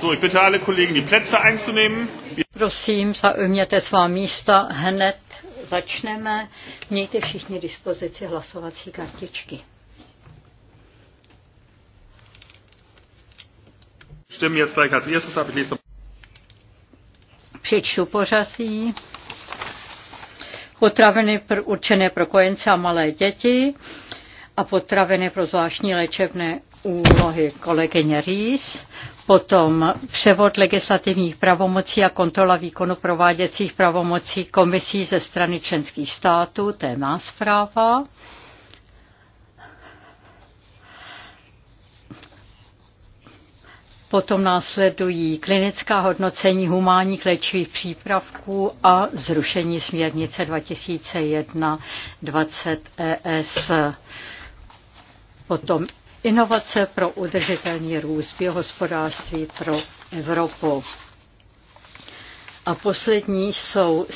So, ich bitte alle Kollegen, die Plätze einzunehmen. Prosím, zaujměte svá místa hned. Začneme. Mějte všichni dispozici hlasovací kartičky. Stimmen jetzt gleich als erstes ab. Ich Přečtu pořazí potraviny pr- určené pro kojence a malé děti a potraviny pro zvláštní léčebné úlohy kolegyně Rýs, potom převod legislativních pravomocí a kontrola výkonu prováděcích pravomocí komisí ze strany členských států, to je má zpráva. Potom následují klinická hodnocení humánních léčivých přípravků a zrušení směrnice 2001-20 ES. Potom Inovace pro udržitelný růst, biohospodářství pro Evropu. A poslední jsou,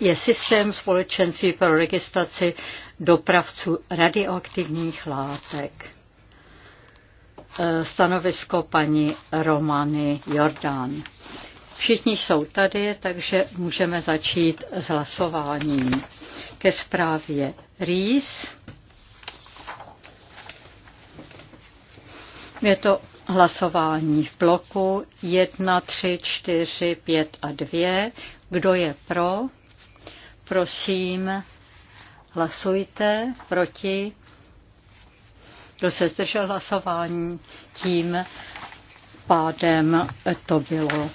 je systém společenství pro registraci dopravců radioaktivních látek. E, stanovisko paní Romany Jordán. Všichni jsou tady, takže můžeme začít s hlasováním. Ke zprávě RIS Je to hlasování v bloku 1, 3, 4, 5 a 2. Kdo je pro? Prosím, hlasujte proti. Kdo se zdržel hlasování, tím pádem to bylo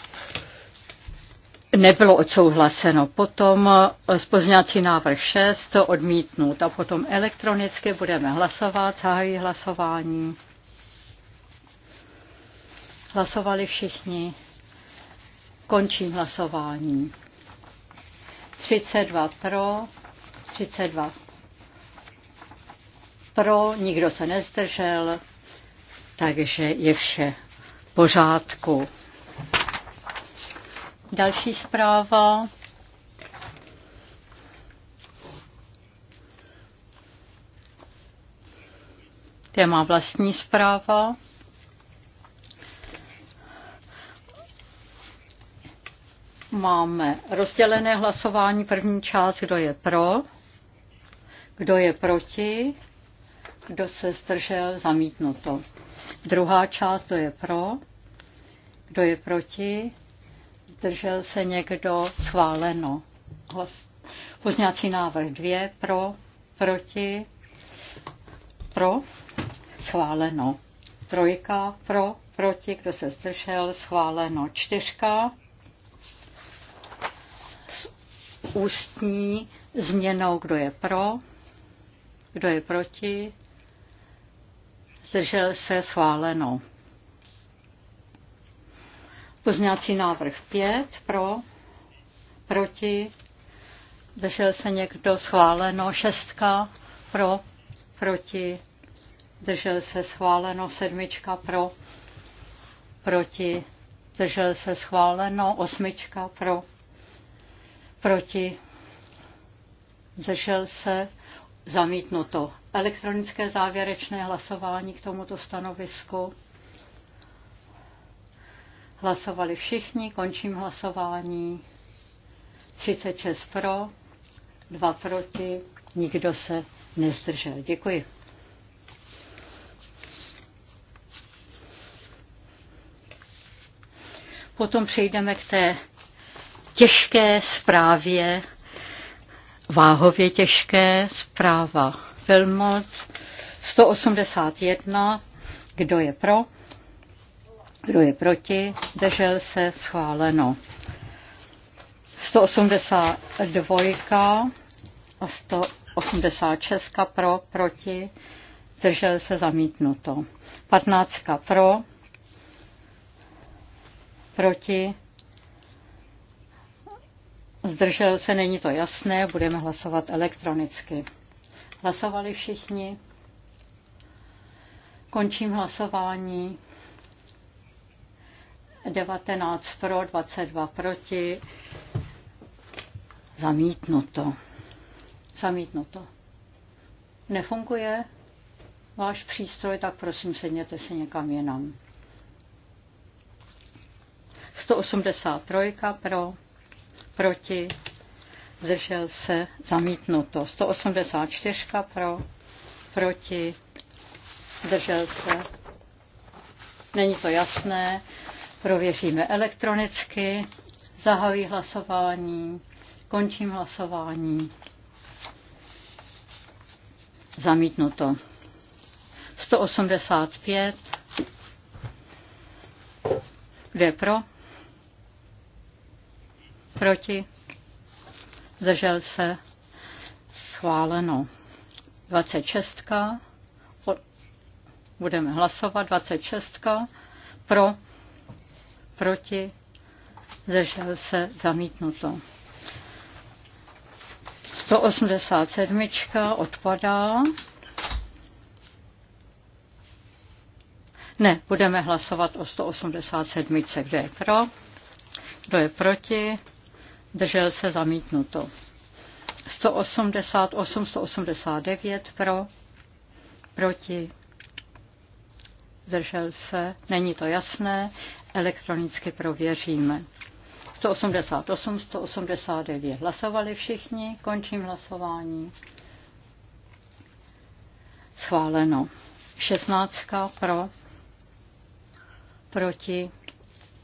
nebylo odsouhlaseno. Potom spozňací návrh 6 odmítnut a potom elektronicky budeme hlasovat, zahají hlasování. Hlasovali všichni. Končím hlasování. 32 pro, 32 pro, nikdo se nezdržel, takže je vše v pořádku. Další zpráva. To je má vlastní zpráva. Máme rozdělené hlasování, první část, kdo je pro, kdo je proti, kdo se zdržel, zamítnuto. Druhá část, kdo je pro, kdo je proti, zdržel se někdo, schváleno. Pozňací návrh dvě, pro, proti, pro, schváleno. Trojka, pro, proti, kdo se zdržel, schváleno. Čtyřka, ústní změnou, kdo je pro, kdo je proti, zdržel se schváleno. Pozňací návrh 5 pro, proti, zdržel se někdo schváleno, šestka pro, proti, zdržel se schváleno, sedmička pro, proti, zdržel se schváleno, osmička pro, proti, Zešel se, zamítnuto. Elektronické závěrečné hlasování k tomuto stanovisku. Hlasovali všichni, končím hlasování. 36 pro, 2 proti, nikdo se nezdržel. Děkuji. Potom přejdeme k té těžké zprávě, váhově těžké zpráva Filmoc 181, kdo je pro, kdo je proti, držel se schváleno. 182 a 186 pro, proti, držel se zamítnuto. 15 pro, proti, Zdržel se, není to jasné, budeme hlasovat elektronicky. Hlasovali všichni. Končím hlasování. 19 pro, 22 proti. Zamítnuto. Zamítnuto. Nefunguje váš přístroj, tak prosím sedněte si někam jinam. 183 pro, proti, zdržel se, zamítnuto. 184 pro, proti, zdržel se. Není to jasné, prověříme elektronicky, zahajuji hlasování, končím hlasování. Zamítnuto. 185. Kde pro? Proti? Zdržel se? Schváleno. 26. Budeme hlasovat. 26. Pro? Proti? Zdržel se? Zamítnuto. 187. odpadá. Ne, budeme hlasovat o 187. Kdo je pro? Kdo je proti? držel se zamítnuto. 188, 189 pro, proti, zdržel se, není to jasné, elektronicky prověříme. 188, 189 hlasovali všichni, končím hlasování. Schváleno. 16 pro, proti,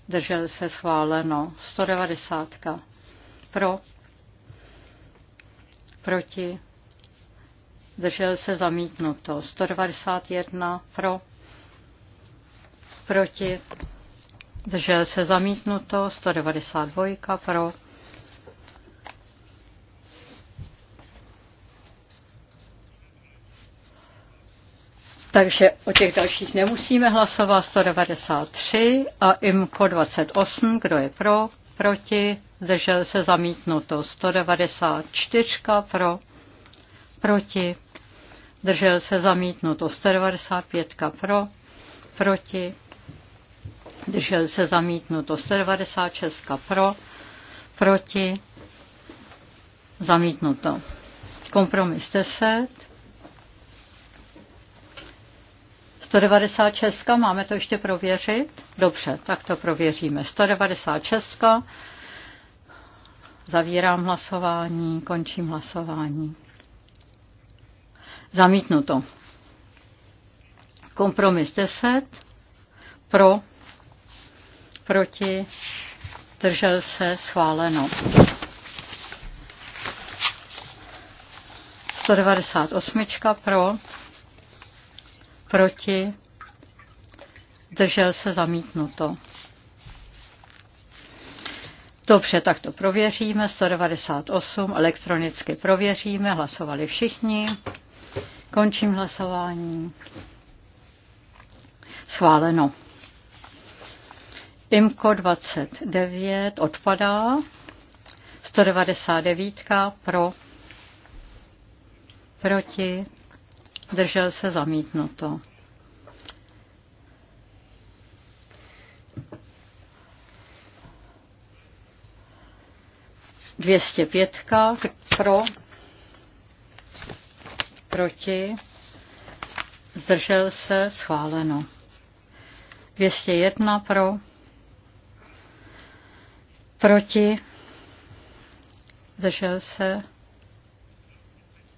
držel se schváleno. 190 pro. Proti. Držel se zamítnuto. 191 pro. Proti. Držel se zamítnuto. 192 pro. Takže o těch dalších nemusíme hlasovat. 193 a IMKO 28, kdo je pro, proti, držel se zamítnuto. 194 pro, proti, držel se zamítnuto. 195 pro, proti, držel se zamítnuto. 196 pro, proti, zamítnuto. Kompromis 10 196, máme to ještě prověřit? Dobře, tak to prověříme. 196, zavírám hlasování, končím hlasování. Zamítnuto. Kompromis 10, pro, proti, držel se, schváleno. 198 pro, proti, držel se zamítnuto. Dobře, tak to prověříme. 198 elektronicky prověříme. Hlasovali všichni. Končím hlasování. Schváleno. IMKO 29 odpadá. 199 pro. Proti zdržel se zamítnuto. Dvěstě pětka pro, proti, zdržel se schváleno. jedna pro, proti, zdržel se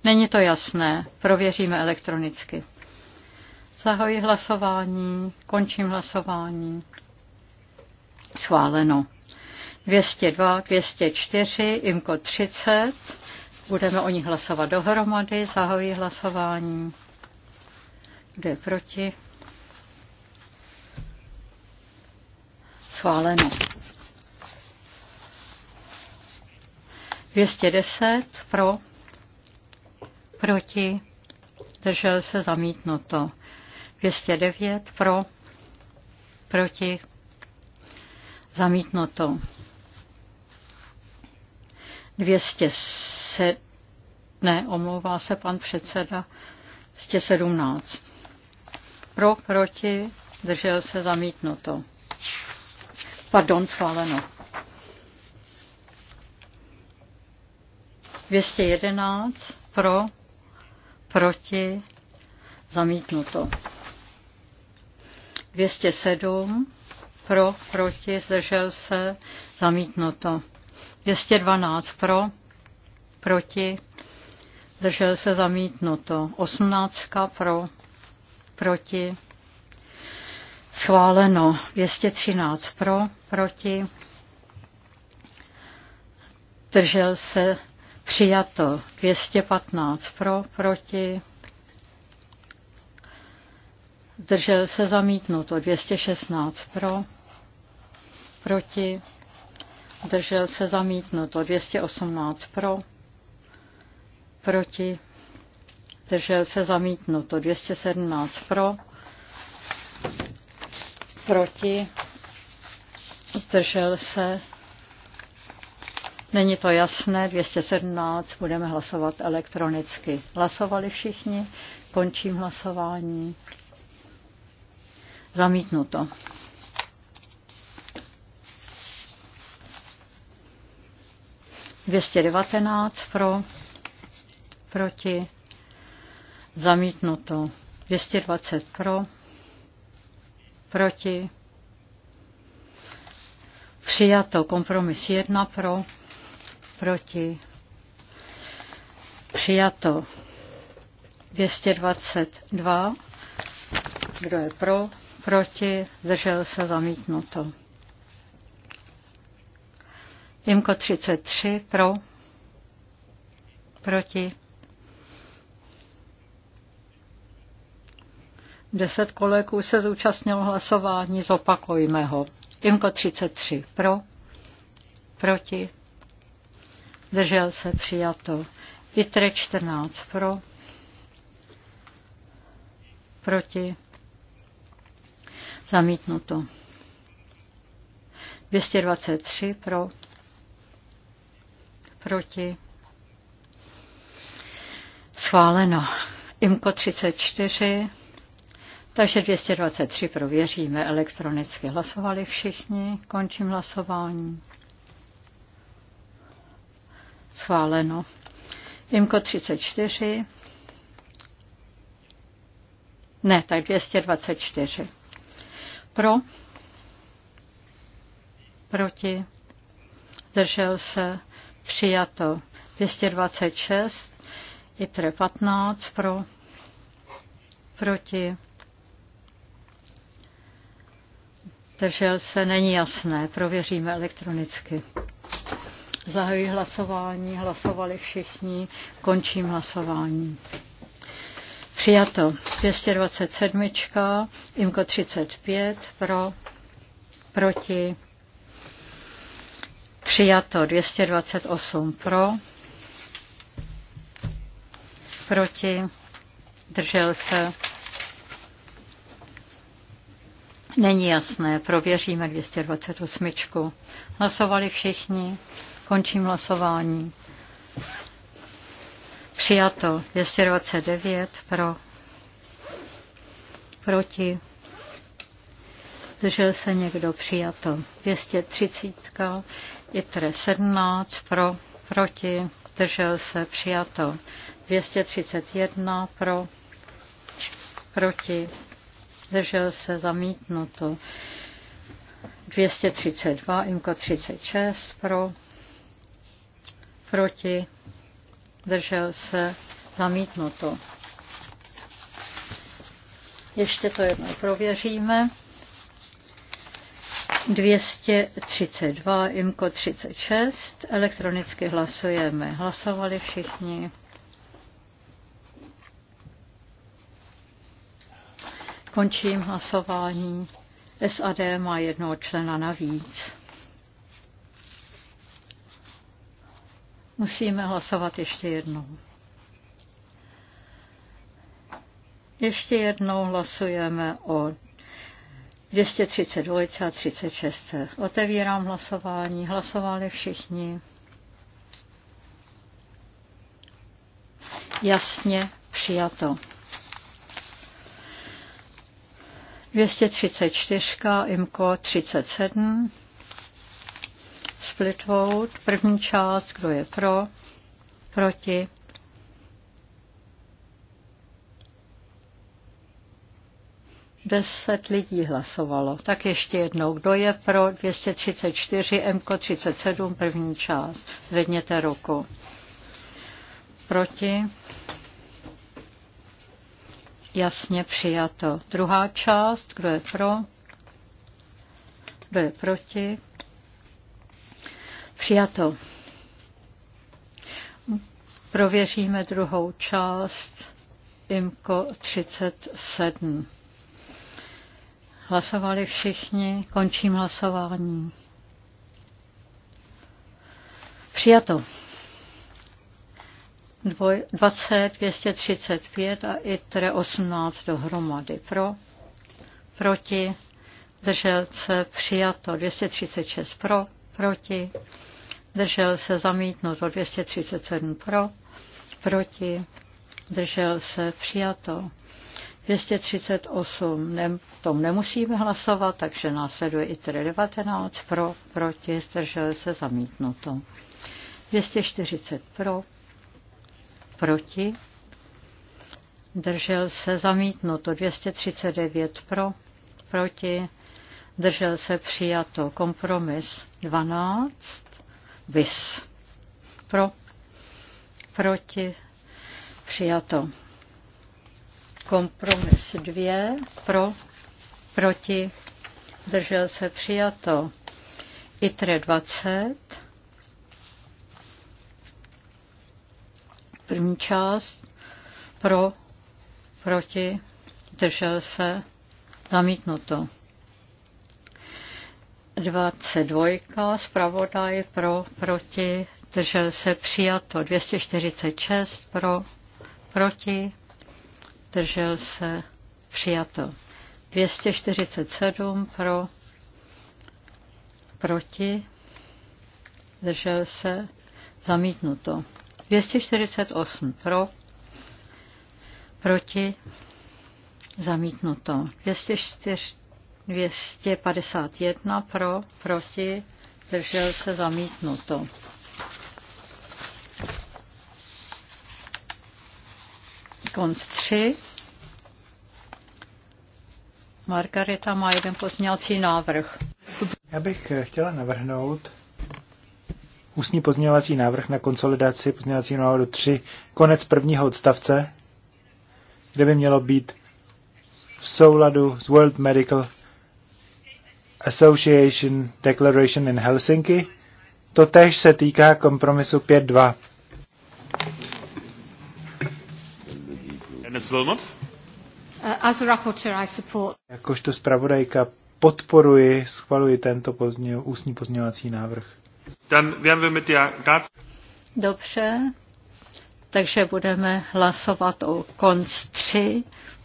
Není to jasné. Prověříme elektronicky. Zahoji hlasování, končím hlasování. Schváleno. 202, 204, IMKO 30. Budeme o nich hlasovat dohromady. Zahoji hlasování. Kdo je proti? Schváleno. 210 pro, proti, Držel se zamítnuto. 209 pro, proti, zamítnuto. 207, ne, omlouvá se pan předseda, 217. Pro, proti, držel se zamítnuto. Pardon, schváleno. 211 pro, proti, zamítnuto. 207 pro, proti, zdržel se, zamítnuto. 212 pro, proti, zdržel se, zamítnuto. 18 pro, proti, schváleno. 213 pro, proti, zdržel se, Přijato 215 pro, proti. Zdržel se zamítnuto 216 pro, proti. Zdržel se zamítnuto 218 pro, proti. Zdržel se zamítnuto 217 pro, proti. Zdržel se Není to jasné, 217 budeme hlasovat elektronicky. Hlasovali všichni, končím hlasování. to. Dvěstě devatenáct pro, proti, zamítnuto. 220 pro, proti, přijato kompromis jedna pro, proti, přijato 222, kdo je pro, proti, zdržel se zamítnuto. Jimko 33, pro, proti, 10 kolegů se zúčastnilo hlasování, zopakujme ho. Imko 33 pro, proti, zdržel se, přijato. ITRE 14 pro, proti, zamítnuto. 223 pro, proti, schváleno. IMKO 34, takže 223 prověříme elektronicky. Hlasovali všichni, končím hlasování. Schváleno. Imko 34. Ne, tak 224. Pro. Proti. Zdržel se. Přijato. 226. ITRE 15. Pro. Proti. Držel se, není jasné, prověříme elektronicky. Zahajuji hlasování, hlasovali všichni, končím hlasování. Přijato 227, IMKO 35, pro, proti, přijato 228 pro, proti, držel se, není jasné, prověříme 228. Hlasovali všichni, Končím hlasování. Přijato 229 pro, proti, zdržel se někdo přijato 230, ITRE 17 pro, proti, zdržel se přijato 231 pro, proti, zdržel se zamítnuto 232, IMKO 36 pro, proti, držel se, zamítnuto. Ještě to jednou prověříme. 232, IMKO 36, elektronicky hlasujeme. Hlasovali všichni. Končím hlasování. SAD má jednoho člena navíc. Musíme hlasovat ještě jednou. Ještě jednou hlasujeme o 232 a 36. Otevírám hlasování. Hlasovali všichni. Jasně přijato. 234, IMKO 37. Split vote, první část, kdo je pro, proti. Deset lidí hlasovalo. Tak ještě jednou, kdo je pro 234, MKO 37, první část. Zvedněte ruku. Proti. Jasně přijato. Druhá část, kdo je pro? Kdo je proti? Přijato. Prověříme druhou část IMKO 37. Hlasovali všichni, končím hlasování. Přijato. 20, 235 a ITRE 18 dohromady. Pro, proti, držel se, přijato. 236 pro, proti, Držel se zamítnuto 237 pro, proti, držel se přijato. 238, ne, tom nemusíme hlasovat, takže následuje i 19 pro, proti, zdržel se zamítnuto. 240 pro, proti, držel se zamítnuto. 239 pro, proti, držel se přijato. Kompromis 12 vis. Pro, proti, přijato. Kompromis dvě pro, proti, držel se přijato. ITRE 20, první část, pro, proti, držel se, zamítnuto. 22, zpravodaj pro, proti, držel se přijato 246 pro, proti, držel se přijato 247 pro, proti, držel se zamítnuto 248 pro, proti, zamítnuto 204 251 pro, proti, držel se zamítnuto. Konc 3. Margareta má jeden pozměňovací návrh. Já bych chtěla navrhnout ústní pozměňovací návrh na konsolidaci pozměňovacího návrhu 3, konec prvního odstavce, kde by mělo být v souladu s World Medical Association Declaration in Helsinki. To tež se týká kompromisu 5.2. Uh, as a I support. Jakožto zpravodajka podporuji, schvaluji tento pozdě, ústní pozměňovací návrh. Dann wir mit der Dobře, takže budeme hlasovat o konc 3,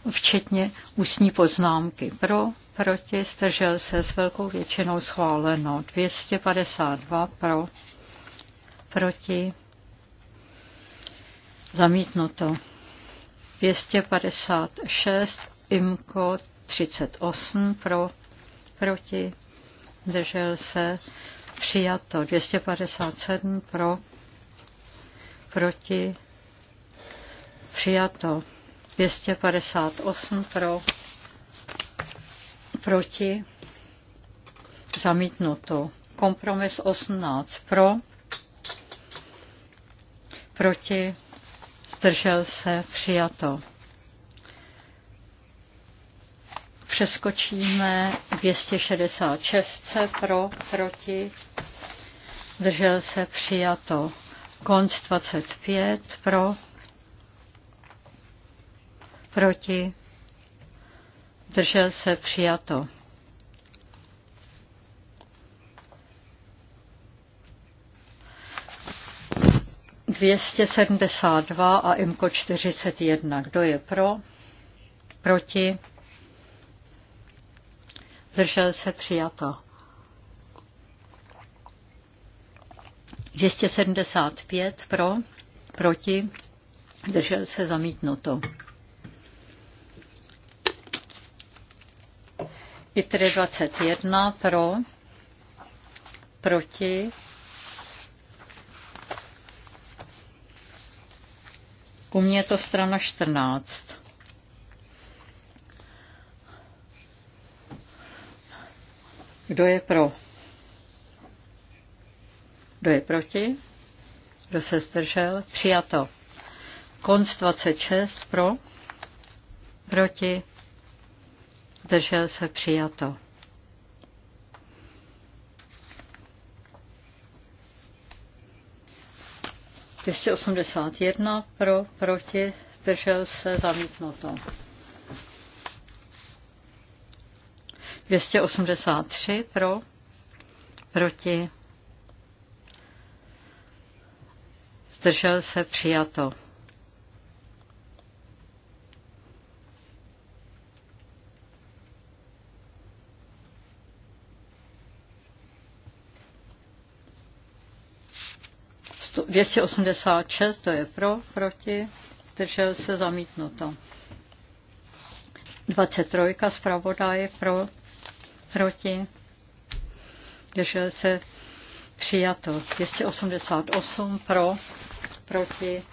včetně ústní poznámky pro, proti, zdržel se s velkou většinou schváleno. 252 pro, proti, zamítnuto. 256, IMKO 38 pro, proti, zdržel se, přijato. 257 pro, proti, přijato. 258 pro, proti, zamítnuto. Kompromis 18 pro, proti, zdržel se, přijato. Přeskočíme 266 pro, proti, zdržel se, přijato. Konc 25 pro, proti, Zdržel se přijato. Dvěstě sedmdesát dva a IMKO čtyřicet jedna. Kdo je pro? Proti? Zdržel se přijato. 275 pro, proti, držel se zamítnuto. ITRE 21 pro, proti, u mě je to strana 14. Kdo je pro? Kdo je proti? Kdo se zdržel? Přijato. Konst 26 pro, proti, zdržel se přijato. Dvěstě osmdesát jedna pro, proti, zdržel se zamítnuto. 283 pro, proti, zdržel se přijato. 286, to je pro, proti, držel se zamítnuto. 23 zpravodaje pro, proti, držel se přijato. 288 pro, proti,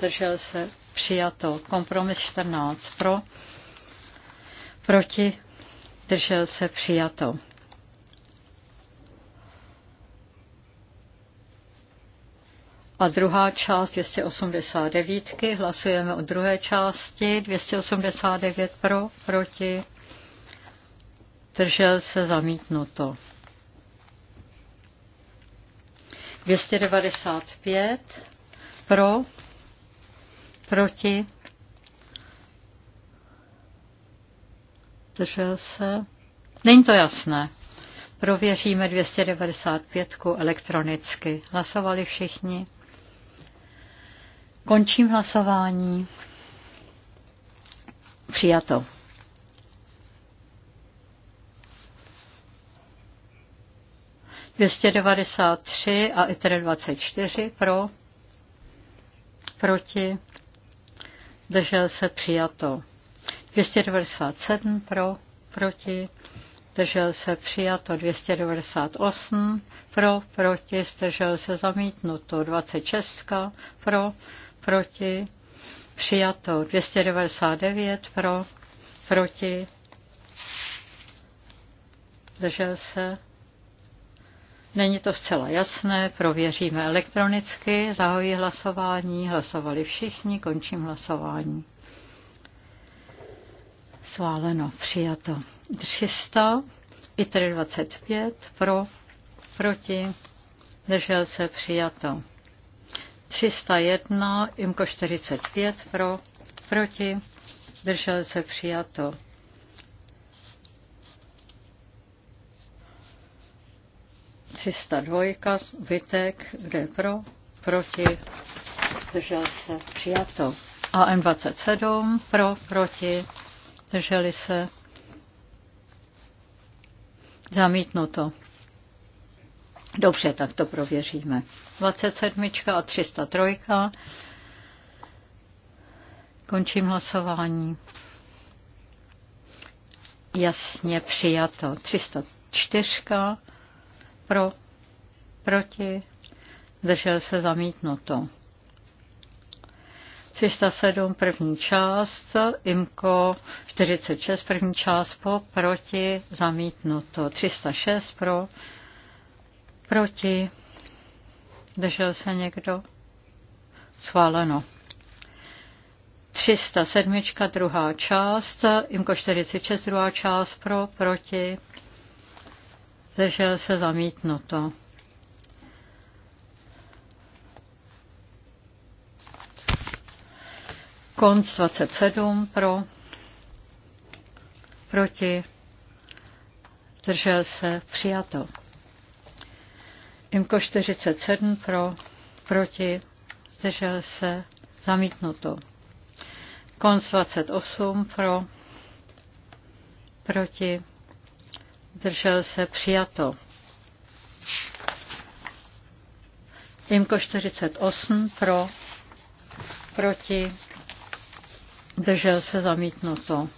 držel se přijato. Kompromis 14 pro, proti, držel se přijato. A druhá část 289. Hlasujeme o druhé části. 289 pro, proti. Držel se zamítnuto. 295 pro, proti, držel se. Není to jasné. Prověříme 295 elektronicky. Hlasovali všichni. Končím hlasování. Přijato. Dvěstě devadesát tři a i tedy dvacet čtyři pro, proti, držel se přijato. 297 pro, proti, držel se přijato 298, pro, proti, zdržel se zamítnuto 26, pro, proti, přijato 299 pro, proti, držel se. Není to zcela jasné, prověříme elektronicky, zahojí hlasování, hlasovali všichni, končím hlasování. Sváleno, přijato 300, i 25 pro, proti, držel se přijato 301, IMKO 45 pro, proti, držel se přijato. Třista dvojka, Vitek, kde pro, proti, držel se přijato. m 27 pro, proti, drželi se zamítnuto. Dobře, tak to prověříme. 27 a 303. Končím hlasování. Jasně přijato. 304 pro, proti, držel se zamítnuto. 307 první část, IMKO 46 první část po, proti, zamítnuto. 306 pro, Proti? Držel se někdo? Schváleno. 307. druhá část, IMKO 46 druhá část pro, proti, Držel se zamítnuto. Konc 27 pro, proti, držel se přijato. Imko 47 pro, proti, zdržel se, zamítnuto. Konc 28 pro, proti, zdržel se, přijato. Imko 48 pro, proti, zdržel se zamítnuto.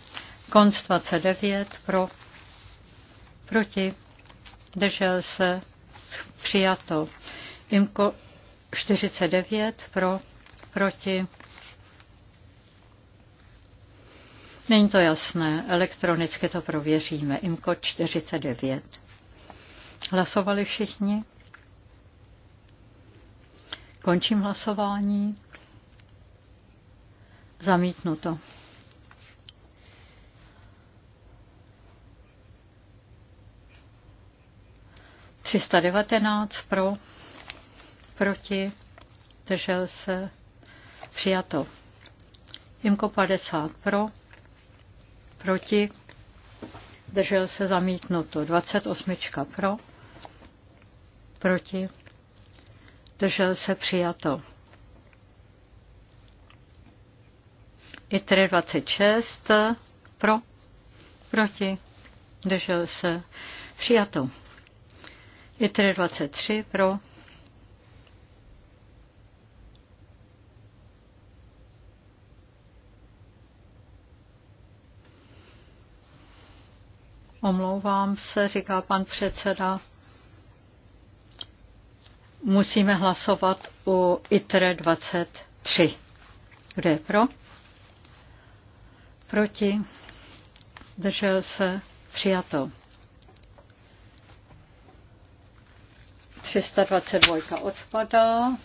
Konc 29 pro, proti, držel se přijato. Imko 49 pro, proti. Není to jasné, elektronicky to prověříme. Imko 49. Hlasovali všichni? Končím hlasování. Zamítnuto. 319 pro, proti, držel se, přijato. Imko 50 pro, proti, držel se zamítnuto. 28 pro, proti, držel se přijato. I 26 pro, proti, držel se přijato. Je tedy 23 pro. Omlouvám se, říká pan předseda. Musíme hlasovat u ITRE 23. Kdo je pro? Proti? Držel se? Přijato. 322 odpadá.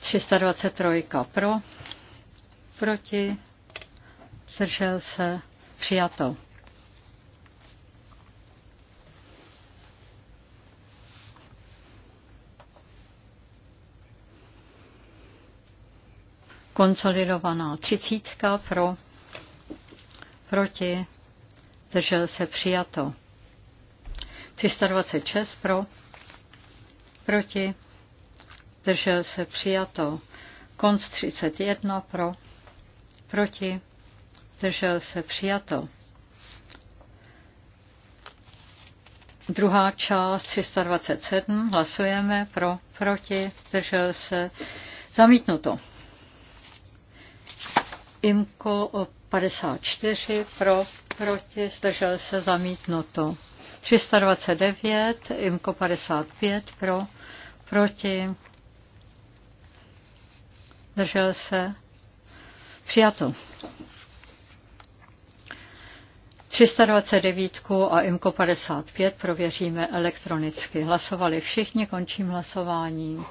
323 pro. Proti. Zdržel se. Přijato. konsolidovaná třicítka pro, proti, držel se přijato. 326 pro, proti, zdržel se přijato. Konc 31 pro, proti, zdržel se přijato. Druhá část 327, hlasujeme pro, proti, zdržel se zamítnuto. Imko 54 pro, proti, zdržel se zamítnuto. 329, IMKO 55 pro, proti, držel se, přijato. 329 a IMKO 55 prověříme elektronicky. Hlasovali všichni, končím hlasování.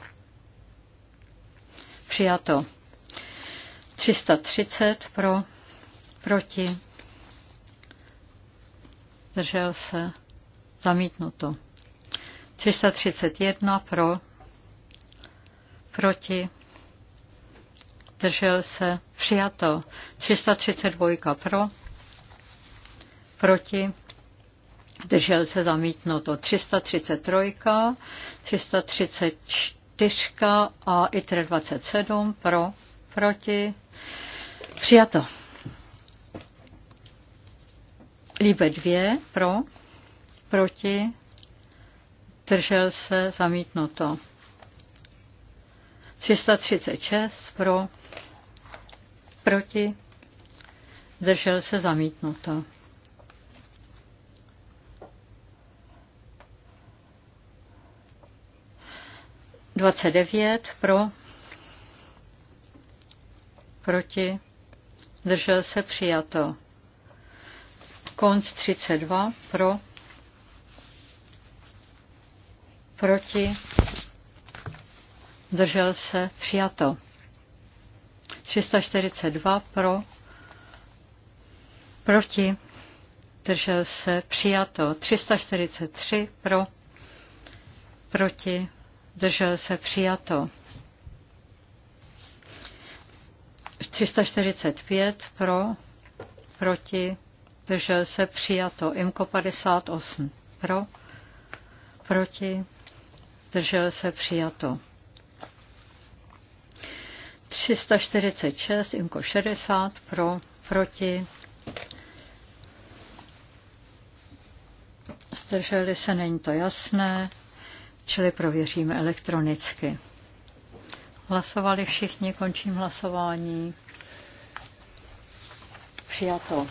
Přijato. 330 pro, proti, držel se, Zamítnuto. 331 pro, proti, držel se, přijato. 332 pro, proti, držel se, zamítnuto. 333, 334 a i 27 pro, proti, přijato. Líbe 2 pro, proti, držel se, zamítnuto. 336 pro, proti, držel se, zamítnuto. Dvacet devět pro, proti, držel se, přijato. Konc 32 pro, proti, držel se, přijato. 342 pro, proti, držel se, přijato. 343 pro, proti, držel se, přijato. 345 pro, proti, držel se, přijato. IMKO 58 pro, proti, zdržel se přijato. 346, Imko 60, pro, proti, zdrželi se, není to jasné, čili prověříme elektronicky. Hlasovali všichni, končím hlasování. Přijato.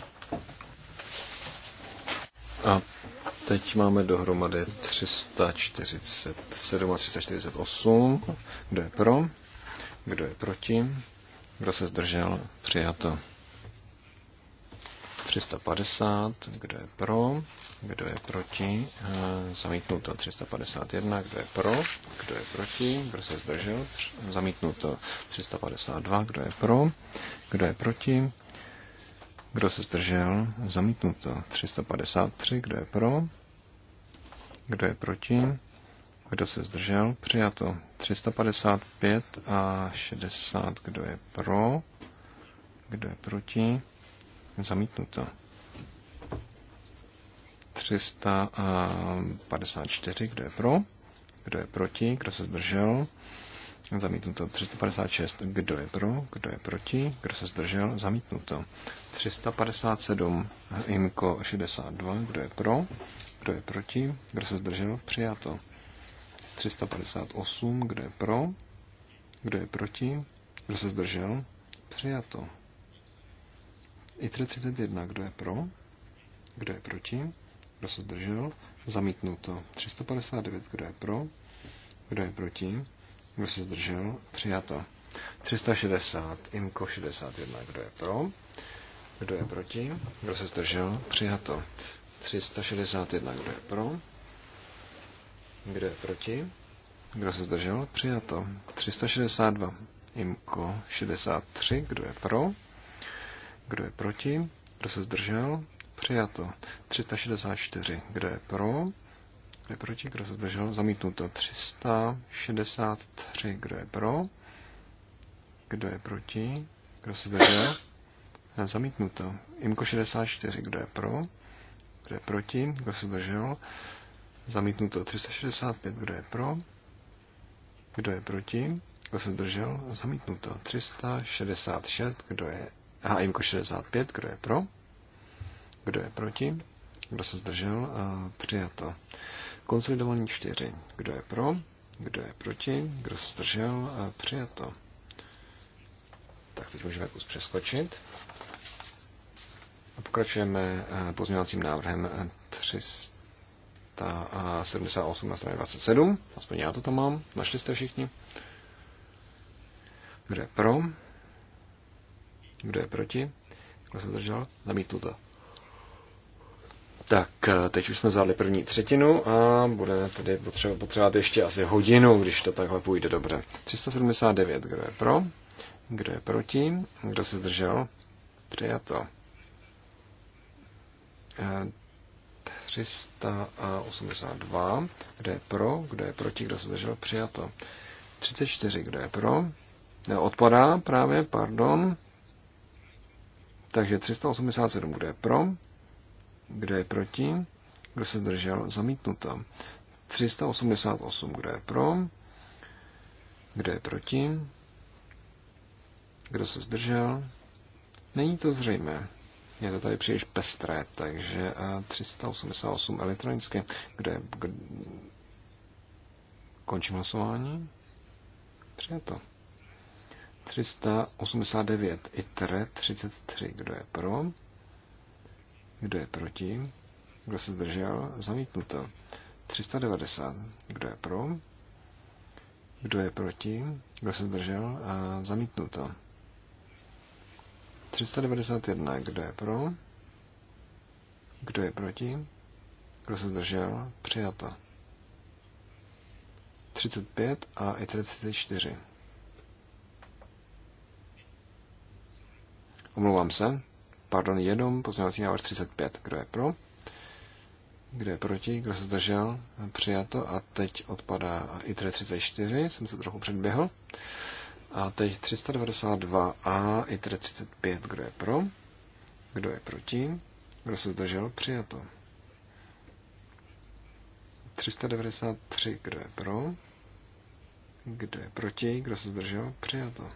A Teď máme dohromady 347 a 348. Kdo je pro? Kdo je proti? Kdo se zdržel? Přijato. 350. Kdo je pro? Kdo je proti? Eh, zamítnuto. 351. Kdo je pro? Kdo je proti? Kdo se zdržel? Zamítnuto. 352. Kdo je pro? Kdo je proti? Kdo se zdržel? Zamítnuto. 353. Kdo je pro? Kdo je proti? Kdo se zdržel? Přijato. 355 a 60. Kdo je pro? Kdo je proti? Zamítnuto. 354. Kdo je pro? Kdo je proti? Kdo se zdržel? Zamítnuto 356. Kdo je pro? Kdo je proti? Kdo se zdržel? Zamítnuto. 357. Imko 62. Kdo je pro? Kdo je proti? Kdo se zdržel? Přijato. 358. Kdo je pro? Kdo je proti? Kdo se zdržel? Přijato. i 31. Kdo je pro? Kdo je proti? Kdo se zdržel? Zamítnuto. 359. Kdo je pro? Kdo je proti? Kdo se zdržel? Přijato. 360, IMKO 61. Kdo je pro? Kdo je proti? Kdo se zdržel? Přijato. 361. Kdo je pro? Kdo je proti? Kdo se zdržel? Přijato. 362. IMKO 63. Kdo je pro? Kdo je proti? Kdo se zdržel? Přijato. 364. Kdo je pro? Kdo je proti? Kdo se zdržel? Zamítnuto 363. Kdo je pro? Kdo je proti? Kdo se zdržel? Zamítnuto. Imko 64. Kdo je pro? Kdo je proti? Kdo se zdržel? Zamítnuto 365. Kdo je pro? Kdo je proti? Kdo se zdržel? Zamítnuto 366. Kdo je... A Imko 65. Kdo je pro? Kdo je proti? Kdo se zdržel? Eh, přijato. Konsolidovaný čtyři. Kdo je pro? Kdo je proti? Kdo se zdržel? Přijato. Tak teď můžeme kus přeskočit. A pokračujeme eh, pozměňovacím návrhem 378 eh, na straně 27. Aspoň já to tam mám. Našli jste všichni. Kdo je pro? Kdo je proti? Kdo se zdržel? Zamítnuto. Tak, eh, teď už jsme zvládli první třetinu a budeme tady potřebovat, potřebovat ještě asi hodinu, když to takhle půjde dobře. 379, kdo je pro? Kdo je proti? Kdo se zdržel? Přijato. 382, eh, kdo je pro? Kdo je proti? Kdo se zdržel? Přijato. 34, kdo je pro? Ne, odpadá právě, pardon. Takže 387, kdo je pro? Kdo je proti? Kdo se zdržel? Zamítnuto. 388. Kdo je pro? Kdo je proti? Kdo se zdržel? Není to zřejmé. Je to tady příliš pestré, takže 388 elektronické. Kde, je? kde... Končím hlasování. Přijato. 389 ITRE 33. Kdo je pro? Kdo je proti? Kdo se zdržel? Zamítnuto. 390. Kdo je pro? Kdo je proti? Kdo se zdržel? A zamítnuto. 391. Kdo je pro? Kdo je proti? Kdo se zdržel? Přijato. 35 a i 34. Omlouvám se pardon, jenom pozměňovací návrh 35. Kdo je pro? Kdo je proti? Kdo se zdržel? Přijato. A teď odpadá i 34, jsem se trochu předběhl. A teď 392a, i 35, kdo je pro? Kdo je proti? Kdo se zdržel? Přijato. 393, kdo je pro? Kdo je proti? Kdo se zdržel? Přijato.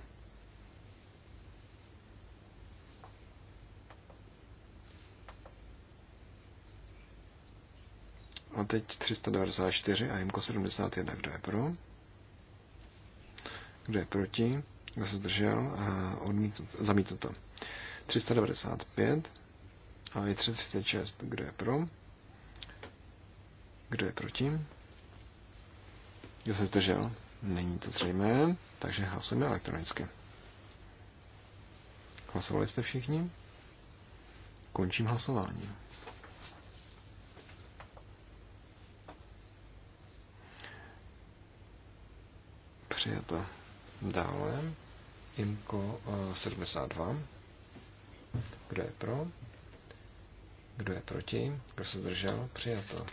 A teď 394 a Jemko 71. Kdo je pro? Kdo je proti? Kdo se zdržel? A odmítnut, to. 395 a je 36. Kdo je pro? Kdo je proti? Kdo se zdržel? Není to zřejmé, takže hlasujeme elektronicky. Hlasovali jste všichni? Končím hlasování. Přijato. Dále. Imko 72. Eh, Kdo je pro? Kdo je proti? Kdo se zdržel? Přijato.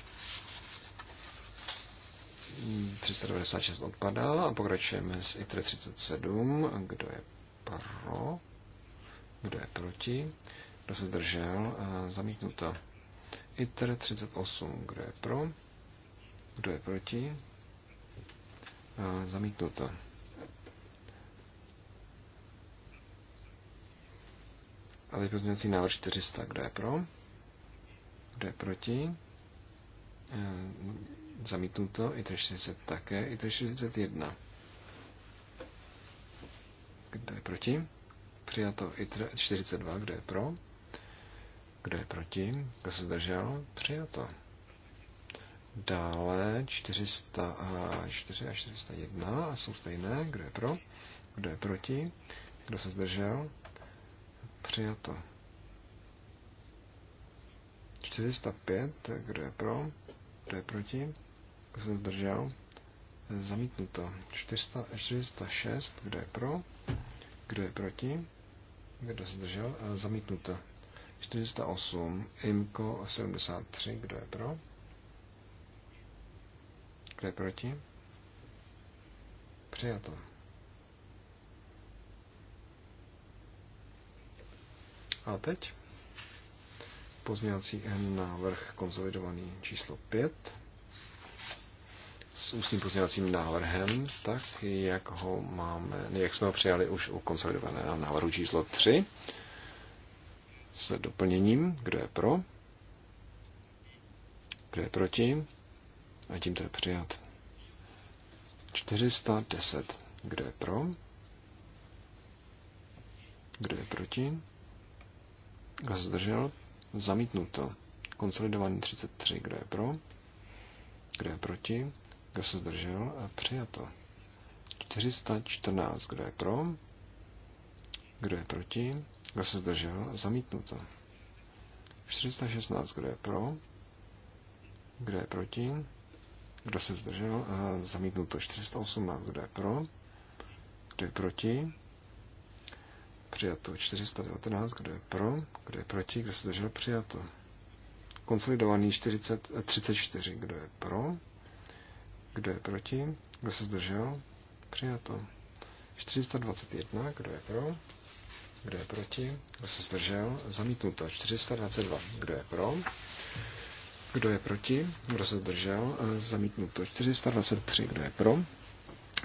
396 odpadá a pokračujeme s ITRE 37. Kdo je pro? Kdo je proti? Kdo se zdržel? Eh, zamítnuto. ITRE 38. Kdo je pro? Kdo je proti? Zamítnuto. A teď pozměňovací návrh 400. Kdo je pro? Kdo je proti? E, Zamítnuto. I 340 také. I 341. Kdo je proti? Přijato i 42. Kdo je pro? Kdo je proti? Kdo se zdržel? Přijato. Dále 404 eh, a 401 a jsou stejné. Kdo je pro? Kdo je proti? Kdo se zdržel? Přijato. 405. Kdo je pro? Kdo je proti? Kdo se zdržel? Zamítnuto. 406. Kdo je pro? Kdo je proti? Kdo se zdržel? Eh, zamítnuto. 408. IMKO 73. Kdo je pro? Kdo je proti? Přijato. A teď pozměňovací návrh konsolidovaný číslo 5 s ústním pozměňovacím návrhem, tak jak ho máme, jak jsme ho přijali už u konsolidovaného návrhu číslo 3 se doplněním, kdo je pro, kdo je proti, a tímto je přijat. 410. Kdo je pro? Kdo je proti? Kdo se zdržel? Zamítnuto. Konsolidovaný 33. Kdo je pro? Kdo je proti? Kdo se zdržel? A přijato. 414. Kdo je pro? Kdo je proti? Kdo se zdržel? Zamítnuto. 416. Kdo je pro? Kdo je proti? Kdo se zdržel? Zamítnu to 418. Kdo je pro? Kdo je proti? Přijato 419. Kdo je pro? Kdo je proti? Kdo se zdržel? Přijato. Konsolidovaný 40, 34. Eh, Kdo je pro? Kdo je proti? Kdo se zdržel? Přijato. 421. Kdo je pro? Kdo je proti? Kdo se zdržel? Zamítnuto. 422. Kdo je pro? Kdo je proti? Kdo se zdržel? E, zamítnuto 423. Kdo je pro?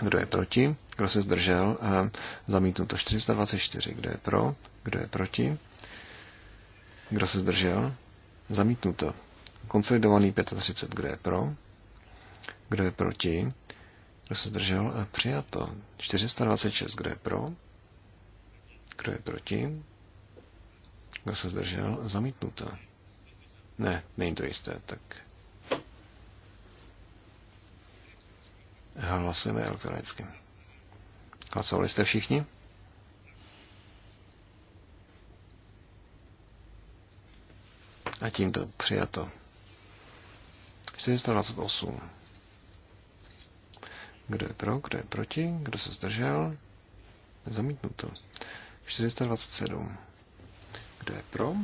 Kdo je proti? Kdo se zdržel? E, zamítnuto 424. Kdo je pro? Kdo je proti? Kdo se zdržel? Zamítnuto. Konsolidovaný 35. Kdo je pro? Kdo je proti? Kdo se zdržel? E, přijato. 426. Kdo je pro? Kdo je proti? Kdo se zdržel? Zamítnuto. Ne, není to jisté, tak hlasujeme elektronicky. Hlasovali jste všichni? A tímto přijato. 428. Kdo je pro, kdo je proti, kdo se zdržel? Zamítnuto. 427. Kdo je pro,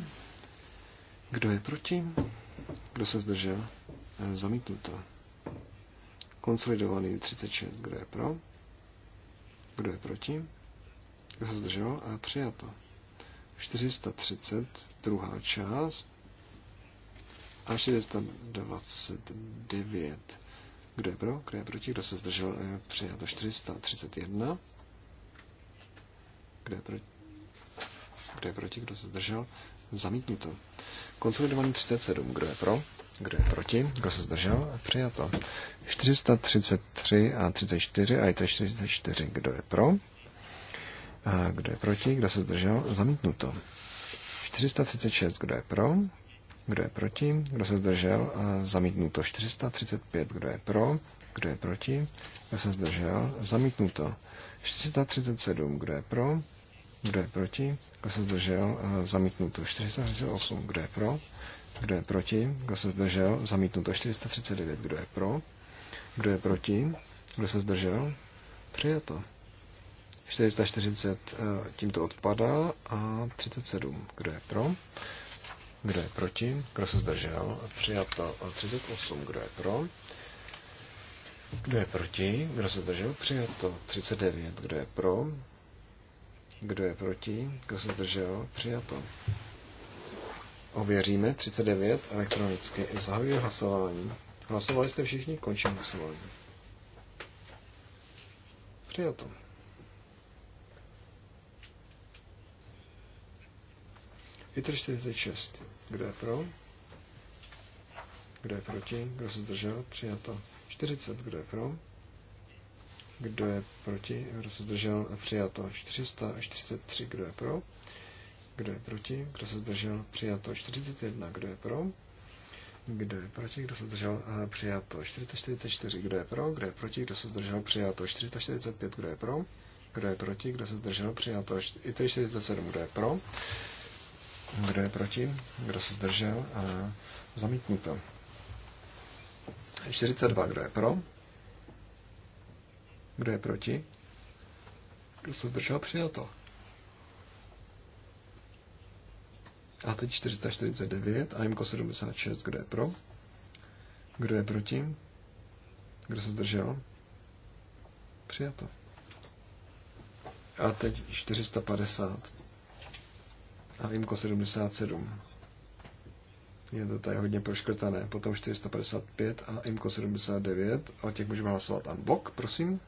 kdo je proti? Kdo se zdržel? E, Zamítnuto. Konsolidovaný 36. Kdo je pro? Kdo je proti? Kdo se zdržel? A e, přijato. 430. Druhá část. A 429. Kdo je pro? Kdo je proti? Kdo se zdržel? E, přijato. 431. Kdo je proti? Kdo je proti? Kdo se zdržel? Zamítnuto. Konsolidovaný 37. Kdo je pro? Kdo je proti? Kdo se zdržel? Přijato. 433 a 34 a je to 44. Kdo je pro? A kdo je proti? Kdo se zdržel? Zamítnuto. 436. Kdo je pro? Kdo je proti? Kdo se zdržel? A zamítnuto. 435. Kdo je pro? Kdo je proti? Kdo se zdržel? Zamítnuto. 437. Kdo je pro? Kdo je proti? Kdo se zdržel? Zamítnuto 438. Kdo je pro? Kdo je proti? Kdo se zdržel? Zamítnuto 439. Kdo je pro? Kdo je proti? Kdo se zdržel? Přijato. 440 tímto odpadá a 37. Kdo je pro? Kdo je proti? Kdo se zdržel? Přijato. 38. Kdo je pro? Kdo je proti? Kdo se zdržel? Přijato. 39. Kdo je pro? Kdo je proti? Kdo se zdržel? Přijato. Ověříme 39 elektronicky. Zahajuji hlasování. Hlasovali jste všichni? Končím hlasování. Přijato. Vítr 46. Kdo je pro? Kdo je proti? Kdo se zdržel? Přijato. 40. Kdo je pro? Kdo je proti? Kdo se zdržel? Přijato 443. Kdo je pro? Kdo je proti? Kdo se zdržel? Přijato 41. Kdo je pro? Kdo je proti? Kdo se zdržel? Přijato 444. Kdo je pro? Kdo je proti? Kdo se zdržel? Přijato 445. Kdo je pro? Kdo je proti? Kdo se zdržel? Přijato 447 47. Kdo je pro? Kdo je proti? Kdo se zdržel? Zamítnuto. 42. Kdo je pro? Kdo je proti? Kdo se zdržel? to. A teď 449 a MK 76. Kdo je pro? Kdo je proti? Kdo se zdržel? Přijato. A teď 450 a IMCO 77. Je to tady hodně proškrtané. Potom 455 a IMCO 79. O těch můžeme hlasovat unblock, prosím.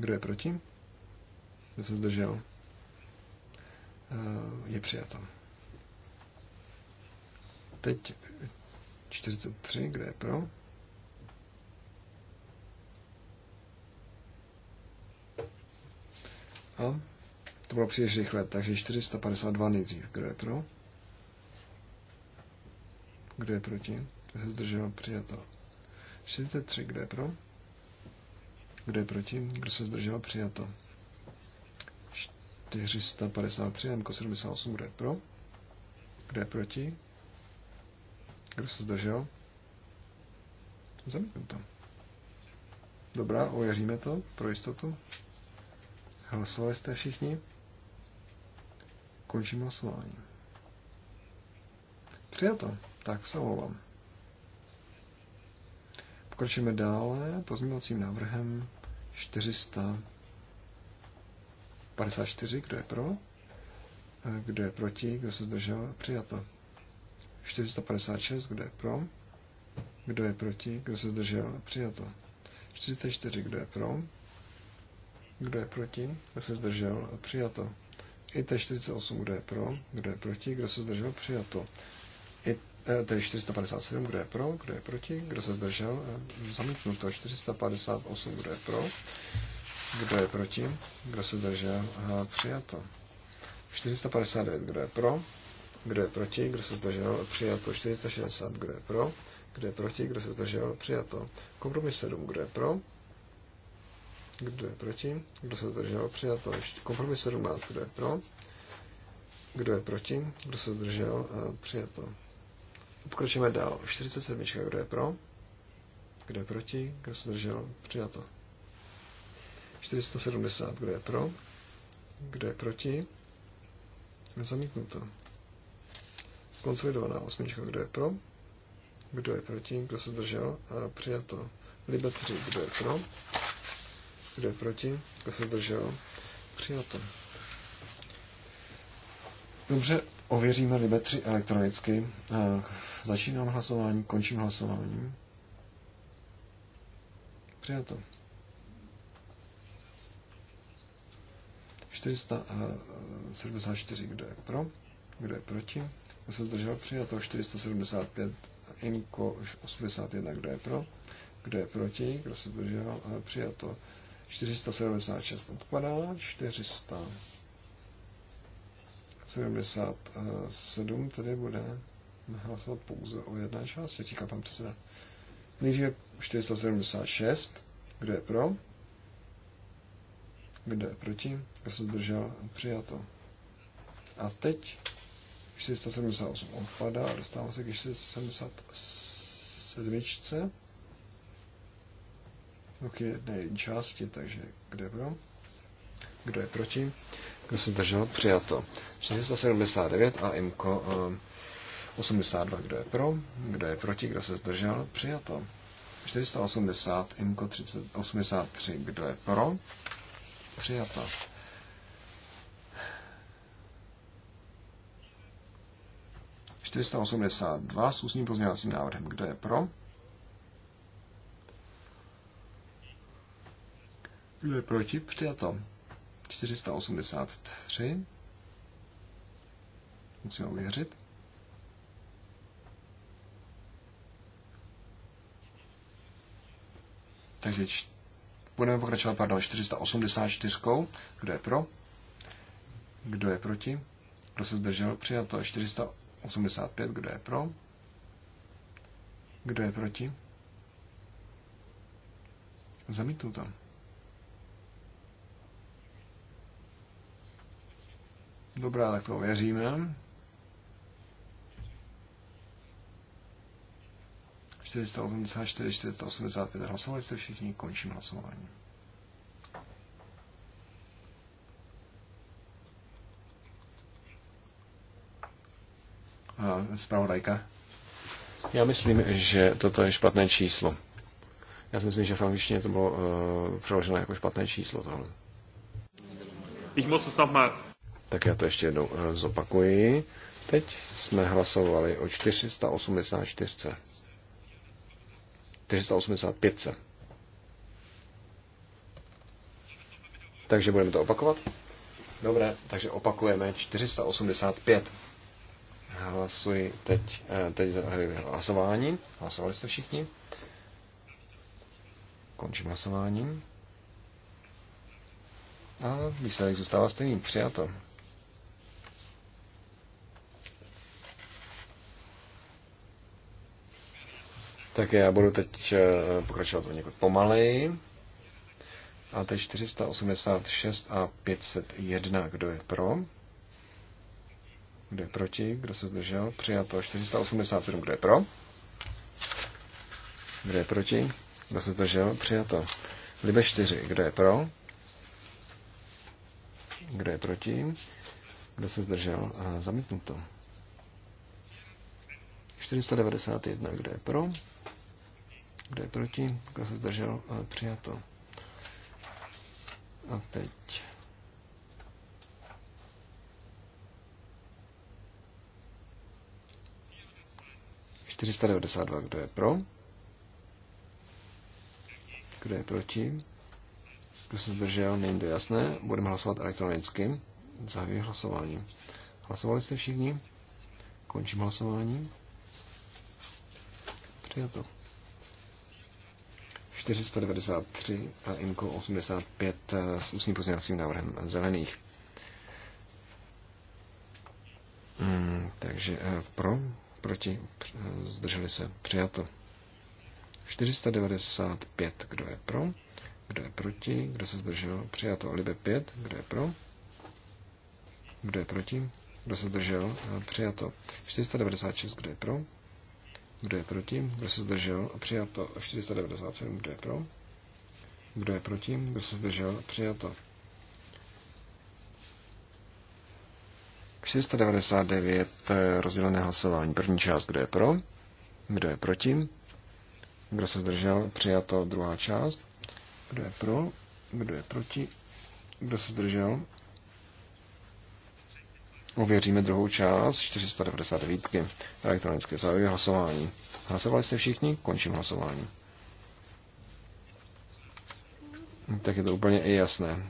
Kdo je proti? Kdo se zdržel? Eh, je přijato. Teď 43, kde je pro? A to bylo příliš rychle, takže 452 nejdřív. Kdo je pro? Kdo je proti? Kdo se zdržel? Přijato. 63, kdo je pro? Kdo je proti? Kdo se zdržel? Přijato. 453 nebo 78. Kdo je pro? Kdo je proti? Kdo se zdržel? Zamítnuto. Dobrá, ověříme to pro jistotu. Hlasovali jste všichni? Končím hlasování. Přijato. Tak se omlouvám. Pokročíme dále pozměňovacím návrhem 454, eh, kdo je pro, kdo je proti, kdo se zdržel, přijato. 456, kdo je pro, kdo je proti, kdo se zdržel, přijato. 44, kdo je pro, kdo je proti, kdo se zdržel, přijato. IT 48, kdo je pro, kdo je proti, kdo se zdržel, přijato. IT tedy 457, kdo je pro, kdo je proti, kdo se zdržel, zamítnuto 458, kdo je pro, kdo je proti, kdo se zdržel, přijato. 459, kdo je pro, kdo je proti, kdo se zdržel, přijato. 460, kdo je pro, kdo je proti, kdo se zdržel, přijato. Kompromis 7, kdo je pro, kdo je proti, kdo se zdržel, přijato. Kompromis 17, kdo je pro, kdo je proti, kdo se zdržel, přijato. Pokročíme dál. 47. Kdo je pro? Kdo je proti? Kdo se zdržel? Přijato. 470. Kdo je pro? Kdo je proti? Zamítnuto. Konsolidovaná osmička. Kdo je pro? Kdo je proti? Kdo se zdržel? A přijato. Libe 3. Kdo je pro? Kdo je proti? Kdo se zdržel? Přijato. Dobře, ověříme Libe 3 elektronicky. Eh, Začínám hlasování, končím hlasováním. Přijato. 474, eh, kdo je pro, kdo je proti, kdo se zdržel přijato, 475, Inko 81, kdo je pro, kdo je proti, kdo se zdržel eh, přijato, 476 odpadá, 477 tedy bude hlasovat pouze o jedné části, říká pan předseda. Nejdříve 476, kdo je pro, kdo je proti, kdo se zdržel, přijato. A teď 478 odpadá a dostáváme se k 477. K jedné části, takže kde je pro? Kdo je proti? Kdo se zdržel? Přijato. 479 a IMKO eh, 82, kdo je pro, kdo je proti, kdo se zdržel, přijato. 480, Inko 30, 83, kdo je pro, přijato. ...482 s ústním pozměňovacím návrhem. Kdo je pro? Kdo je proti? Přijato. 483. Musíme ověřit. Takže budeme pokračovat, pardon, 484. Kdo je pro? Kdo je proti? Kdo se zdržel? Přijato 485. Kdo je pro? Kdo je proti? to. Dobrá, tak to věříme. 484, 485. Hlasovali jste všichni, končím hlasování. Zpravodajka. Já myslím, že toto je špatné číslo. Já si myslím, že v angličtině to bylo uh, eh, přeloženo jako špatné číslo tohle. Ich muss es noch mal. Tak já to ještě jednou uh, zopakuji. Teď jsme hlasovali o 484. 485. Takže budeme to opakovat. Dobré, takže opakujeme 485. Hlasuji teď, eh, teď zahajuji hlasování. Hlasovali jste všichni? Končím hlasováním. A výsledek zůstává stejný. Přijato. Tak já budu teď eh, pokračovat o někud pomaleji. A teď 486 a 501. Kdo je pro? Kdo je proti? Kdo se zdržel? Přijato 487. Kdo je pro? Kdo je proti? Kdo se zdržel? Přijato. Libe 4. Kdo je pro? Kdo je proti? Kdo se zdržel? A zamítnuto. 491. Kdo je pro? Kdo je proti? Kdo se zdržel? Eh, přijato. A teď... Čtyřista Kdo je pro? Kdo je proti? Kdo se zdržel? Není to jasné. Budeme hlasovat elektronicky. Zahajuji hlasování. Hlasovali jste všichni? Končím hlasování. Přijato. 493 a Inko 85 eh, s ústním pozměňovacím návrhem zelených. Hmm, takže eh, pro, proti, zdrželi se, přijato. 495, kdo je pro, kdo je proti, kdo se zdržel, přijato. Libe 5, kdo je pro, kdo je proti, kdo se zdržel, eh, přijato. 496, kdo je pro, kdo je proti? Kdo se zdržel? Přijato 497. Kdo je pro? Kdo je proti? Kdo se zdržel? Přijato. 499 rozdělené hlasování. První část, kdo je pro? Kdo je proti? Kdo se zdržel? Přijato druhá část. Kdo je pro? Kdo je proti? Kdo se zdržel? Ověříme druhou část 499. Elektronické závěr hlasování. Hlasovali jste všichni? Končím hlasování. Tak je to úplně i jasné.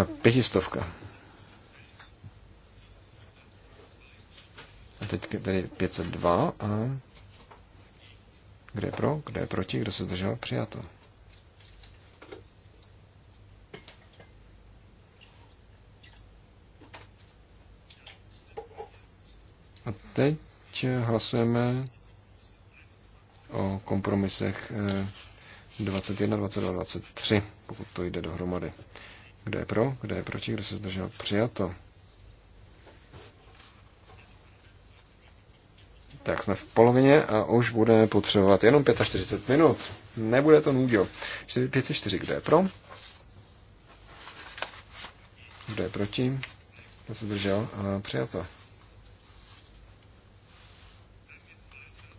Eh, pětistovka. A teď tady 502. A kde je pro, kde je proti, kdo se zdržel, přijato. Teď hlasujeme o kompromisech 21, 22, 23, pokud to jde dohromady. Kdo je pro, kdo je proti, kdo se zdržel přijato. Tak jsme v polovině a už budeme potřebovat jenom 45 minut. Nebude to nudil. 504, kdo je pro? Kdo je proti? Kdo se zdržel? Přijato.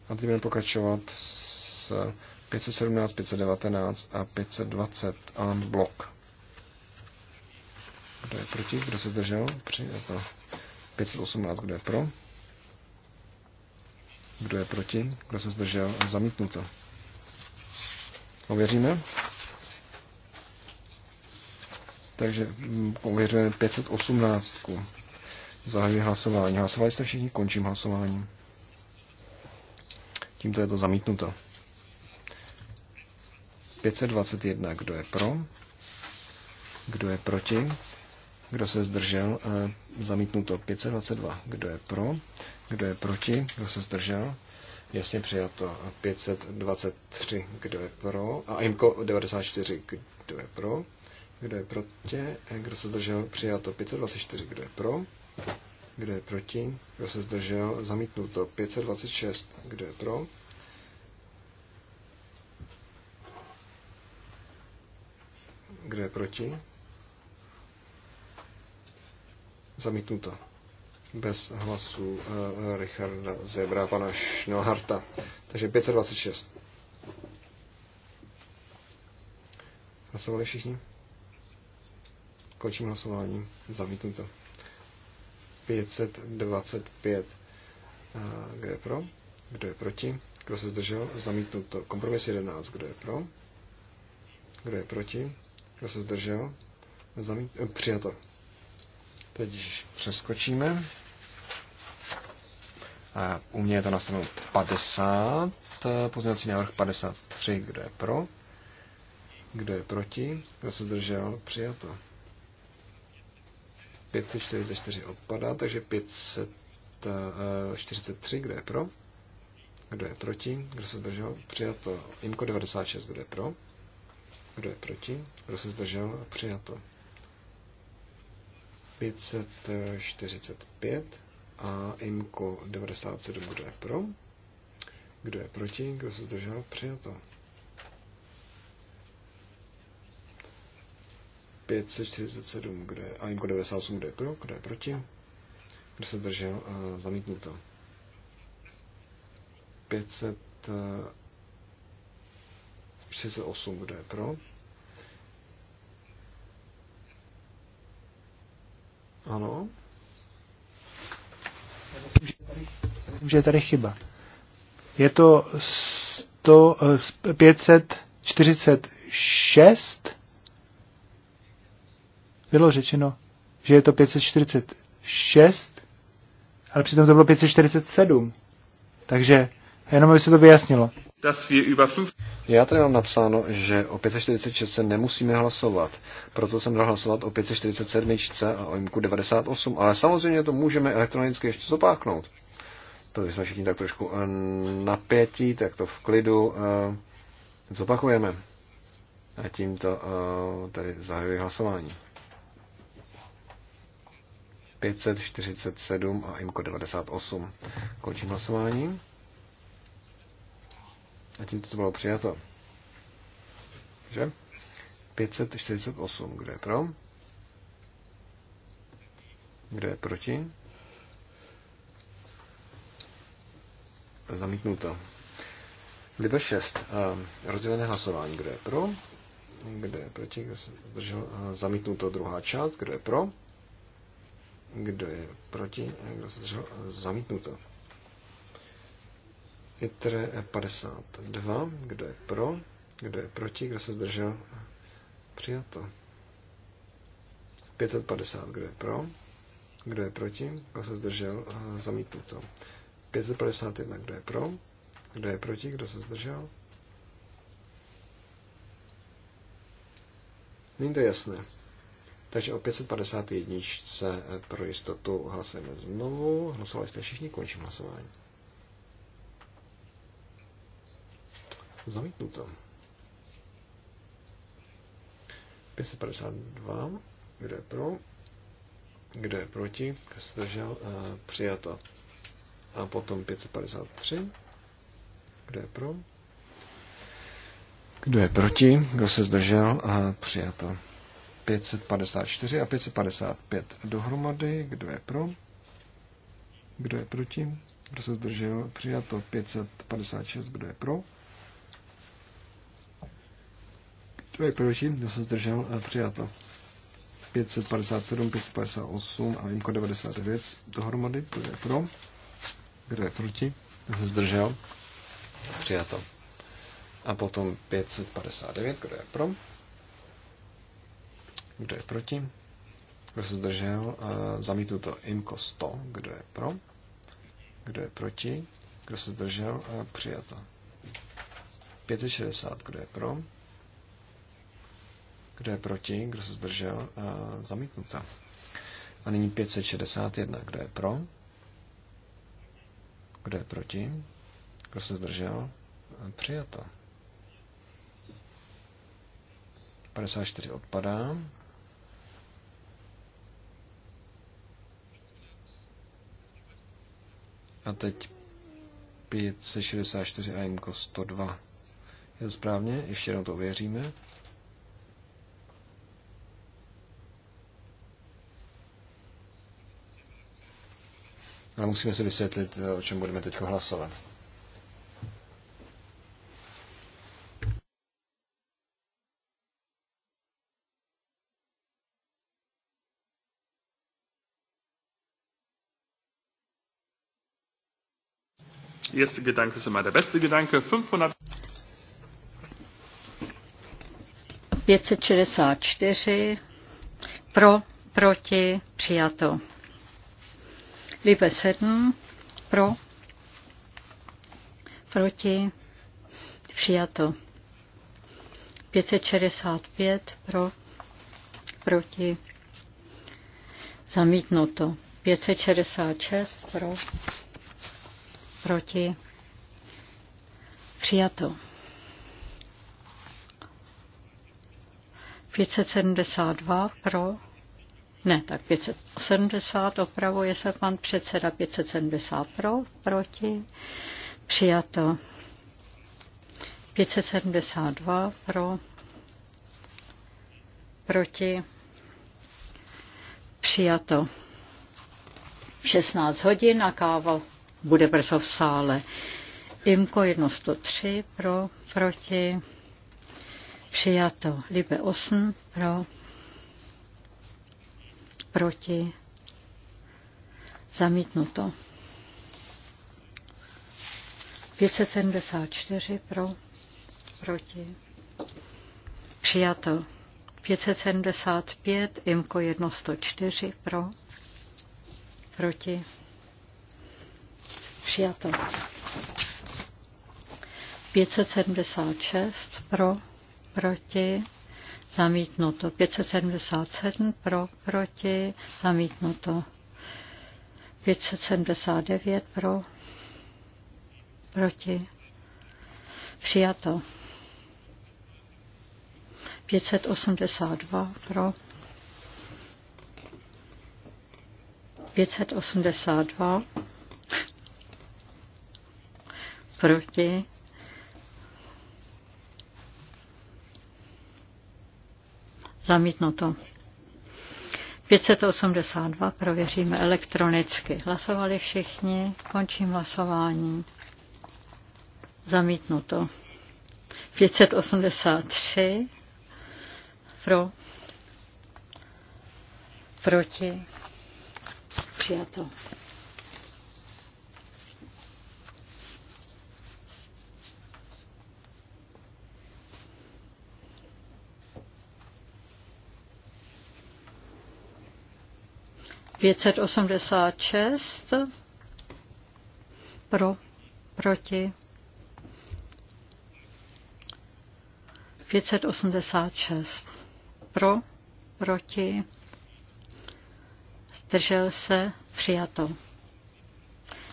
A teď budeme pokračovat s 517, 519 a 520 a blok. Kdo je proti? Kdo se zdržel? to 518, kdo je pro? Kdo je proti? Kdo se zdržel? Zamítnuto. Ověříme. Takže ověřujeme 518. Zahajuji hlasování. Hlasovali jste všichni? Končím hlasování. Tímto je to zamítnuto. 521. Kdo je pro? Kdo je proti? Kdo se zdržel? Eh, zamítnuto 522. Kdo je pro? Kdo je proti? Kdo se zdržel? Jasně přijato 523. Kdo je pro? A IMCO 94. Kdo je pro? Kdo je proti? Eh, kdo se zdržel? Přijato 524. Kdo je pro? Kdo je proti? Kdo se zdržel? Zamítnuto. 526. Kdo je pro? Kdo je proti? Zamítnuto. Bez hlasu uh, Richarda Zebra, pana Schnellharta. Takže 526. Hlasovali všichni? Končím hlasování. Zamítnuto. 525. Kdo je pro? Kdo je proti? Kdo se zdržel? Zamítnuto. Kompromis 11. Kdo je pro? Kdo je proti? Kdo se zdržel? Zamít... Eh, přijato. Teď přeskočíme. A u mě je to na stranu 50. Pozměňovací návrh 53. Kdo je pro? Kdo je proti? Kdo se zdržel? Přijato. 544 odpadá, takže 543, kdo je pro? Kdo je proti? Kdo se zdržel? Přijato. Imko 96, kdo je pro? Kdo je proti? Kdo se zdržel? Přijato. 545 a IMKO 97, kdo je pro? Kdo je proti? Kdo se zdržel? Přijato. 547, kde je, a 98, kde je pro, kde je proti, kdo se držel, a to. 538, eh, kde je pro. Ano. Myslím, že je tady chyba. Je to 100, 546 eh, bylo řečeno, že je to 546, ale přitom to bylo 547. Takže jenom by se to vyjasnilo. Já tady mám napsáno, že o 546 nemusíme hlasovat, proto jsem dal hlasovat o 547 a o IMKU 98, ale samozřejmě to můžeme elektronicky ještě zopáknout. To jsme všichni tak trošku eh, napětí, tak to v klidu eh, zopakujeme. A tímto eh, tady zahajuji hlasování. 547 a IMCO 98. Končím hlasování. A tím to bylo přijato. Že? 548. Kdo je pro? Kdo je proti? Zamítnuto. Libe 6. Rozdělené hlasování. Kdo je pro? Kdo je proti? Kdo se zdržel? Zamítnuto druhá část. Kdo je pro? Kdo je proti? Kdo se zdržel? Zamítnuto. ITR 52. Kdo je pro? Kdo je proti? Kdo se zdržel? Přijato. 550. Kdo je pro? Kdo je proti? Kdo se zdržel? Zamítnuto. 551. Kdo je pro? Kdo je proti? Kdo se zdržel? Není to jasné. Takže o 551 se pro jistotu hlasujeme znovu. Hlasovali jste všichni, končím hlasování. Zamítnuto. 552, kde je pro, kde je proti, zdržel, přijato. A potom 553, kde je pro, kdo je proti, kdo se zdržel, eh, přijato. 554 a 555 dohromady. Kdo je pro? Kdo je proti? Kdo se zdržel? Přijato 556. Kdo je pro? Kdo je proti? Kdo se zdržel? Eh, přijato 557, 558 a výjimko 99 dohromady. Kdo je pro? Kdo je proti? Kdo se zdržel? Přijato. A potom 559, kdo je pro? Kdo je proti? Kdo se zdržel? E, to IMCO 100. Kdo je pro? Kdo je proti? Kdo se zdržel? E, přijato. 560. Kdo je pro? Kdo je proti? Kdo se zdržel? E, zamítnuto. A nyní 561. Kdo je pro? Kdo je proti? Kdo se zdržel? Přijato. 54 odpadá. A teď 564 a 102. Je to správně? Ještě jednou to věříme? A musíme si vysvětlit, o čem budeme teď hlasovat. erste Gedanke ist immer der beste Gedanke. 500 564 pro, proti, přijato. Liebe 7 pro, proti, přijato. 565 pro, proti, zamítnuto. 566 pro, proti, přijato. 572 pro, ne, tak 570 opravuje se pan předseda, 570 pro, proti, přijato. 572 pro, proti, přijato. 16 hodin a kávo bude brzo v sále. Imko 103 pro, proti, přijato. Libe 8 pro, proti, zamítnuto. 574 pro, proti, přijato. 575, IMKO 104 pro, proti, Přijato. 576 pro, proti, zamítnuto. 577 pro, proti, zamítnuto. 579 pro, proti, přijato. 582 pro, 582 proti, zamítnuto. 582 prověříme elektronicky. Hlasovali všichni, končím hlasování. Zamítnuto. 583 pro, proti, přijato. 586 pro, proti 586 pro, proti zdržel se přijato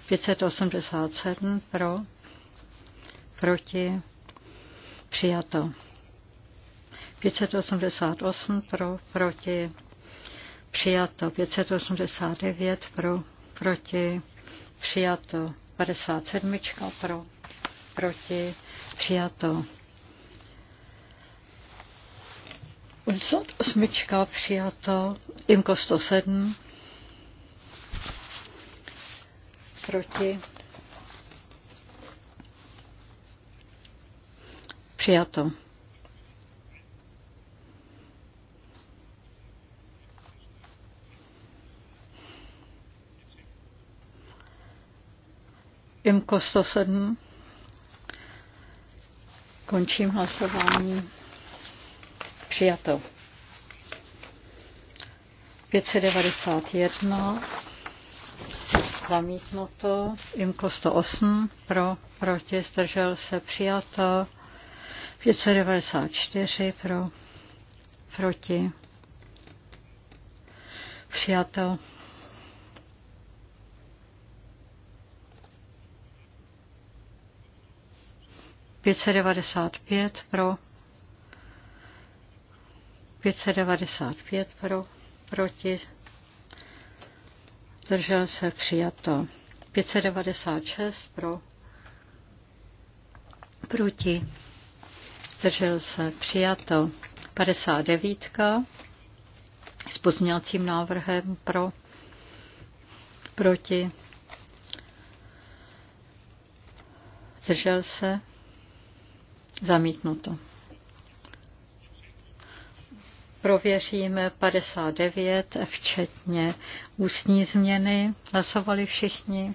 587 pro, proti přijato 588 pro, proti přijato 589 pro, proti, přijato 57 pro, proti, přijato 58 přijato, IMKO 107 proti, přijato. IMKO 107. Končím hlasování. Přijato. 591. Zamítnuto. IMKO 108. Pro, proti, zdržel se. Přijato. 594. Pro, proti. Přijato. 595 pro, 595 pro, proti, zdržel se přijato. 596 pro, proti, zdržel se přijato. 59 s pozměňovacím návrhem pro, proti, zdržel se Zamítnuto. Prověříme 59, včetně ústní změny. Hlasovali všichni.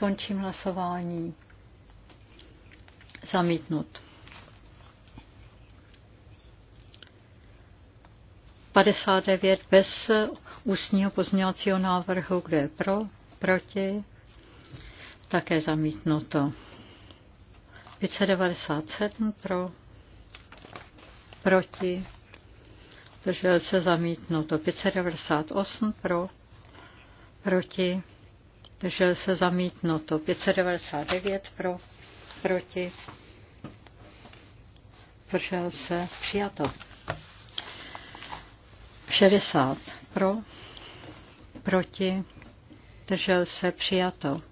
Končím hlasování. Zamítnut. 59 bez ústního pozměňovacího návrhu, kde je pro, proti, také zamítnuto. 597 pro, proti, zdržel se zamítnuto. 598 pro, proti, zdržel se zamítnuto. 599 pro, proti, zdržel se přijato. 60 pro, proti, držel se přijato.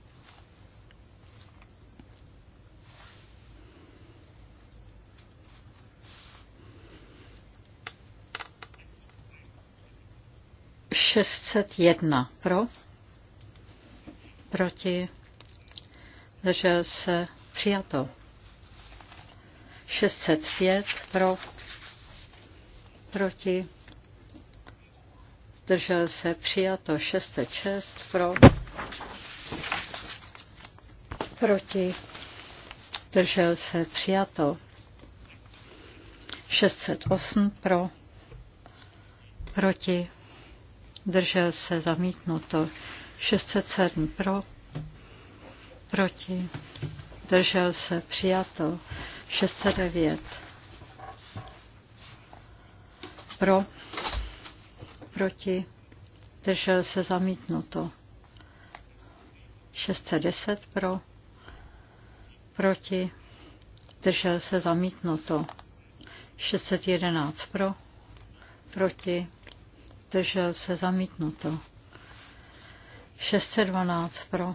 601 pro, proti, zdržel se, přijato. 605 pro, proti, zdržel se, přijato. 606 pro, proti, zdržel se, přijato. 608 pro, proti, zdržel se, zamítnuto. 607 pro, proti, držel se, přijato. 609 pro, proti, držel se, zamítnuto. 610 pro, proti, držel se, zamítnuto. 611 pro, proti, zdržel se zamítnuto. 612 pro,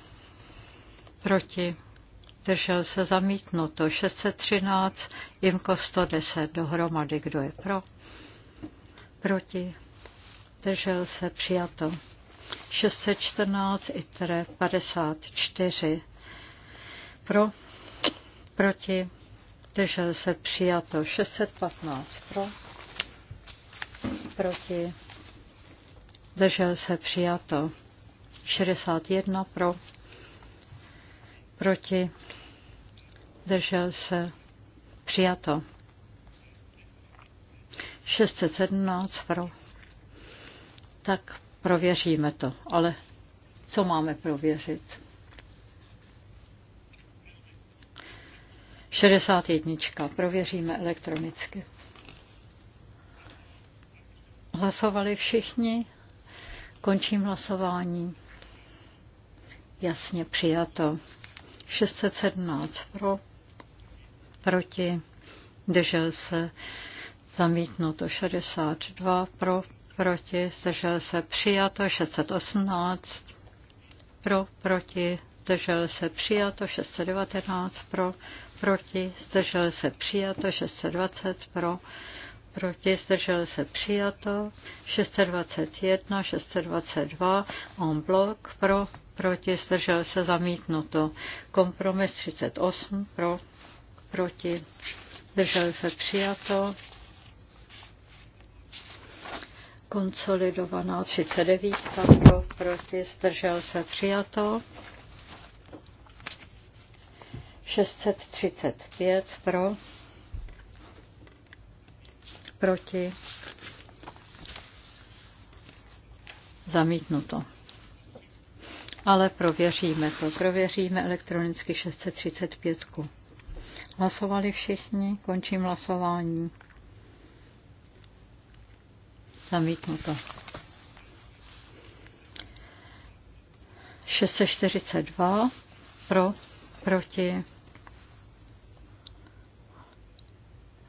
proti, Držel se zamítnuto. 613, Imko 110 dohromady, kdo je pro, proti, Držel se přijato. 614, ITRE 54 pro, proti, Držel se přijato. 615 pro, proti, zdržel se přijato. 61 pro, proti, zdržel se přijato. 617 pro. Tak prověříme to, ale co máme prověřit? 61. Prověříme elektronicky. Hlasovali všichni? Končím hlasování. Jasně přijato. 617 pro, proti, držel se zamítnuto 62 pro, proti, držel se přijato 618 pro, proti, zdržel se přijato 619 pro, proti, zdržel se přijato 620 pro, proti, zdržel se přijato, 621, 622, en blok, pro, proti, zdržel se zamítnuto, kompromis 38, pro, proti, zdržel se přijato, konsolidovaná 39, pro, proti, zdržel se přijato, 635 pro, proti, zamítnuto. Ale prověříme to. Prověříme elektronicky 635. Hlasovali všichni, končím hlasování. Zamítnuto. 642 pro, proti,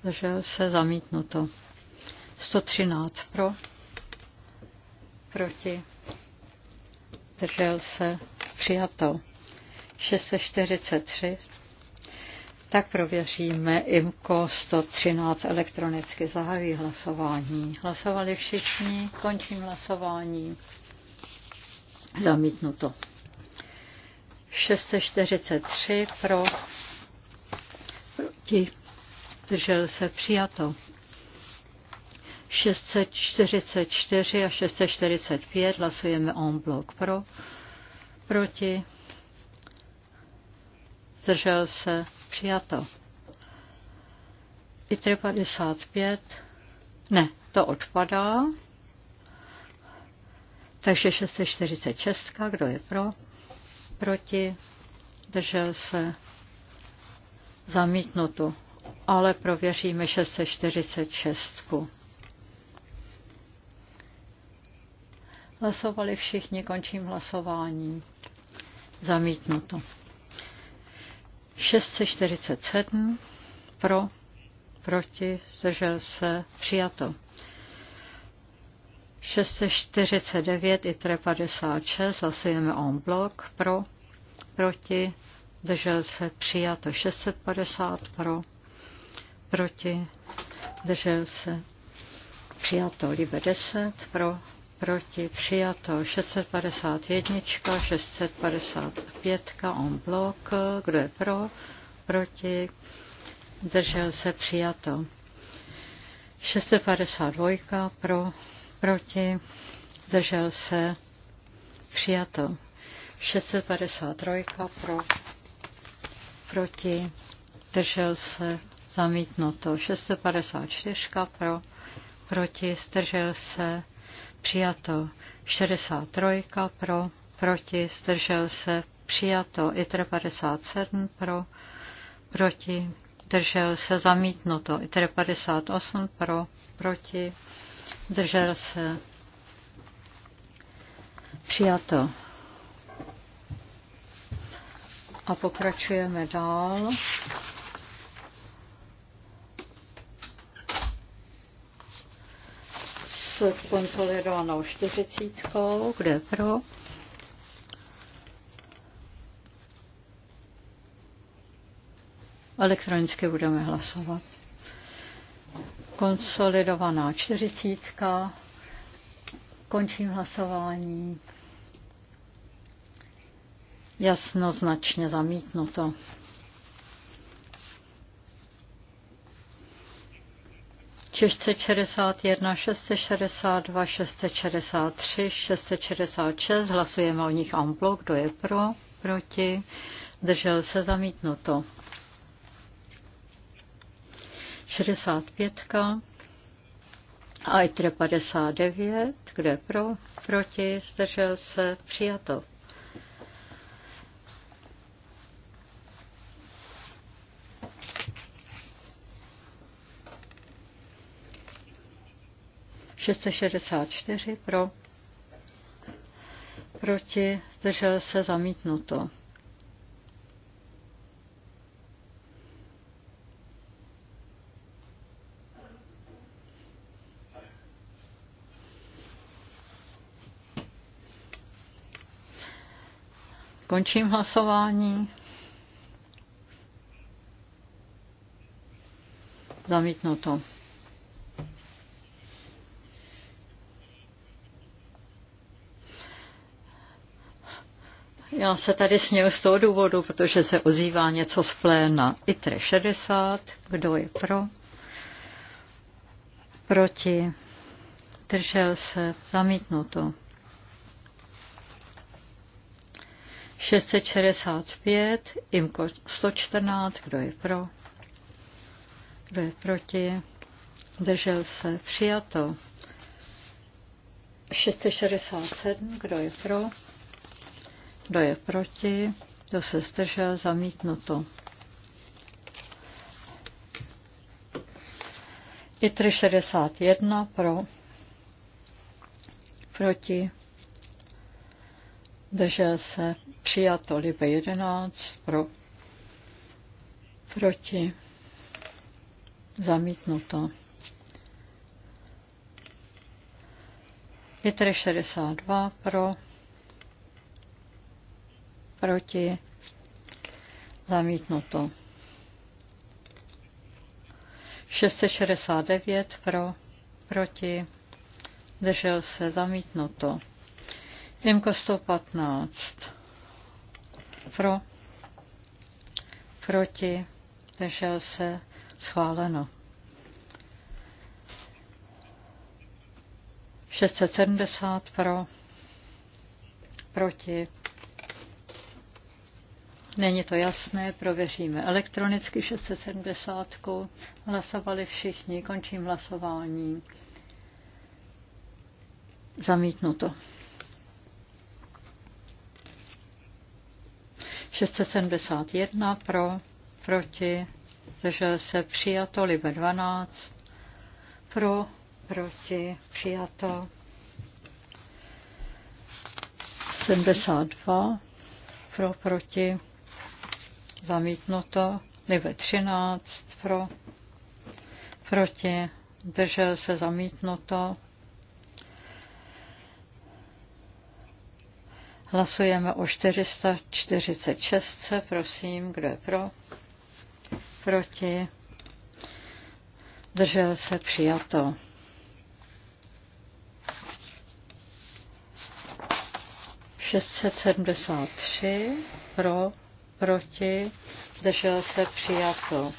zdržel se, zamítnuto. 113 pro, proti, zdržel se, přijato. 643 tak prověříme IMKO 113 elektronicky zahájí hlasování. Hlasovali všichni, končím hlasování. Zamítnuto. 643 pro, proti, zdržel se přijato. 644 a 645 hlasujeme on blok pro, proti, zdržel se přijato. I 55, ne, to odpadá, takže 646, kdo je pro, proti, držel se zamítnutu ale prověříme 646. Hlasovali všichni, končím hlasování. Zamítnuto. 647 pro, proti, zdržel se, přijato. 649 i 356 hlasujeme en blok pro, proti, zdržel se, přijato. 650 pro, proti, držel se, přijato Libe 10, pro, proti, přijato 651, 655 on blok, kdo je pro, proti, držel se, přijato 652 pro, proti, držel se, přijato 653 pro, proti, držel se, zamítnuto. 654 pro, proti, zdržel se, přijato. 63 pro, proti, zdržel se, přijato. ITR 57 pro, proti, držel se, zamítnuto. ITR 58 pro, proti, držel se, přijato. A pokračujeme dál. s konsolidovanou čtyřicítkou, kde pro. Elektronicky budeme hlasovat. Konsolidovaná čtyřicítka. Končím hlasování. Jasnoznačně zamítnuto. 661, 662, 663, 666. Hlasujeme o nich en bloc. Kdo je pro? Proti? Držel se zamítnuto. 65. A ITRE 59. Kde pro? Proti? Zdržel se? Přijato. 664 pro, proti, zdržel se zamítnuto. Končím hlasování. Zamítnuto. Já se tady sněl z toho důvodu, protože se ozývá něco z pléna ITRE 60. Kdo je pro? Proti? Držel se? Zamítnuto. 665, IMKO 114, kdo je pro, kdo je proti, držel se, přijato. 667, kdo je pro, kdo je proti? Kdo se zdržel? Zamítnuto. I 361 pro. Proti. Držel se. Přijato Libe 11 pro. Proti. Zamítnuto. Je tedy 62 pro, proti, zamítnuto. 669 pro, proti, držel se, zamítnuto. Jemko 115 pro, proti, držel se, schváleno. 670 pro, proti, Není to jasné, prověříme elektronicky 670. Hlasovali všichni, končím hlasování. Zamítnuto. 671 pro, proti, zdržel se přijato, libe 12, pro, proti, přijato, 72, pro, proti, zamítnuto, 13 pro, proti, držel se zamítnuto. Hlasujeme o 446, prosím, kdo je pro, proti, držel se přijato. Šestset sedmdesát tři pro proti, držel se přijato.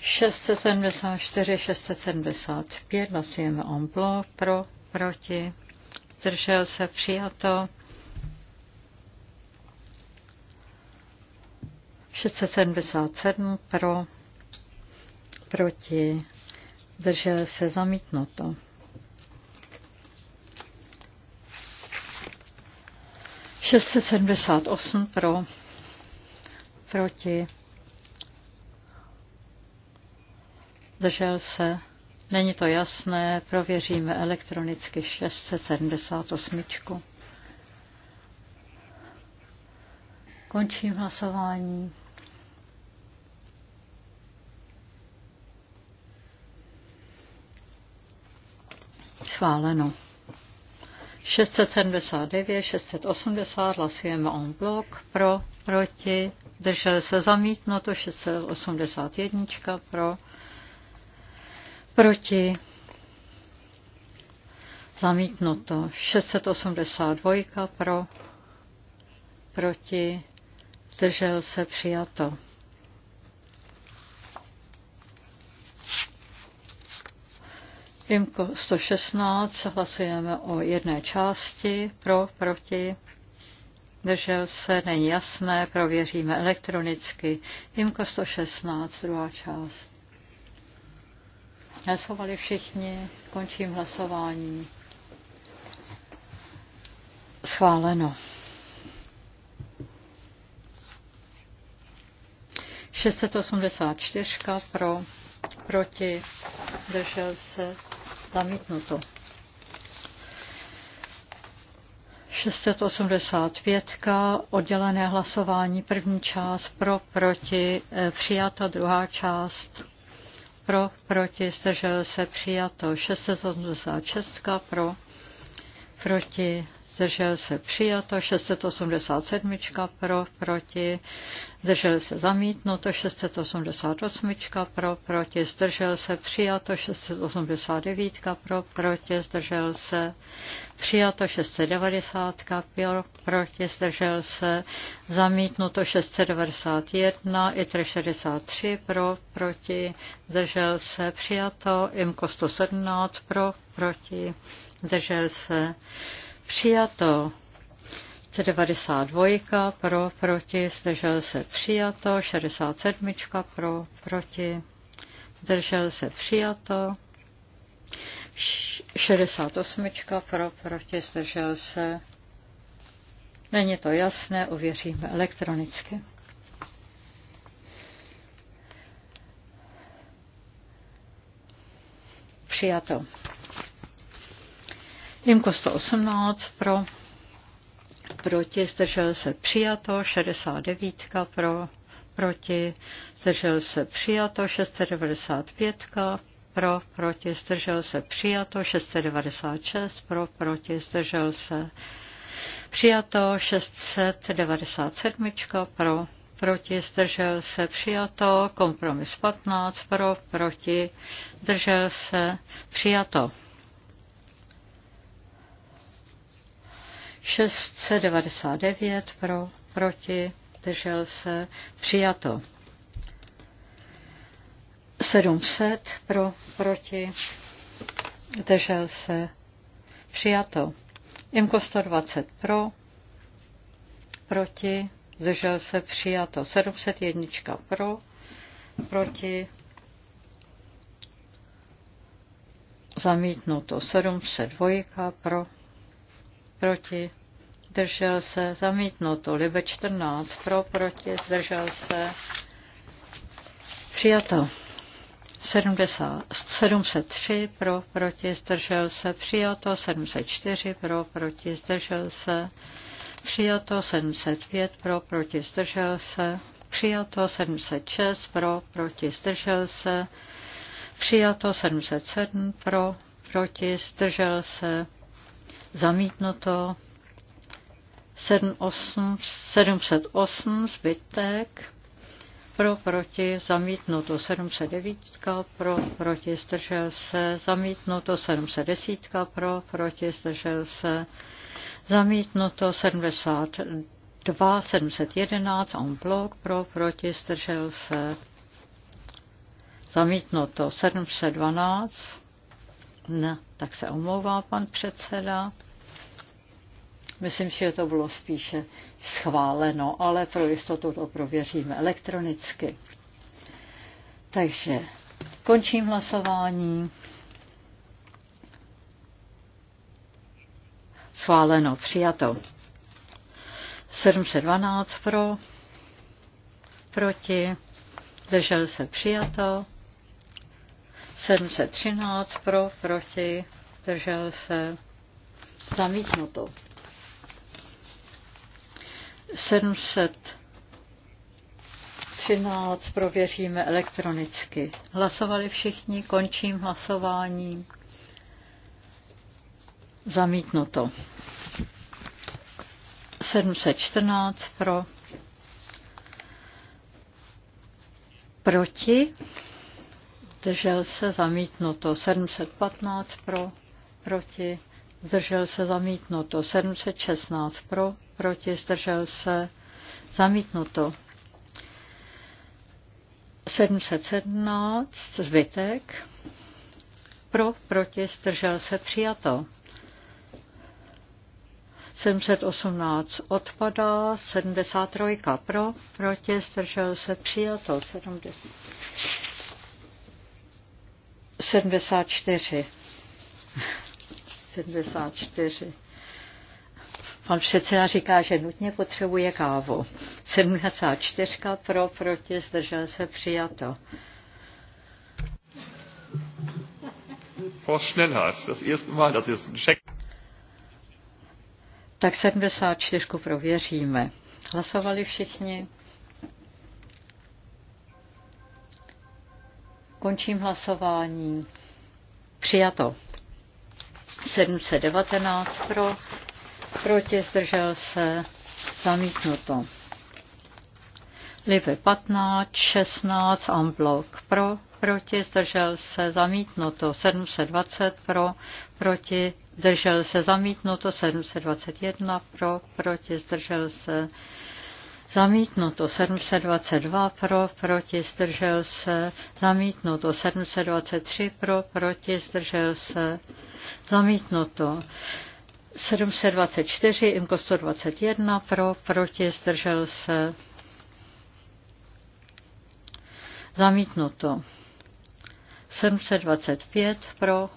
674, 675, hlasujeme on blok, pro, proti, držel se přijato. 677 pro, proti, držel se zamítnuto. Šestset sedmdesát osm pro, Proti. Držel se. Není to jasné, prověříme elektronicky 678. Končím hlasování. Schváleno. 679, 680 hlasujeme on blok pro, proti, držel se zamítnuto 681 pro, proti, zamítnuto 682 pro, proti, zdržel se přijato. Imko 116, hlasujeme o jedné části, pro, proti, Držel se, není jasné, prověříme elektronicky. Jimko 116, druhá část. Hlasovali všichni, končím hlasování. Schváleno. 684 pro, proti, držel se, zamítnuto. 685. Oddělené hlasování. První část pro, proti, eh, přijato. Druhá část pro, proti, zdržel se, přijato. 686. Pro, proti, zdržel se přijato, 687 pro, proti, zdržel se zamítnuto, 688 pro, proti, zdržel se přijato, 689 pro, proti, zdržel se přijato, 690 pro, proti, zdržel se zamítnuto, 691, i 63 pro, proti, zdržel se přijato, IMKO 117 pro, proti, zdržel se přijato. 92 pro, proti, zdržel se přijato, 67 pro, proti, zdržel se přijato, 68 pro, proti, zdržel se. Není to jasné, ověříme elektronicky. Přijato. Jimko 118 pro, proti, zdržel se přijato, 69 pro, proti, zdržel se přijato, 695 pro, proti, zdržel se přijato, 696 pro, proti, zdržel se přijato, 697 pro, proti, zdržel se, přijato, kompromis 15, pro, proti, zdržel se, přijato. 699 pro, proti, držel se, přijato. 700 pro, proti, držel se, přijato. Imko 120 pro, proti, držel se, přijato. 701 pro, proti, zamítnuto. 702 pro, proti, zdržel se, zamítnuto. Libe 14, pro, proti, zdržel se, přijato. 70, 703 pro, proti, zdržel se, přijato, 704 pro, proti, zdržel se, přijato, 705 pro, proti, zdržel se, přijato, 706 pro, proti, zdržel se, přijato, 707 pro, proti, zdržel se, zamítnuto 708 zbytek pro, proti, zamítnuto 709, pro, proti, zdržel se, zamítnuto 710, pro, proti, zdržel se, zamítnuto 72, 711, on blok, pro, proti, zdržel se, zamítnuto 712, ne, tak se omlouvá pan předseda. Myslím, že to bylo spíše schváleno, ale pro jistotu to prověříme elektronicky. Takže končím hlasování. Schváleno, přijato. 712 pro, proti, držel se přijato. 713 pro, proti, zdržel se, zamítnuto. 713 prověříme elektronicky. Hlasovali všichni, končím hlasování. Zamítnuto. 714 pro. Proti zdržel se zamítnuto 715 pro, proti, zdržel se zamítnuto 716 pro, proti, zdržel se zamítnuto 717 zbytek pro, proti, zdržel se přijato. 718 odpadá, 73 pro, proti, zdržel se přijato, 70. 74. 74. Pan předseda říká, že nutně potřebuje kávu. 74 pro, proti, zdržel se přijato. Frau Schnellhardt, das erste Mal, dass jetzt ein Check. Tak 74 prověříme. Hlasovali všichni? Končím hlasování. Přijato. 719 pro, proti zdržel se, zamítnuto. Live 15, 16, Amblok pro, proti zdržel se, zamítnuto. 720 pro, proti zdržel se, zamítnuto. 721 pro, proti zdržel se, Zamítnuto 722 pro, proti, zdržel se. Zamítnuto 723 pro, proti, zdržel se. Zamítnuto 724, IMKO 121 pro, proti, zdržel se. Zamítnuto 725 pro,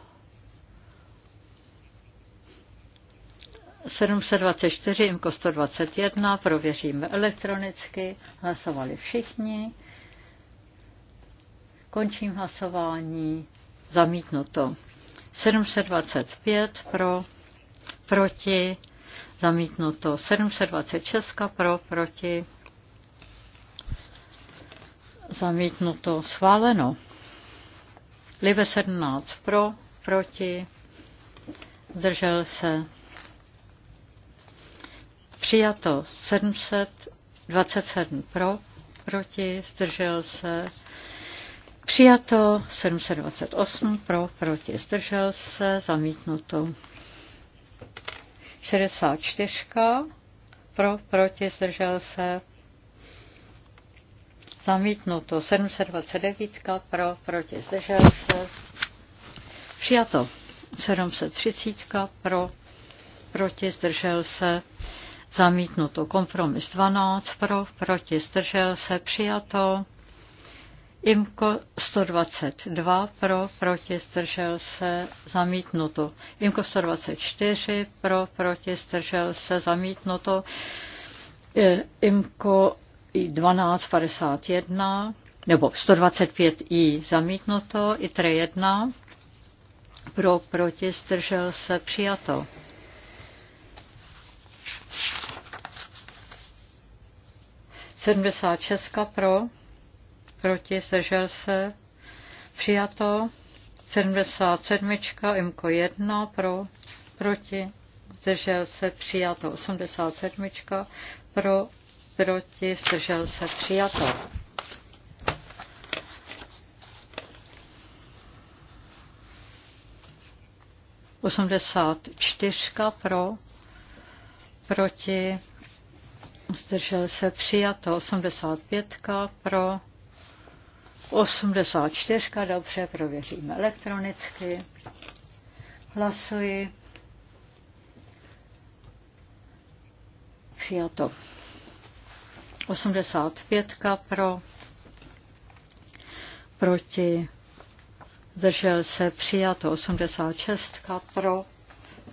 724, IMKO 121, prověříme elektronicky, hlasovali všichni. Končím hlasování, zamítnuto. 725 pro, proti, zamítnuto. 726 pro, proti, zamítnuto, schváleno. Libe 17 pro, proti, zdržel se, Přijato 727 pro, proti, zdržel se. Přijato 728 pro, proti, zdržel se, zamítnuto. 64 pro, proti, zdržel se. Zamítnuto 729 pro, proti, zdržel se. Přijato 730 pro, proti, zdržel se zamítnuto. Kompromis 12 pro, proti zdržel se přijato. Imko 122 pro, proti zdržel se zamítnuto. Imko 124 pro, proti zdržel se zamítnuto. E, Imko 1251 nebo 125i zamítnuto, ITRE 1 pro, proti zdržel se přijato. 76 pro, proti, zdržel se, přijato. 77 imko 1 pro, proti, zdržel se, přijato. 87 pro, proti, zdržel se, přijato. Osmdesát čtyřka pro, proti, zdržel se přijato 85 pro 84, dobře, prověříme elektronicky. Hlasuji. Přijato. 85 pro, proti, zdržel se přijato. 86 pro,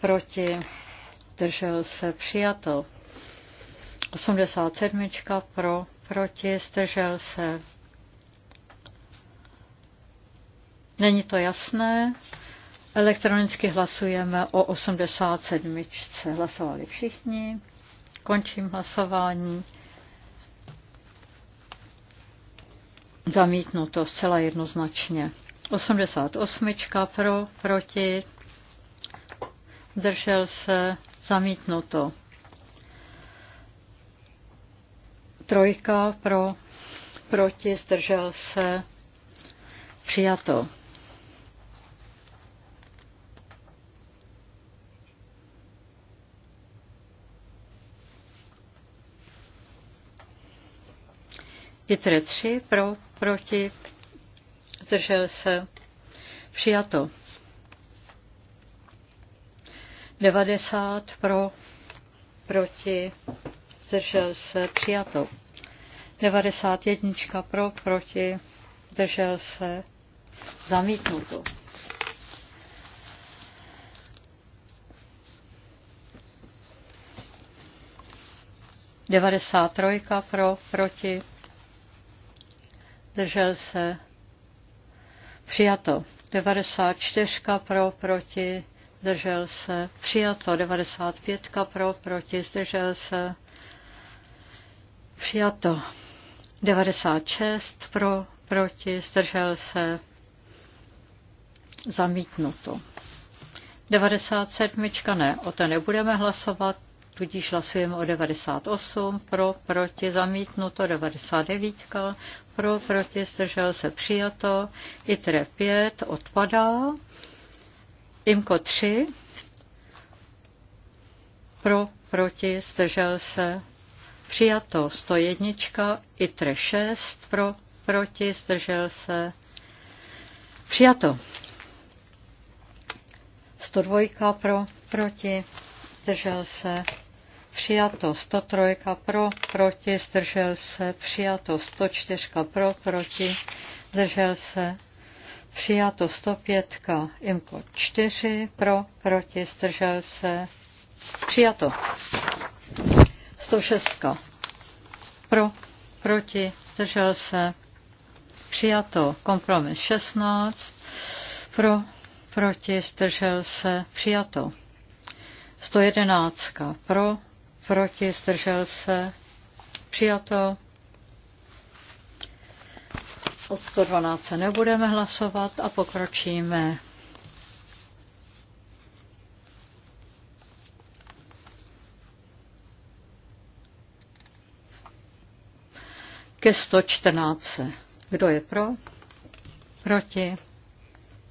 proti, zdržel se přijato. 87 pro, proti, zdržel se. Není to jasné. Elektronicky hlasujeme o 87. Hlasovali všichni. Končím hlasování. Zamítnuto zcela jednoznačně. 88. pro, proti, držel se, zamítnuto. Trojka pro, proti, zdržel se, přijato. Jitre 3 pro, proti, zdržel se, přijato. 90 pro, proti, zdržel se, přijato. 91 pro, proti, zdržel se, zamítnuto. Devadesát trojka pro, proti, držel se, přijato. 94 pro, proti, zdržel se, přijato 95 pro, proti, zdržel se, Přijato. 96 pro, proti, zdržel se, zamítnuto. 97 ne, o to nebudeme hlasovat, tudíž hlasujeme o 98, pro, proti, zamítnuto, 99, pro, proti, zdržel se, přijato, ITRE 5 odpadá, IMKO 3, pro, proti, zdržel se, Přijato 101, ITRE 6 pro, proti, zdržel se. Přijato 102 pro, proti, zdržel se. Přijato 103 pro, proti, zdržel se. Přijato 104 pro, proti, zdržel se. Přijato 105, IMKO 4 pro, proti, zdržel se. Přijato. 106. Pro, proti, zdržel se, přijato. Kompromis 16. Pro, proti, zdržel se, přijato. 111. Pro, proti, zdržel se, přijato. Od 112 nebudeme hlasovat a pokročíme ke 114. Kdo je pro? Proti?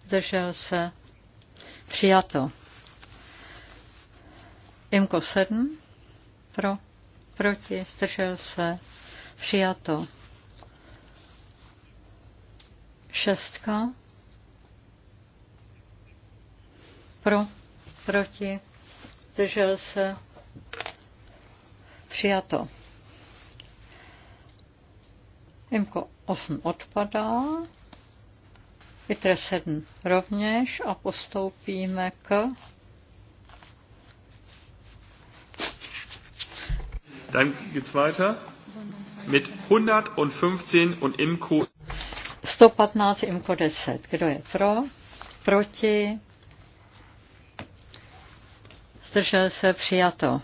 Zdržel se? Přijato. Imko 7. Pro? Proti? Zdržel se? Přijato. Šestka. Pro? Proti? Zdržel se? Přijato. Imko 8 odpadá, Vitre 7 rovněž a postoupíme k Dann geht's weiter mit 115 und Imko 115 Imko 10. Kdo je pro? Proti? Zdržel se přijato.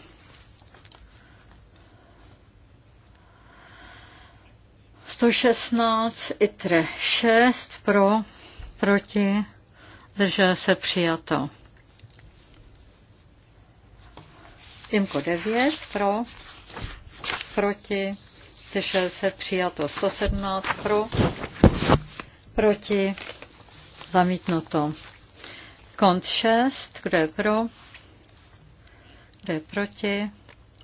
116, ITRE 6, pro, proti, zdržel se přijato. IMKO 9, pro, proti, zdržel se přijato. 117, pro, proti, zamítnuto. Kont 6, kdo je pro, kdo je proti,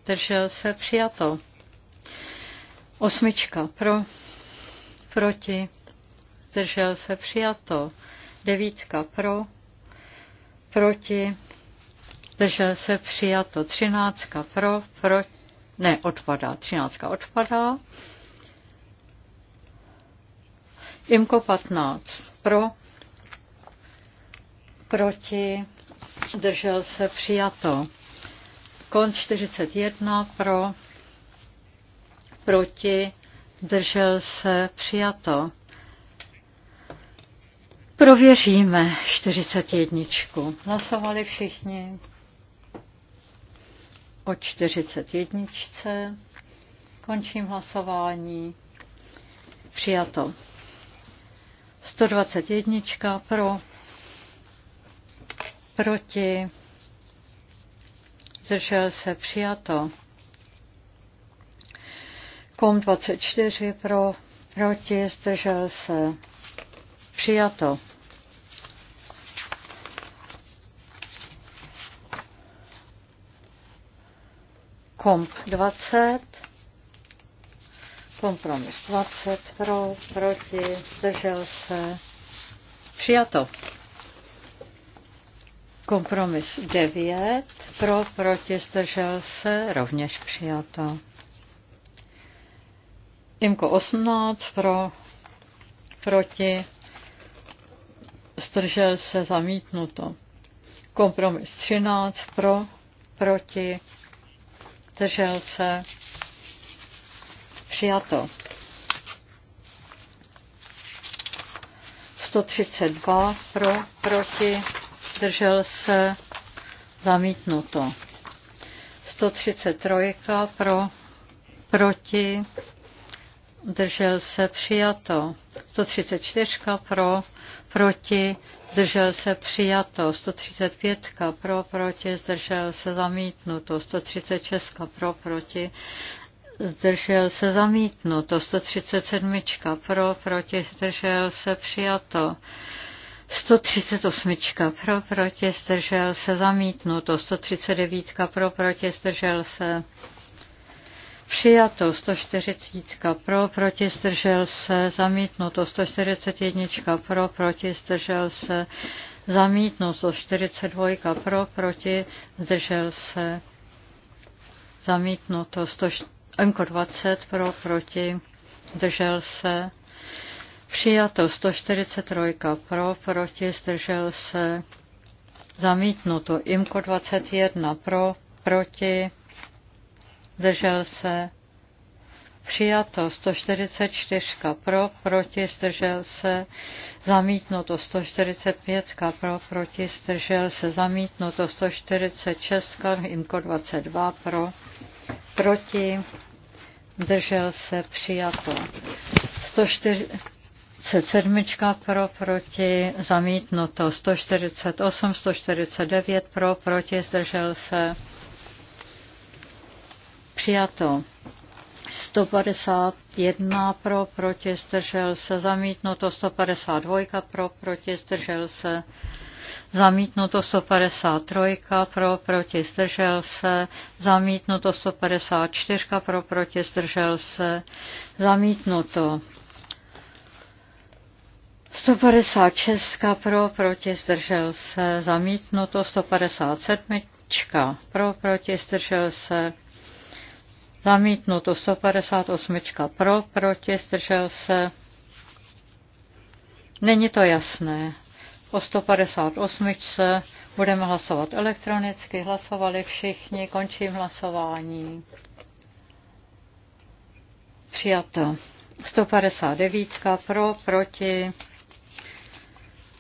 držel se přijato. Osmička pro, proti, zdržel se přijato. Devítka pro, proti, zdržel se přijato. Třináctka pro, proti, ne, odpadá. Třináctka odpadá. Imko 15 pro, proti, držel se přijato. Kon 41 pro, proti, zdržel se, přijato. Prověříme 41. Hlasovali všichni o 41. Končím hlasování. Přijato. 121 pro, proti, zdržel se přijato. Kom 24 pro, proti, zdržel se. Přijato. Komp 20, kompromis 20 pro, proti, zdržel se. Přijato. Kompromis 9 pro, proti, zdržel se, rovněž přijato. Imko 18 pro, proti, zdržel se zamítnuto. Kompromis 13 pro, proti, zdržel se přijato. 132 pro, proti, zdržel se zamítnuto. 133 pro, proti, držel se přijato. 134 pro, proti, zdržel se přijato. 135 pro, proti, zdržel se zamítnuto. 136 pro, proti, zdržel se zamítnuto. 137 pro, proti, zdržel se přijato. 138 pro, proti, zdržel se zamítnuto. 139 pro, proti, zdržel se Přijato 140 pro, proti zdržel se, zamítnuto 141 pro, proti zdržel se, zamítnuto 142 pro, proti zdržel se, zamítnuto 120 pro, proti zdržel se, přijato 143 pro, proti zdržel se, zamítnuto IMKO 21 pro, proti zdržel se, přijato 144 pro, proti, zdržel se, zamítnuto 145 pro, proti, zdržel se, zamítnuto 146, imko 22 pro, proti, zdržel se, přijato 147 pro, proti, zamítnuto 148, 149 pro, proti, zdržel se, přijato. 151 pro, proti, zdržel se, zamítnuto 152 pro, proti, zdržel se, zamítnuto 153 pro, proti, zdržel se, zamítnuto 154 pro, proti, zdržel se, zamítnuto 156 pro, proti, zdržel se, zamítnuto 157 pro, proti, zdržel se, Zamítnuto 158 pro, proti, zdržel se. Není to jasné. O 158 budeme hlasovat elektronicky. Hlasovali všichni. Končím hlasování. Přijato. 159 pro, proti.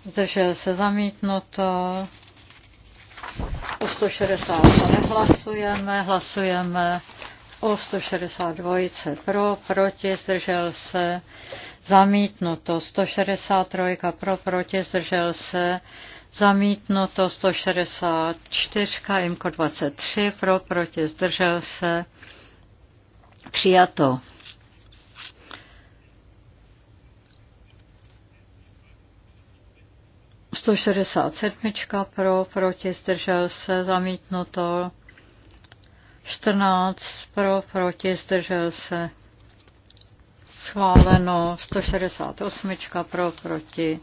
Zdržel se zamítnuto. O 160 nehlasujeme. Hlasujeme o 162 pro, proti, zdržel se, zamítnuto 163 pro, proti, zdržel se, zamítnuto 164, IMKO 23 pro, proti, zdržel se, přijato. Sto šedesát sedmička pro, proti, zdržel se, zamítnuto. 14 pro, proti, zdržel se. Schváleno 168 pro, proti,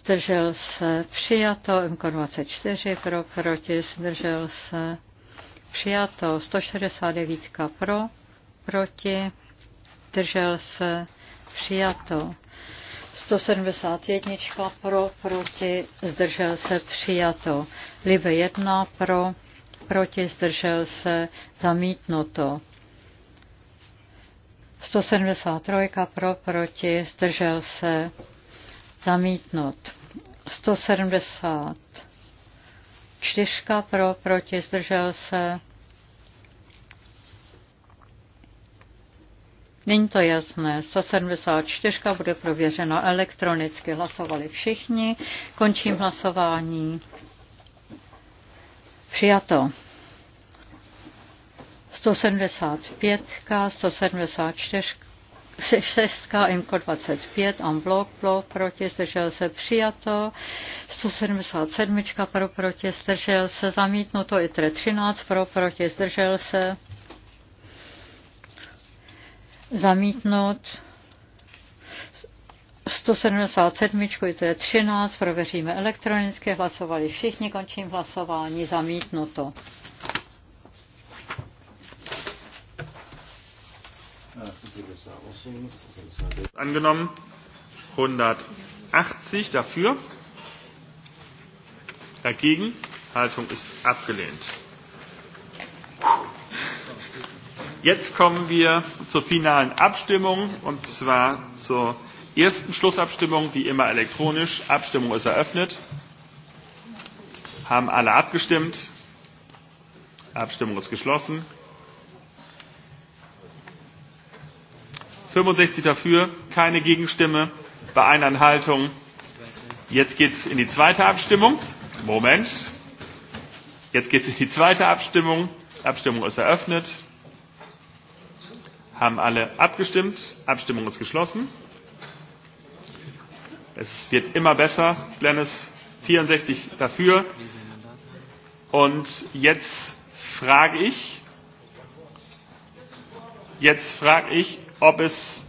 zdržel se. Přijato MK24 pro, proti, zdržel se. Přijato 169 pro, proti, zdržel se. Přijato 171 pro, proti, zdržel se. Přijato. Live 1 pro, proti, zdržel se, zamítnuto. 173 pro, proti, zdržel se, zamítnut. 174 pro, proti, zdržel se. Není to jasné. 174 bude prověřeno elektronicky. Hlasovali všichni. Končím hlasování. Přijato. 175, 174, 6, MK 25, amblok blok, pro, proti, zdržel se, přijato, 177, pro, proti, zdržel se, zamítnuto, i 13, pro, proti, zdržel se, zamítnut, 177, to je 13, prověříme elektronicky, hlasovali všichni, končím hlasování, zamítnuto. Angenommen 180 dafür. Dagegen. Haltung ist abgelehnt. Jetzt kommen wir zur finalen Abstimmung und zwar zur ersten Schlussabstimmung, wie immer elektronisch. Abstimmung ist eröffnet. Haben alle abgestimmt? Abstimmung ist geschlossen. 65 dafür, keine Gegenstimme, bei einer Enthaltung. Jetzt geht es in die zweite Abstimmung. Moment. Jetzt geht es in die zweite Abstimmung. Abstimmung ist eröffnet. Haben alle abgestimmt? Abstimmung ist geschlossen. Es wird immer besser. Glennis 64 dafür. Und jetzt frage ich, jetzt frage ich, ob es,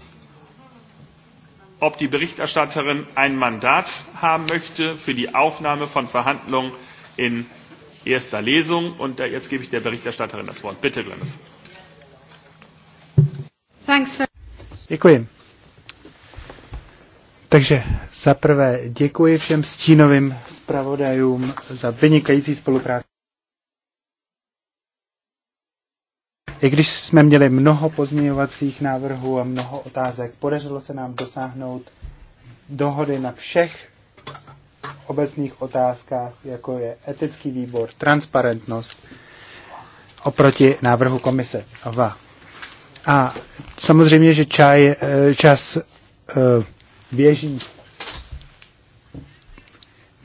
ob die Berichterstatterin ein Mandat haben möchte für die Aufnahme von Verhandlungen in erster Lesung. Und da, jetzt gebe ich der Berichterstatterin das Wort. Bitte, Glennis. Thanks for Děkuji. Takže zaprvé děkuji všem stínovým zpravodajům za vynikající spolupráci. I když jsme měli mnoho pozměňovacích návrhů a mnoho otázek, podařilo se nám dosáhnout dohody na všech obecných otázkách, jako je etický výbor, transparentnost oproti návrhu komise. A samozřejmě, že čaj, eh, čas eh, běží.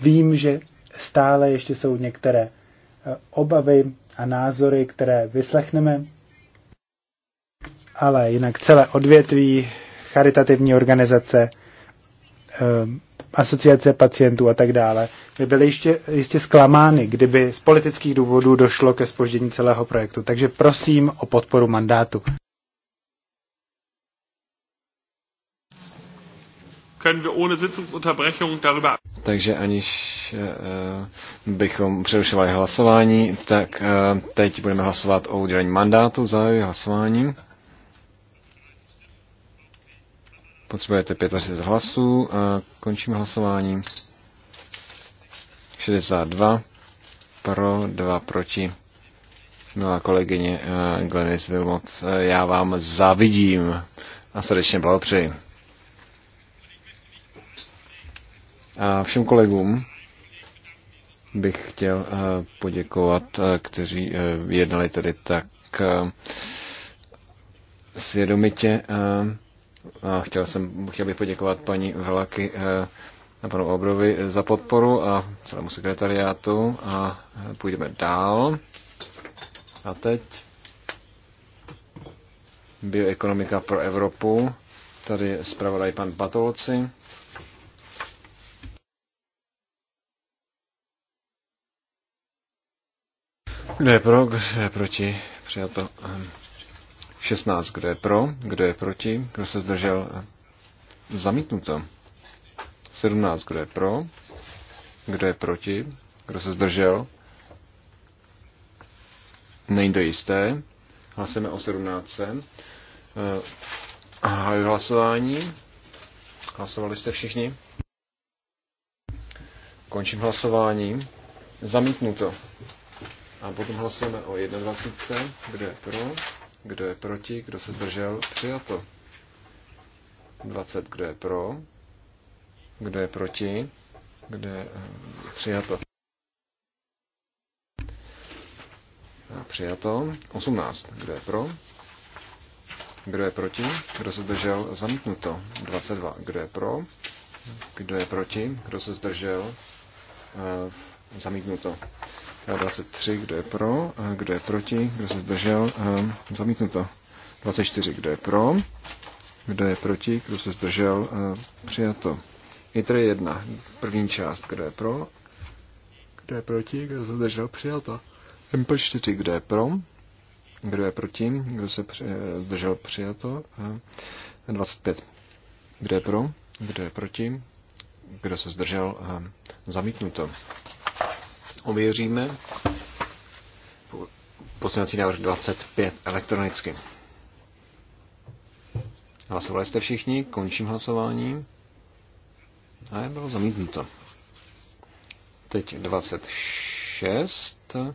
Vím, že stále ještě jsou některé eh, obavy a názory, které vyslechneme, ale jinak celé odvětví, charitativní organizace, eh, asociace pacientů a tak dále, by byly ještě, jistě zklamány, kdyby z politických důvodů došlo ke spoždění celého projektu. Takže prosím o podporu mandátu. können wir ohne Sitzungsunterbrechung darüber. Takže aniž uh, bychom přerušovali hlasování, tak uh, teď budeme hlasovat o udělení mandátu, za hlasování. Potřebujete 25 hlasů, a končím hlasování. 62 pro, 2 proti. Milá kolegyně uh, Glenis Vilmot, uh, já vám zavidím a srdečně blahopřeji. A všem kolegům bych chtěl eh, poděkovat, eh, kteří eh, jednali tady tak svědomitě. A chtěl, jsem, chtěl bych poděkovat paní Velaky a panu Obrovi za podporu a celému sekretariátu a půjdeme dál. A teď bioekonomika pro Evropu. Tady je zpravodaj pan Batolci. Kdo je pro, kdo je proti? Přijato. 16. Ehm, kdo je pro, kdo je proti? Kdo se zdržel? Ehm, zamítnuto. 17. Kdo je pro, kdo je proti? Kdo se zdržel? Nejde jisté. Hlasujeme o 17. Ehm, Háju hlasování. Hlasovali jste všichni? Končím hlasování. Zamítnuto. A potom hlasujeme o 21. Kdo je pro? Kdo je proti? Kdo se zdržel? Přijato. 20. Kdo je pro? Kdo je proti? Kdo je eh, přijato? Přijato. 18. Kdo je pro? Kdo je proti? Kdo se zdržel? Zamítnuto. 22. Kdo je pro? Kdo je proti? Kdo se zdržel? Eh, zamítnuto. 23, kdo je pro, kdo je proti, kdo se zdržel, zamítnuto. 24, kdo je pro, kdo je proti, kdo se zdržel, přijato. ITR 1, první část, kdo je pro, kdo je proti, kdo se zdržel, přijato. MP4, kdo je pro, kdo je proti, kdo se zdržel, přijato. 25, kdo je pro, kdo je proti, kdo se zdržel, zamítnuto. Ověříme. Poslanecí návrh 25 elektronicky. Hlasovali jste všichni, končím hlasování. A je bylo zamítnuto. Teď 26. Eh,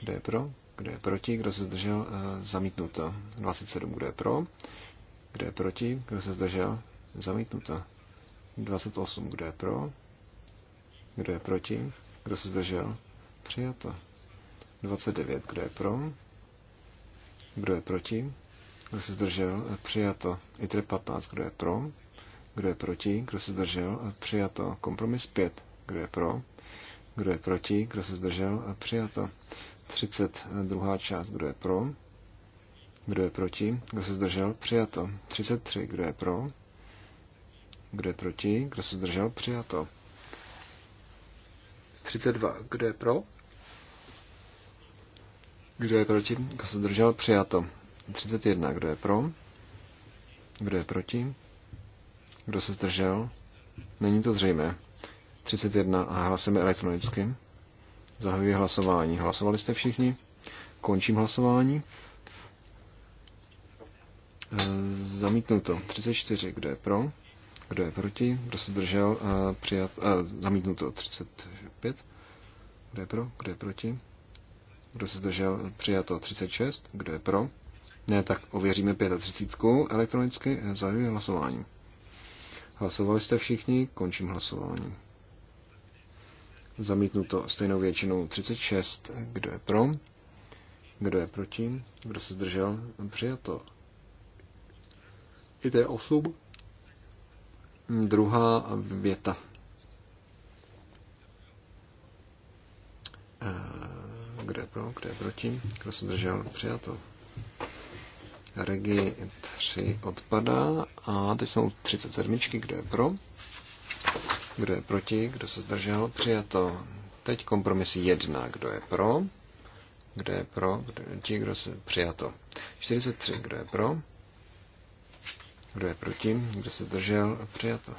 Kdo je pro? Kdo je proti? Kdo se zdržel? Zamítnuto. 27. Kdo je pro? Kdo je proti? Kdo se zdržel? Zamítnuto. 28. Kdo je pro? Kdo je proti? Kdo se zdržel? Přijato. 29. Kdo je pro? Kdo je proti? Kdo se zdržel? Přijato. ITRE 15. Kdo je pro? Kdo je proti? Kdo se zdržel? Přijato. Kompromis 5. Kdo je pro? Kdo je proti? Kdo se zdržel? Přijato. 32. část. Kdo je pro? Kdo je proti? Kdo se zdržel? Přijato. 33. Kdo je pro? Kdo je proti? Kdo se zdržel? Přijato. 32. Kdo je pro? Kdo je proti? Kdo se držel? Přijato. 31. Kdo je pro? Kdo je proti? Kdo se zdržel? Není to zřejmé. 31. A hlasujeme elektronicky. Zahajuji hlasování. Hlasovali jste všichni? Končím hlasování. E, zamítnuto. 34. Kdo je pro? Kdo je proti? Kdo se zdržel? Eh, přijat, eh, zamítnuto 35. Kdo je pro? Kdo je proti? Kdo se zdržel? Přijato 36. Kdo je pro? Ne, tak ověříme 35 elektronicky. Zahajuji hlasování. Hlasovali jste všichni, končím hlasování. Zamítnuto stejnou většinou 36. Kdo je pro? Kdo je proti? Kdo se zdržel? Přijato. I to je 8. Druhá věta. Eh, kde je pro, kde je proti? Kdo se držel? Přijato. Regi 3 odpadá a teď jsme u 37. Kdo je pro? Kdo je proti? Kdo se zdržel? Přijato. Teď kompromis 1. Kdo je pro? Kdo je pro? Kdo je proti? Kdo se přijato? 43. Kdo je pro? Kdo je proti? Kdo se zdržel? Přijato.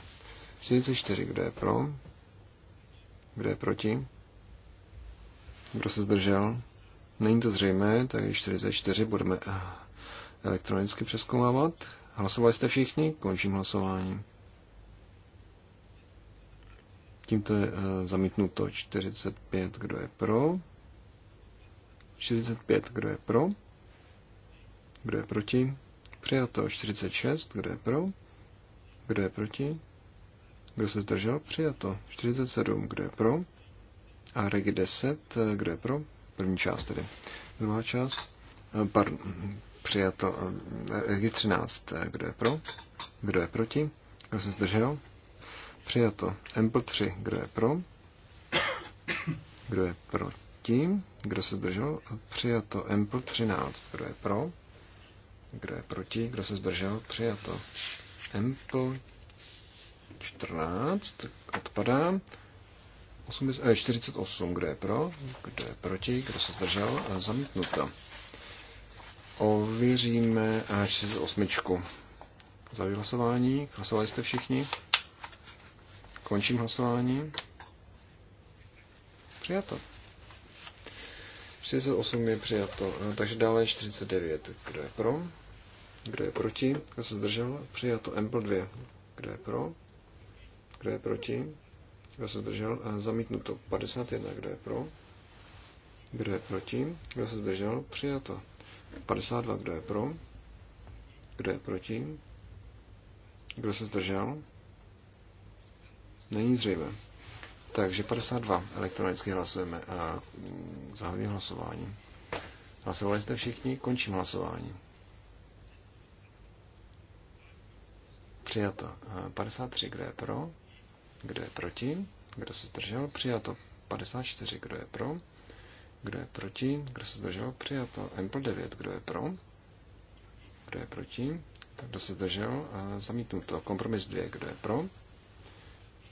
44. Kdo je pro? Kdo je proti? Kdo se zdržel? Není to zřejmé, takže 44 budeme eh, elektronicky přeskoumávat. Hlasovali jste všichni? Končím hlasování. Tímto je eh, zamítnuto 45, kdo je pro. 45, kdo je pro. Kdo je proti? Přijato 46, kdo je pro? Kdo je proti? Kdo se zdržel? Přijato 47, kdo je pro? A regi 10, kdo je pro? První část tedy. Druhá část, eh, pardon, přijato eh, regi 13, eh, kdo je pro? Kdo je proti? Kdo se zdržel? Přijato Ample 3, kdo je pro? Kdo je proti? Kdo se zdržel? Přijato Ample 13, kdo je pro? Kdo je proti? Kdo se zdržel? Přijato. Ample 14 odpadá. 48, eh, kdo je pro, kdo je proti, kdo se zdržel, zamítnuto. Ověříme 48. Za vyhlasování. hlasovali jste všichni. Končím hlasování. Přijato. 38 je přijato, eh, takže dále 49. Kdo je pro? Kdo je proti? Kdo se zdržel? Přijato Ample 2. Kdo je pro? Kdo je proti? Kdo se zdržel? Eh, zamítnuto 51. Kdo je pro? Kdo je proti? Kdo se zdržel? Přijato 52. Kdo je pro? Kdo je proti? Kdo se zdržel? Není zřejmé. Takže 52 elektronicky hlasujeme. Mm, zahajuji hlasování. Hlasovali jste všichni? Končím hlasování. Přijato 53, kdo je pro, kdo je proti, kdo se zdržel, přijato 54, kdo je pro, kdo je proti, kdo se zdržel, přijato Ample 9, kdo je pro, kdo je proti, kdo se zdržel, zamítnuto kompromis 2, kdo je pro,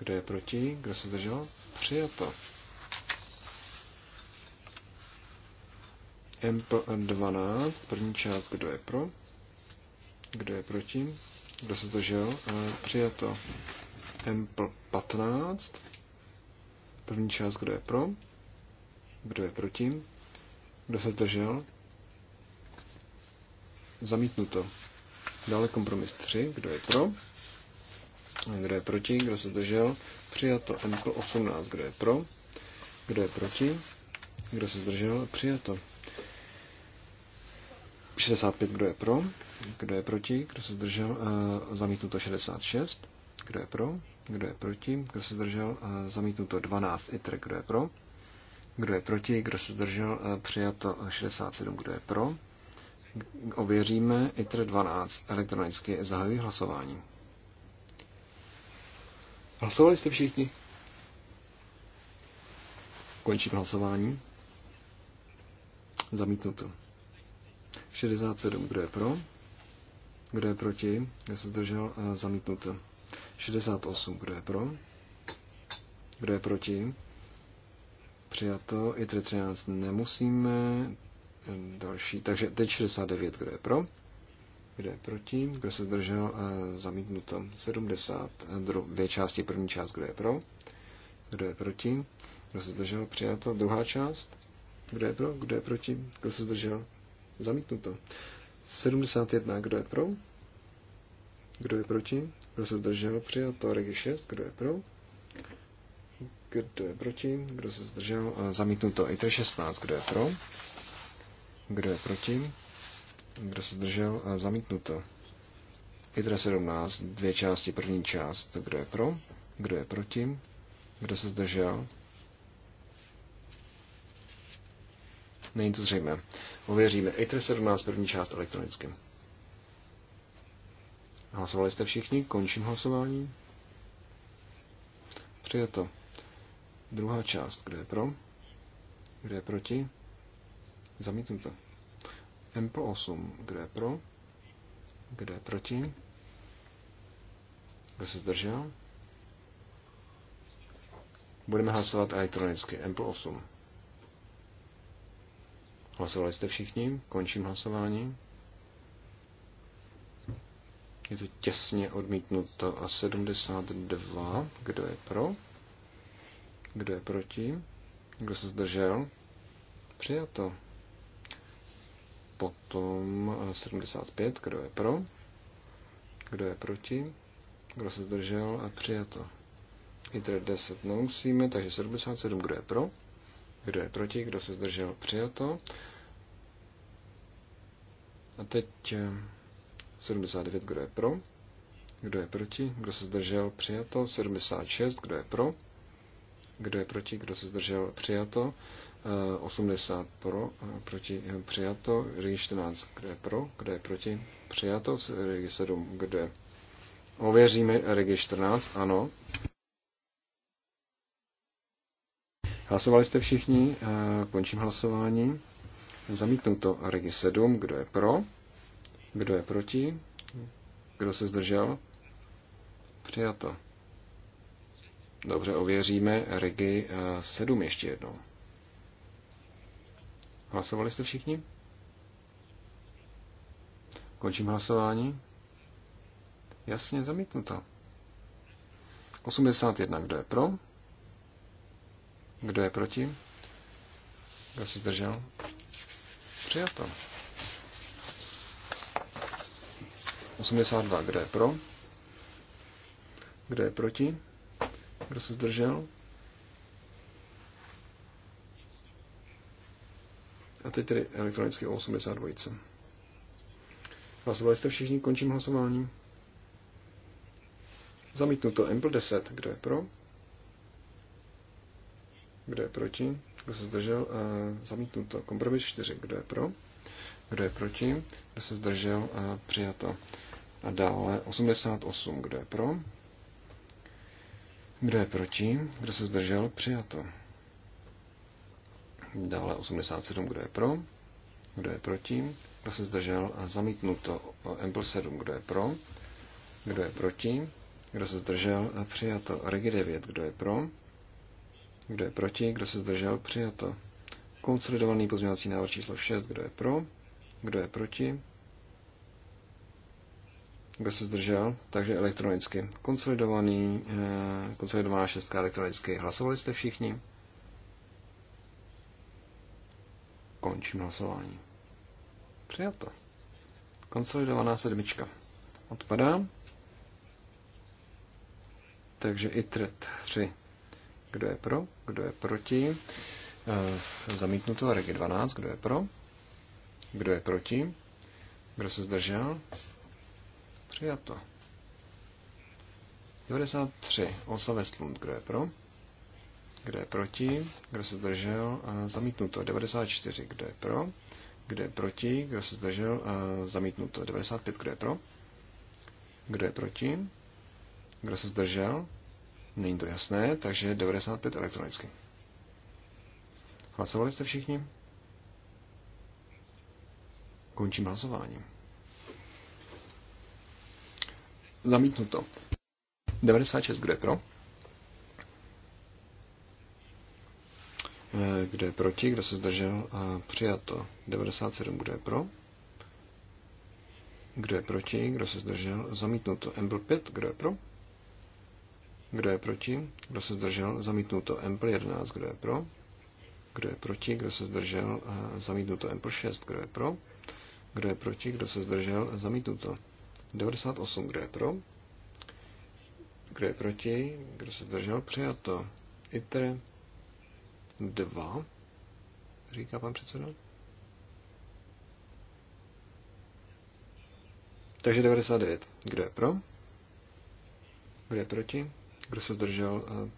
kdo je proti? Kdo se zdržel? Přijato. m 12, první část, kdo je pro? Kdo je proti? Kdo se zdržel? Eh, přijato. m 15, první část, kdo je pro? Kdo je proti? Kdo se zdržel? Zamítnuto. Dále kompromis 3, kdo je pro? Kdo je proti? Kdo se zdržel? Přijato. m 18. Kdo je pro? Kdo je proti? Kdo se zdržel? Přijato. 65. Kdo je pro? Kdo je proti? Kdo se zdržel? Zamítnuto 66. Kdo je pro? Kdo je proti? Kdo se zdržel? Zamítnuto 12. ITRE. Kdo je pro? Kdo je proti? Kdo se zdržel? Přijato 67. Kdo je pro? Ověříme ITRE 12. Elektronicky zahajuji hlasování. Hlasovali jste všichni? Končím hlasování. Zamítnuto. 67. Kdo je pro? Kdo je proti? Já se zdržel? Eh, zamítnuto. 68. Kdo je pro? Kdo je proti? Přijato. I 13 nemusíme. Další. Takže teď 69. Kdo je pro? Kdo je proti? Kdo se zdržel? E, zamítnuto. 70. E, dvě části. První část. Kdo je pro? Kdo je proti? Kdo se zdržel? Přijato. Druhá část. Kdo je pro? Kdo je proti? Kdo se zdržel? Zamítnuto. 71. Kdo je pro? Kdo je proti? Kdo se zdržel? Přijato. Regi 6. Kdo je pro? Kdo je proti? Kdo se zdržel? E, zamítnuto. ITR 16. Kdo je pro? Kdo je proti? Kdo se zdržel? Zamítnuto. Itra 17, dvě části, první část. Kdo je pro? Kdo je proti? Kdo se zdržel? Není to zřejmé. Ověříme. ITR 17, první část elektronicky. Hlasovali jste všichni? Končím hlasování. Přijato. Druhá část. Kdo je pro? Kdo je proti? Zamítnuto. Ample 8. Kdo je pro? Kdo je proti? Kdo se zdržel? Budeme hlasovat elektronicky. Ample 8. Hlasovali jste všichni? Končím hlasování. Je to těsně odmítnuto a 72. Kdo je pro? Kdo je proti? Kdo se zdržel? Přijato. Potom 75, eh, kdo je pro, kdo je proti, kdo se zdržel a eh, přijato. ITR 10 nemusíme, takže 77, kdo je pro, kdo je proti, kdo se zdržel, přijato. A teď 79, eh, kdo je pro, kdo je proti, kdo se zdržel, přijato. 76, kdo je pro, kdo je proti, kdo se zdržel, přijato. 80 pro, eh, proti eh, přijato, regi 14, kde je pro, kde je proti přijato, regi 7, kde ověříme regi 14, ano. Hlasovali jste všichni, eh, končím hlasování. Zamítnuto regi 7, kdo je pro, kdo je proti, kdo se zdržel, přijato. Dobře, ověříme regi 7 ještě jednou. Hlasovali jste všichni? Končím hlasování. Jasně zamítnuto. 81. Kdo je pro? Kdo je proti? Kdo se zdržel? Přijato. 82. Kdo je pro? Kdo je proti? Kdo se zdržel? A teď tedy elektronicky o 82. Hlasovali jste všichni, končím hlasování. Zamítnuto Ample 10. Kdo je pro? Kdo je proti? Kdo se zdržel? Uh, Zamítnuto. Kompromis 4. Kdo je pro? Kdo je proti? Kdo se zdržel? Uh, Přijato. A dále 88. Kdo je pro? Kdo je proti? Kdo se zdržel? Přijato. Dále 87, kdo je pro, kdo je proti, kdo se zdržel a zamítnuto ampl 7, kdo je pro, kdo je proti, kdo se zdržel a přijato Regi 9, kdo je pro, kdo je proti, kdo se zdržel, přijato. Konsolidovaný pozměňovací návrh číslo 6, kdo je pro, kdo je proti, kdo se zdržel, takže elektronicky. Konsolidovaný, eh, konsolidovaná šestka elektronicky. Hlasovali jste všichni? Končím hlasování. Přijato. Konsolidovaná sedmička. Odpadá. Takže i 3. Kdo je pro? Kdo je proti? Eh, zamítnuto regi 12. Kdo je pro? Kdo je proti? Kdo se zdržel? Přijato. 93. Osa Westlund. Kdo je pro? Kdo je proti? Kdo se zdržel? Zamítnuto. 94. Kdo je pro? Kdo je proti? Kdo se zdržel? Zamítnuto. 95. Kdo je pro? Kdo je proti? Kdo se zdržel? Není to jasné, takže 95 elektronicky. Hlasovali jste všichni? Končím hlasování. Zamítnuto. 96, kdo je pro? Eh, kdo je proti? Kdo se zdržel? a eh, Přijato. 97. Kdo je pro? Kdo je proti? Kdo se zdržel? Zamítnuto. byl 5. Kdo je pro? Kdo je proti? Kdo se zdržel? Zamítnuto. byl 11. Eh, kdo je pro? Kdo je proti? Kdo se zdržel? Zamítnuto. byl 6. Kdo je pro? Kdo je proti? Kdo se zdržel? Zamítnuto. 98. Kdo je pro? Kdo je proti? Kdo se zdržel? Přijato. ITRE 2, říká pan předseda. Takže 99. Kdo je pro? Kdo je proti? Kdo se zdržel? Eh,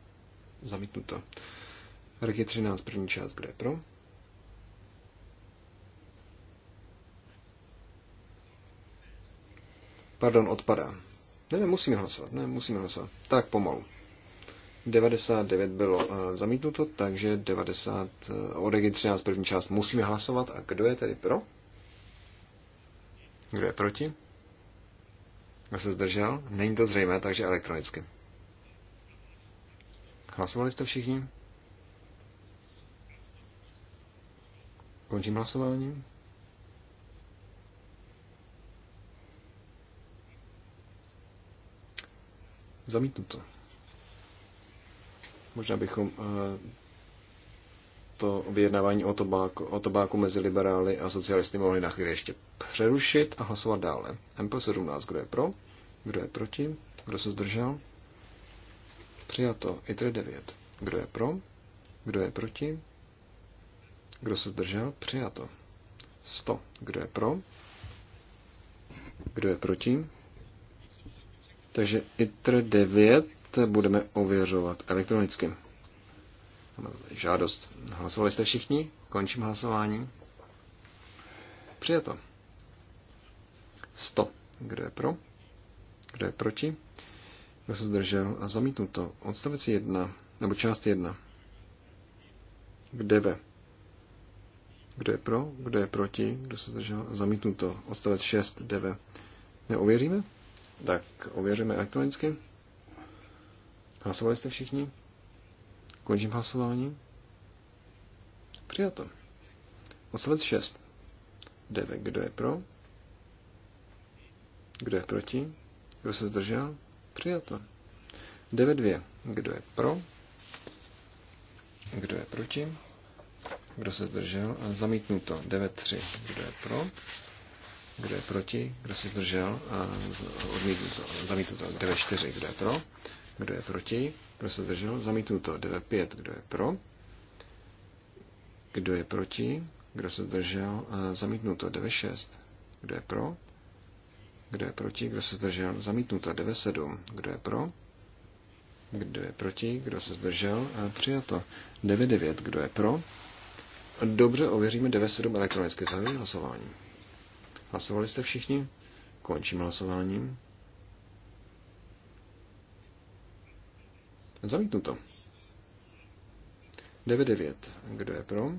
zamítnuto. Regi 13, první část, kdo je pro? Pardon, odpadá. Ne, ne, musíme hlasovat, ne, musíme hlasovat. Tak, pomalu. 99 bylo eh, zamítnuto, takže 90, eh, o regi 13 první část musíme hlasovat. A kdo je tedy pro? Kdo je proti? Kdo se zdržel? Není to zřejmé, takže elektronicky. Hlasovali jste všichni? Končím hlasování. Zamítnuto. Možná bychom eh, to vyjednávání o tobáku, o tobáku mezi liberály a socialisty mohli na chvíli ještě přerušit a hlasovat dále. MP17, kdo je pro? Kdo je proti? Kdo se zdržel? Přijato. ITRE 9. Kdo je pro? Kdo je proti? Kdo se zdržel? Přijato. 100. Kdo je pro? Kdo je proti? Takže itre 9 budeme ověřovat elektronicky. Žádost. Hlasovali jste všichni? Končím hlasování. Přijeto. 100. Kdo je pro? Kdo je proti? Kdo se zdržel? A zamítnuto. Odstavec 1, nebo část 1. Kde ve? Kdo je pro? Kdo je proti? Kdo se zdržel? A zamítnuto. Odstavec 6, 9. Neověříme? Tak ověříme elektronicky. Hlasovali jste všichni? Končím hlasování. Přijato. Odstavec 6. 9. Kdo je pro? Kdo je proti? Kdo se zdržel? Přijato. 9.2. Kdo je pro? Kdo je proti? Kdo se zdržel? A zamítnuto. 9.3. Kdo je pro? Kdo je proti? Kdo se zdržel? A odmítnuto. Zamítnuto. 9.4. Kdo je pro? Kdo je proti? Kdo se zdržel? Zamítnuto. 9.5. Eh, Kdo je pro? Kdo je proti? Kdo se zdržel? Zamítnuto. 9.6. Kdo je pro? Kdo je proti? Kdo se zdržel? Zamítnuto. 9.7. Kdo je pro? Kdo je proti? Kdo se zdržel? Přijato. 9.9. Kdo je pro? Dobře, ověříme 9.7 elektronické zahajuji hlasování. Hlasovali jste všichni? Končím hlasování. Zamítnuto. 99. Kdo je pro?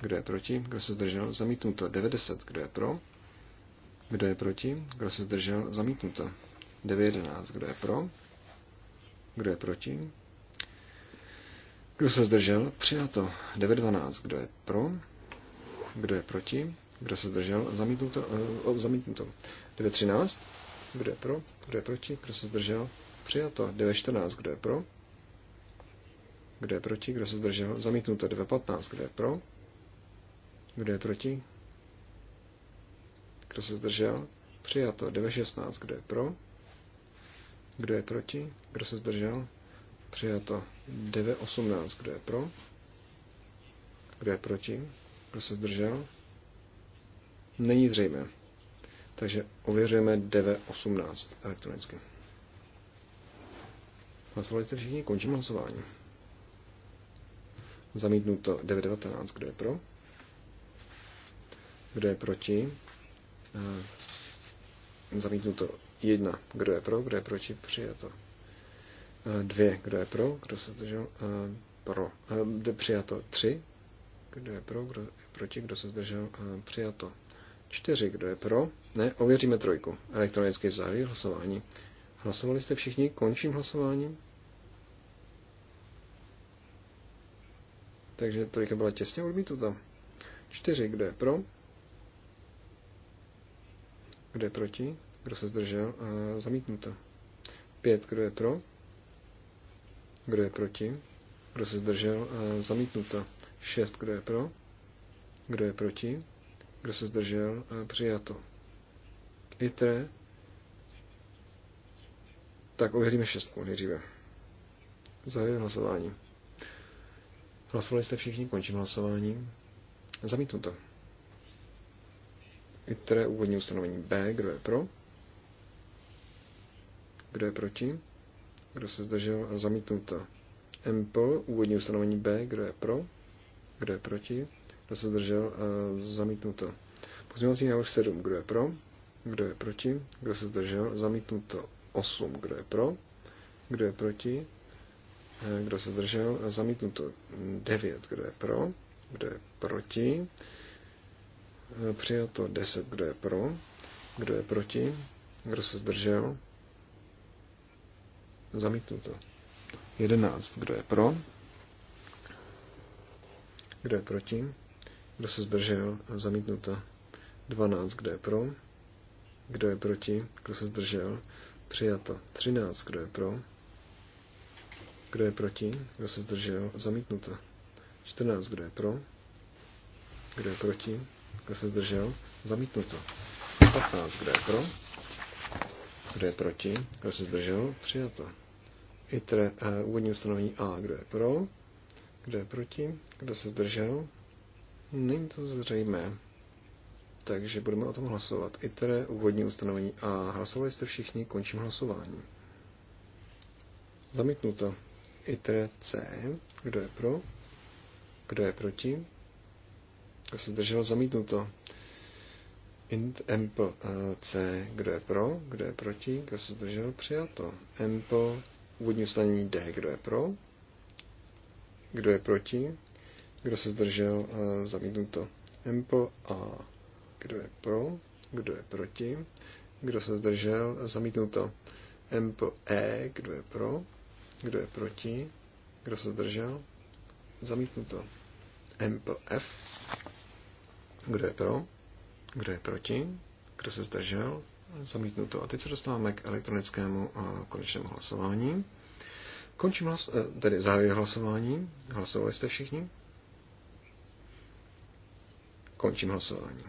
Kdo je proti? Kdo se zdržel? Zamítnuto. 90. Kdo je pro? Kdo je proti? Kdo se zdržel? Zamítnuto. 9.11. Kdo je pro? Kdo je proti? Kdo se zdržel? Přijato. 9.12. Kdo je pro? Kdo je proti? Kdo se zdržel? Zamítnuto. Uh, zamítnuto. 9.13. Kdo je pro? Kdo je proti? Kdo se zdržel? Přijato. 9.14. Kdo je pro? Kdo je proti? Kdo se zdržel? Zamítnuto. 9.15. Kdo je pro? Kdo je proti? Kdo se zdržel? Přijato. 9.16. Kdo je pro? Kdo je proti? Kdo se zdržel? Přijato. 9.18. Kdo je pro? Kdo je proti? Kdo se zdržel? Není zřejmé. Takže ověřujeme 9.18 elektronicky. Hlasovali jste všichni, končím hlasování. Zamítnuto 9.19, kdo je pro? Kdo je proti? Eh, zamítnuto 1, kdo je pro, kdo je proti, přijato. 2, eh, kdo je pro, kdo se zdržel, eh, pro. Přijato 3, kdo je pro, kdo je proti, kdo se zdržel, přijato. 4, kdo je pro, ne, ověříme trojku. Elektronicky zahájí hlasování. Hlasovali jste všichni? Končím hlasování. Takže trojka byla těsně odmítnuta. Čtyři, kdo je pro? Kdo je proti? Kdo se zdržel? A zamítnuto. Pět, kdo je pro? Kdo je proti? Kdo se zdržel? A zamítnuto. Šest, kdo je pro? Kdo je proti? Kdo se zdržel? A přijato. ITRE tak ověříme šestku nejdříve. Zahajuji hlasování. Hlasovali jste všichni, končím hlasování. Zamítnuto. ITRE úvodní ustanovení B, kdo je pro? Kdo je proti? Kdo se zdržel? Zamítnuto. MPL, úvodní ustanovení B, kdo je pro? Kdo je proti? Kdo se zdržel? Eh, zamítnuto. Pozměňovací návrh 7, kdo je pro? Kdo je proti? Kdo se zdržel? Zamítnuto. 8. Kdo je pro? Kdo je proti? Kdo se zdržel? Zamítnuto 9. Kdo je pro? Kdo je proti? Přijato 10. Kdo je pro? Kdo je proti? Kdo se zdržel? Zamítnuto. 11. Kdo je pro? Kdo je proti? Kdo se zdržel? Zamítnuto. 12. Kdo je pro? Kdo je proti? Kdo se zdržel? Přijato. 13. Kdo je pro? Kdo je proti? Kdo se zdržel? Zamítnuto. 14. Kdo je pro? Kdo je proti? Kdo se zdržel? Zamítnuto. 15. Kdo je pro? Kdo je proti? Kdo se zdržel? Přijato. I tre, uh, eh, úvodní ustanovení A. Kdo je pro? Kdo je proti? Kdo se zdržel? Není to zřejmé. Takže budeme o tom hlasovat. ITER, úvodní ustanovení A. Hlasovali jste všichni, končím hlasování. Zamítnuto. ITER C. Kdo je pro? Kdo je proti? Kdo se zdržel? Zamítnuto. Int Ample C. Kdo je pro? Kdo je proti? Kdo se zdržel? Přijato. Ample úvodní ustanovení D. Kdo je pro? Kdo je proti? Kdo se zdržel? E, zamítnuto. Ample A kdo je pro? Kdo je proti? Kdo se zdržel? zamítnu M po E. Kdo je pro? Kdo je proti? Kdo se zdržel? zamítnu M po F. Kdo je pro? Kdo je proti? Kdo se zdržel? zamítnu to. A teď se dostáváme k elektronickému konečnému hlasování. Končím hlas, eh, tedy závěr hlasování. Hlasovali jste všichni? Končím hlasování.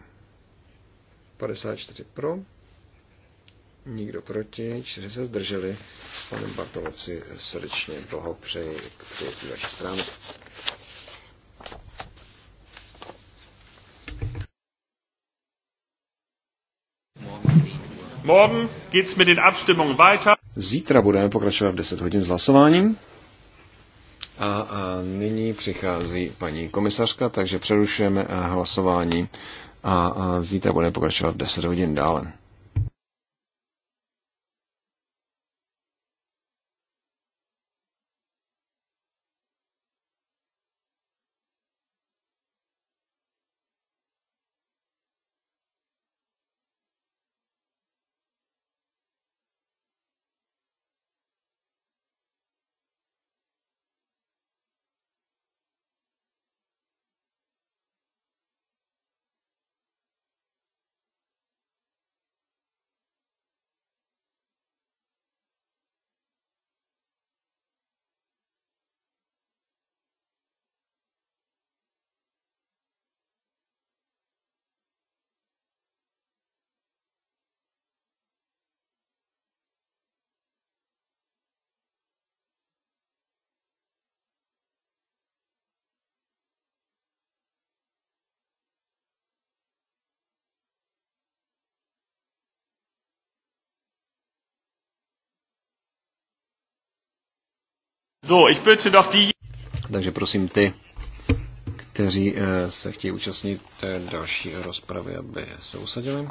54 pro, nikdo proti, 4 se zdrželi. panem Bartoloci srdečně blahopřeji k přijetí vaší strany. Morgen geht's mit den Abstimmungen weiter. Zítra budeme pokračovat v 10 hodin s hlasováním. A, a nyní přichází paní komisařka, takže přerušujeme eh, hlasování a zítra budeme pokračovat v 10 hodin dále. So, ich bitte doch die... Takže prosím ty, kteří eh, se chtějí účastnit té další rozpravy, aby se usadili.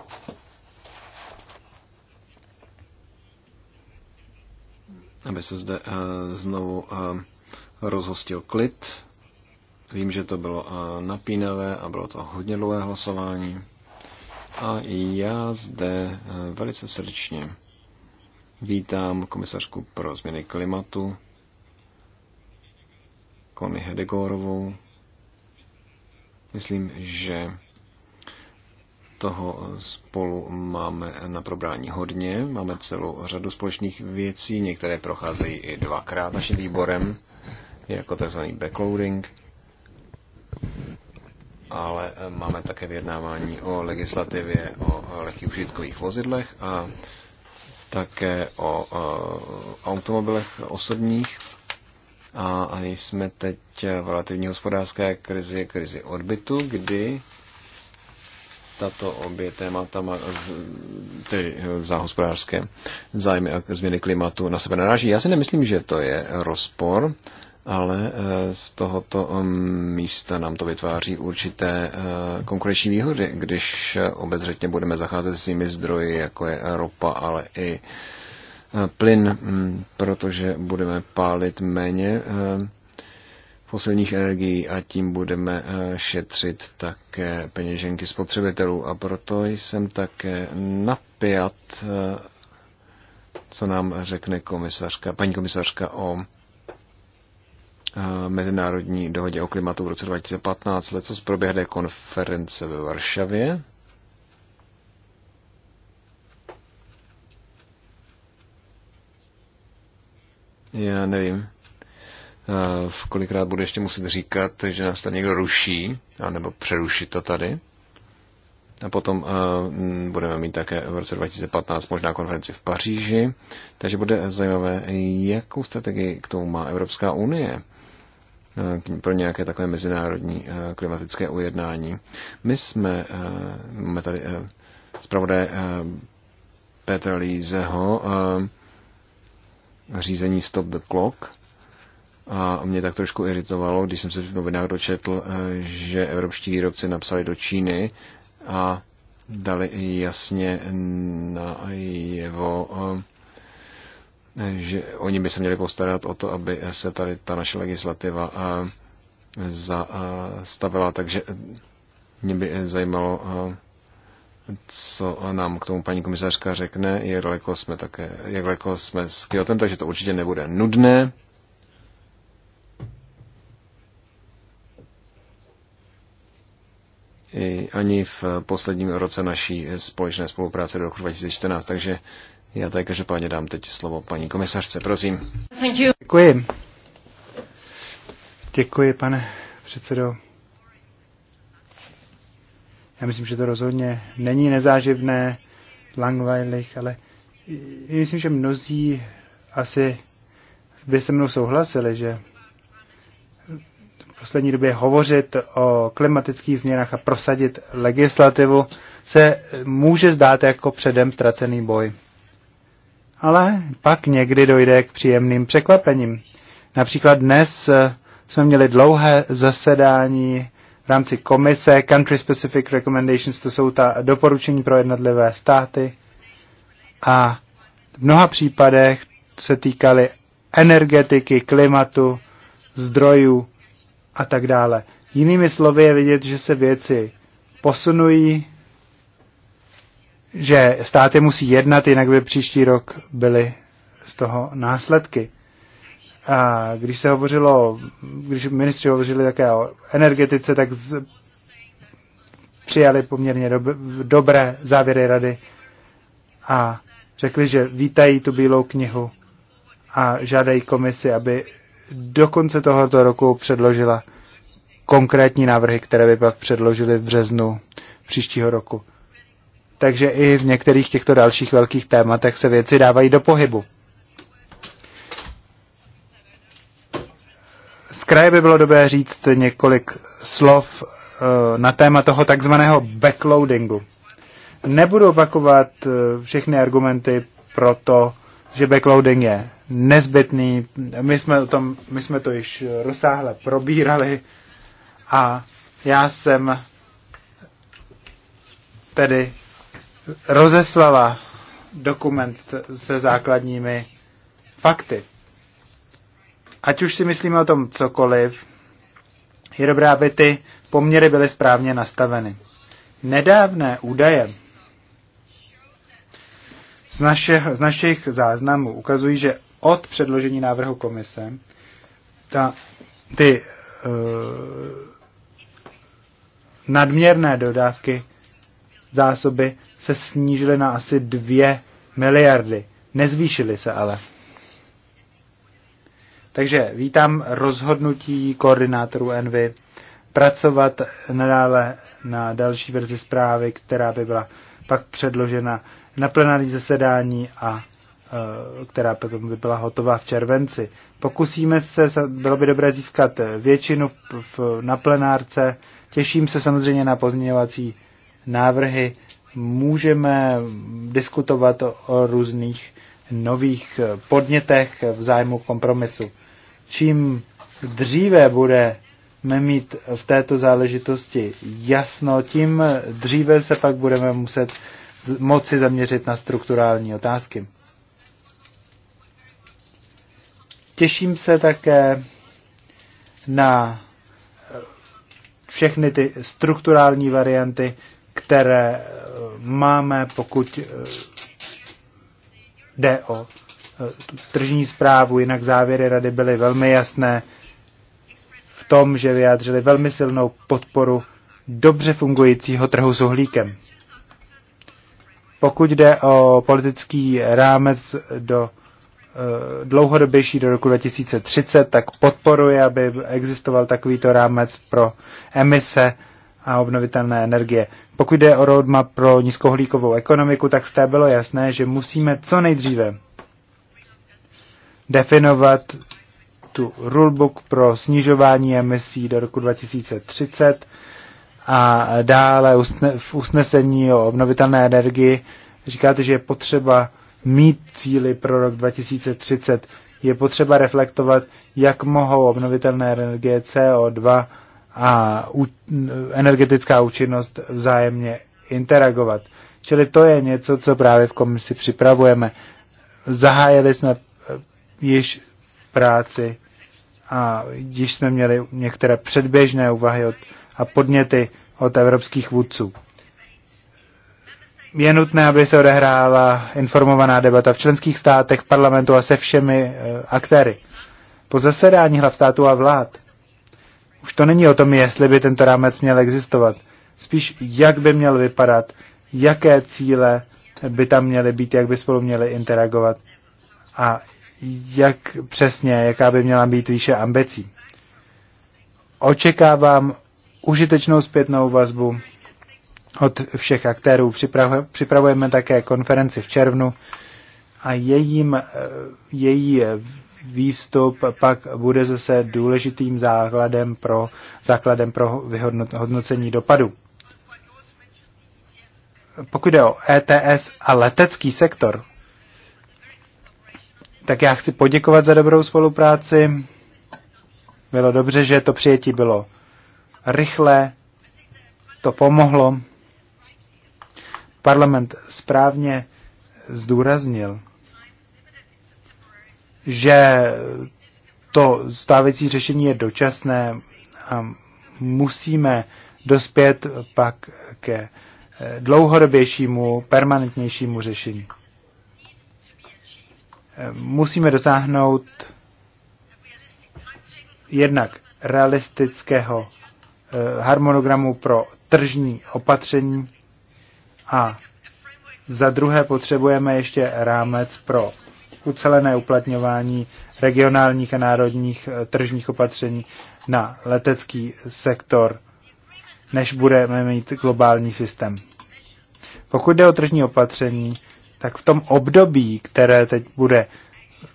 Aby se zde eh, znovu eh, rozhostil klid. Vím, že to bylo napínavé a bylo to hodně dlouhé hlasování. A já zde velice srdečně vítám komisařku pro změny klimatu, Komi Hedegorovou. Myslím, že toho spolu máme na probrání hodně. Máme celou řadu společných věcí, některé procházejí i dvakrát naším výborem, jako tzv. backloading. Ale eh, máme také vyjednávání o legislativě o eh, lehkých užitkových vozidlech a také o eh, automobilech osobních a jsme teď v relativní hospodářské krizi, krizi odbytu, kdy tato obě témata, ty za hospodářské zájmy a změny klimatu na sebe naráží. Já si nemyslím, že to je rozpor, ale e, z tohoto um, místa nám to vytváří určité e, konkurenční výhody, když obezřetně budeme zacházet s nimi zdroji, jako je ropa, ale i plyn, protože budeme pálit méně eh, fosilních energií a tím budeme eh, šetřit také peněženky spotřebitelů. A proto jsem také napjat, eh, co nám řekne komisařka, paní komisařka o mezinárodní dohodě o klimatu v roce 2015, co proběhne konference ve Varšavě Já nevím, eh, v kolikrát bude ještě muset říkat, že nás tam někdo ruší, anebo přeruší to tady. A potom eh, budeme mít také v roce 2015 možná konferenci v Paříži. Takže bude zajímavé, jakou strategii k tomu má Evropská unie eh, pro nějaké takové mezinárodní klimatické ujednání. My jsme, máme tady zpravodaje Petra Lízeho, řízení Stop the Clock. A mě tak trošku iritovalo, když jsem se v novinách dočetl, eh, že evropští výrobci napsali do Číny a dali jasně na jevo, eh, že oni by se měli postarat o to, aby se tady ta naše legislativa eh, zastavila. Takže mě by zajímalo, co nám k tomu paní komisařka řekne, jak daleko jsme, také, jak daleko jsme s Kyotem, takže to určitě nebude nudné. I ani v posledním roce naší společné spolupráce do roku 2014, takže já tady každopádně dám teď slovo paní komisařce, prosím. Thank you. Děkuji. Děkuji, pane předsedo. Já myslím, že to rozhodně není nezáživné, langweilig, ale myslím, že mnozí asi by se mnou souhlasili, že v poslední době hovořit o klimatických změnách a prosadit legislativu se může zdát jako předem ztracený boj. Ale pak někdy dojde k příjemným překvapením. Například dnes jsme měli dlouhé zasedání v rámci komise. Country Specific Recommendations, to jsou ta doporučení pro jednotlivé státy. A v mnoha případech se týkaly energetiky, klimatu, zdrojů a tak dále. Jinými slovy je vidět, že se věci posunují, že státy musí jednat, jinak by příští rok byly z toho následky. A když se hovořilo, když ministři hovořili také o energetice, tak z, přijali poměrně dob, dobré závěry rady a řekli, že vítají tu bílou knihu a žádají komisi, aby do konce tohoto roku předložila konkrétní návrhy, které by pak předložili v březnu příštího roku. Takže i v některých těchto dalších velkých tématech se věci dávají do pohybu. Z kraje by bylo dobré říct několik slov eh, na téma toho takzvaného backloadingu. Nebudu opakovat eh, všechny argumenty pro to, že backloading je nezbytný. My jsme, o tom, my jsme to již rozsáhle probírali a já jsem tedy rozeslala dokument se základními fakty. Ať už si myslíme o tom cokoliv, je dobré, aby ty poměry byly správně nastaveny. Nedávné údaje z, naše, z našich záznamů ukazují, že od předložení návrhu komise ta, ty uh, nadměrné dodávky zásoby se snížily na asi 2 miliardy. Nezvýšily se ale. Takže vítám rozhodnutí koordinátorů Envy pracovat nadále na další verzi zprávy, která by byla pak předložena na plenární zasedání a e, která potom by byla hotová v červenci. Pokusíme se, bylo by dobré získat většinu v, na plenárce. Těším se samozřejmě na pozměňovací návrhy. Můžeme diskutovat o, o různých nových podnětech v zájmu kompromisu čím dříve bude mít v této záležitosti jasno, tím dříve se pak budeme muset moci zaměřit na strukturální otázky. Těším se také na všechny ty strukturální varianty, které eh, máme, pokud eh, jde o tržní zprávu, jinak závěry rady byly velmi jasné v tom, že vyjádřili velmi silnou podporu dobře fungujícího trhu s uhlíkem. Pokud jde o politický rámec do eh, dlouhodobější do roku 2030, tak podporuje, aby existoval takovýto rámec pro emise a obnovitelné energie. Pokud jde o roadmap pro nízkohlíkovou ekonomiku, tak z té bylo jasné, že musíme co nejdříve definovat tu rulebook pro snižování emisí do roku 2030 a dále v usnesení o obnovitelné energii říkáte, že je potřeba mít cíly pro rok 2030. Je potřeba reflektovat, jak mohou obnovitelné energie CO2 a energetická účinnost vzájemně interagovat. Čili to je něco, co právě v komisi připravujeme. Zahájili jsme již práci a již jsme měli některé předběžné úvahy od, a podněty od evropských vůdců. Je nutné, aby se odehrála informovaná debata v členských státech, parlamentu a se všemi e, aktéry. Po zasedání hlav států a vlád už to není o tom, jestli by tento rámec měl existovat. Spíš jak by měl vypadat, jaké cíle by tam měly být, jak by spolu měli interagovat a jak přesně, jaká by měla být výše ambicí. Očekávám užitečnou zpětnou vazbu od všech aktérů. Připravujeme také konferenci v červnu a jejím, eh, její výstup pak bude zase důležitým základem pro, základem pro vyhodnocení dopadu. Pokud jde o ETS a letecký sektor, tak já chci poděkovat za dobrou spolupráci. Bylo dobře, že to přijetí bylo rychlé, to pomohlo. Parlament správně zdůraznil, že to stávající řešení je dočasné a musíme dospět pak ke dlouhodobějšímu, permanentnějšímu řešení musíme dosáhnout jednak realistického eh, harmonogramu pro tržní opatření a za druhé potřebujeme ještě rámec pro ucelené uplatňování regionálních a národních eh, tržních opatření na letecký sektor, než budeme mít globální systém. Pokud jde o tržní opatření, tak v tom období, které teď bude,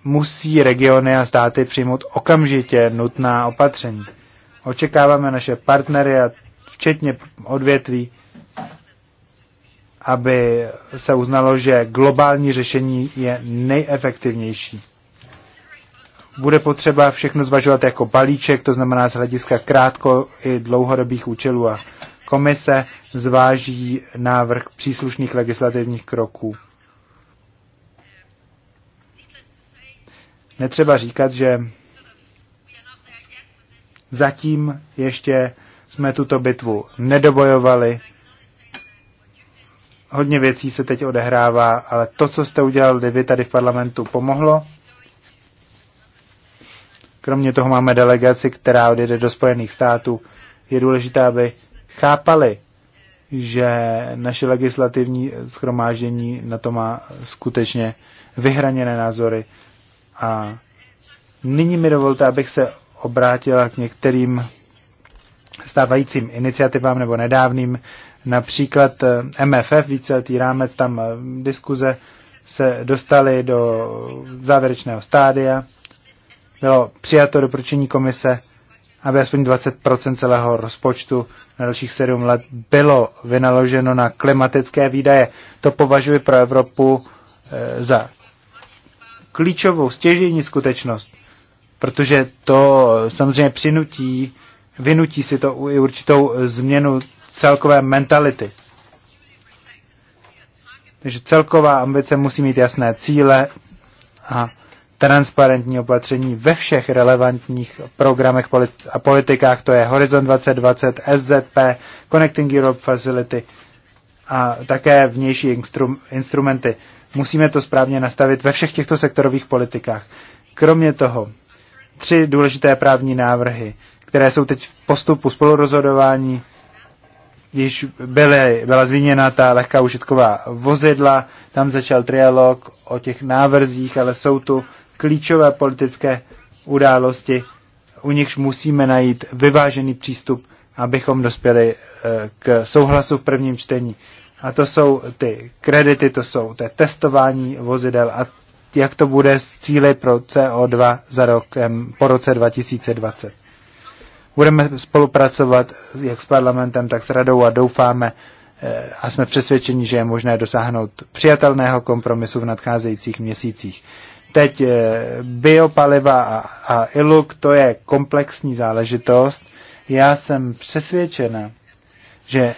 musí regiony a státy přijmout okamžitě nutná opatření. Očekáváme naše partnery, a včetně odvětví, aby se uznalo, že globální řešení je nejefektivnější. Bude potřeba všechno zvažovat jako balíček, to znamená z hlediska krátko i dlouhodobých účelů a komise zváží návrh příslušných legislativních kroků netřeba říkat, že zatím ještě jsme tuto bitvu nedobojovali. Hodně věcí se teď odehrává, ale to, co jste udělali vy tady v parlamentu, pomohlo. Kromě toho máme delegaci, která odjede do Spojených států. Je důležité, aby chápali, že naše legislativní schromáždění na to má skutečně vyhraněné názory a nyní mi dovolte, abych se obrátila k některým stávajícím iniciativám nebo nedávným, například eh, MFF, víceletý rámec, tam eh, diskuze se dostaly do závěrečného stádia. Bylo přijato doporučení komise, aby aspoň 20% celého rozpočtu na dalších sedm let bylo vynaloženo na klimatické výdaje. To považuji pro Evropu eh, za klíčovou, stěžení skutečnost, protože to samozřejmě přinutí, vynutí si to i určitou změnu celkové mentality. Takže celková ambice musí mít jasné cíle a transparentní opatření ve všech relevantních programech a politikách, to je Horizon 2020, SZP, Connecting Europe Facility a také vnější instrum, instrumenty. Musíme to správně nastavit ve všech těchto sektorových politikách. Kromě toho, tři důležité právní návrhy, které jsou teď v postupu spolurozhodování, již byly, byla zmíněna ta lehká užitková vozidla, tam začal trialog o těch návrzích, ale jsou tu klíčové politické události, u nichž musíme najít vyvážený přístup, abychom dospěli eh, k souhlasu v prvním čtení. A to jsou ty kredity, to jsou to testování vozidel a jak to bude s cíly pro CO2 za rokem, po roce 2020. Budeme spolupracovat jak s parlamentem, tak s radou a doufáme eh, a jsme přesvědčeni, že je možné dosáhnout přijatelného kompromisu v nadcházejících měsících. Teď eh, biopaliva a, a iluk, to je komplexní záležitost. Já jsem přesvědčena, že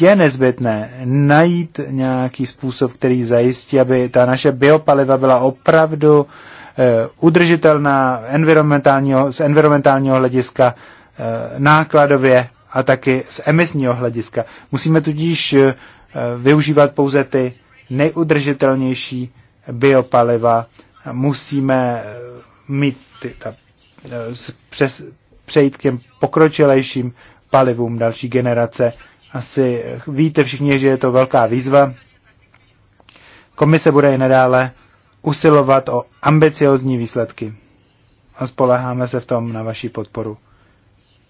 je nezbytné najít nějaký způsob, který zajistí, aby ta naše biopaliva byla opravdu eh, udržitelná environmentálního, z environmentálního hlediska, eh, nákladově a taky z emisního hlediska. Musíme tudíž eh, využívat pouze ty nejudržitelnější biopaliva. Musíme mít ty, ta, přes, přejít k těm pokročilejším palivům další generace asi víte všichni, že je to velká výzva. Komise bude i nadále usilovat o ambiciozní výsledky a spoleháme se v tom na vaši podporu.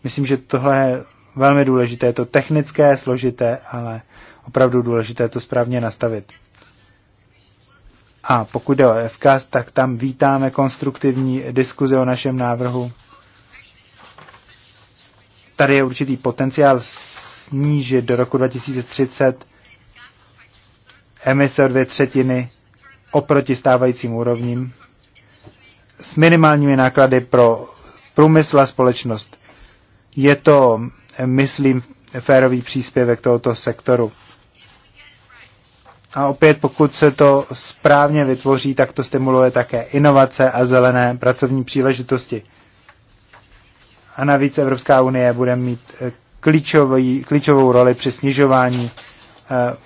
Myslím, že tohle je velmi důležité. Je to technické, složité, ale opravdu důležité to správně nastavit. A pokud jde o FK, tak tam vítáme konstruktivní diskuzi o našem návrhu. Tady je určitý potenciál snížit do roku 2030 emise o dvě třetiny oproti stávajícím úrovním s minimálními náklady pro průmysl a společnost. Je to, myslím, férový příspěvek tohoto sektoru. A opět, pokud se to správně vytvoří, tak to stimuluje také inovace a zelené pracovní příležitosti. A navíc Evropská unie bude mít eh, klíčový, klíčovou roli při snižování eh,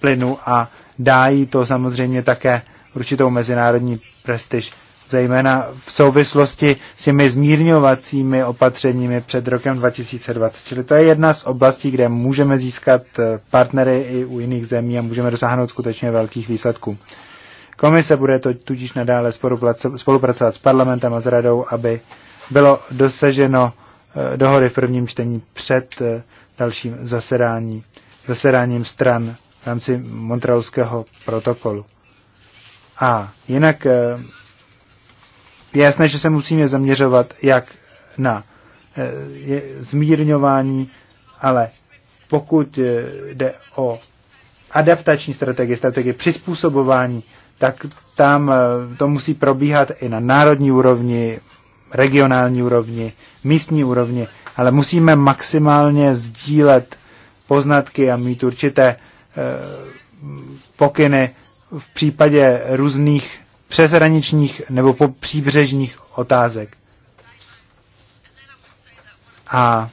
plynu a dá jí to samozřejmě také určitou mezinárodní prestiž, zejména v souvislosti s těmi zmírňovacími opatřeními před rokem 2020. Čili to je jedna z oblastí, kde můžeme získat eh, partnery i u jiných zemí a můžeme dosáhnout skutečně velkých výsledků. Komise bude to tudíž nadále spolupracovat s parlamentem a s radou, aby bylo dosaženo Eh, dohody v prvním čtení před eh, dalším zasedání, zasedáním stran v rámci Montrealského protokolu. A jinak eh, je jasné, že se musíme zaměřovat jak na zmírňování, ale pokud jde o adaptační strategie, strategie přizpůsobování, tak tam to musí probíhat i na národní úrovni, regionální úrovni, místní úrovni, ale musíme maximálně sdílet poznatky a mít určité eh, pokyny v případě různých přeshraničních nebo příbřežních otázek. A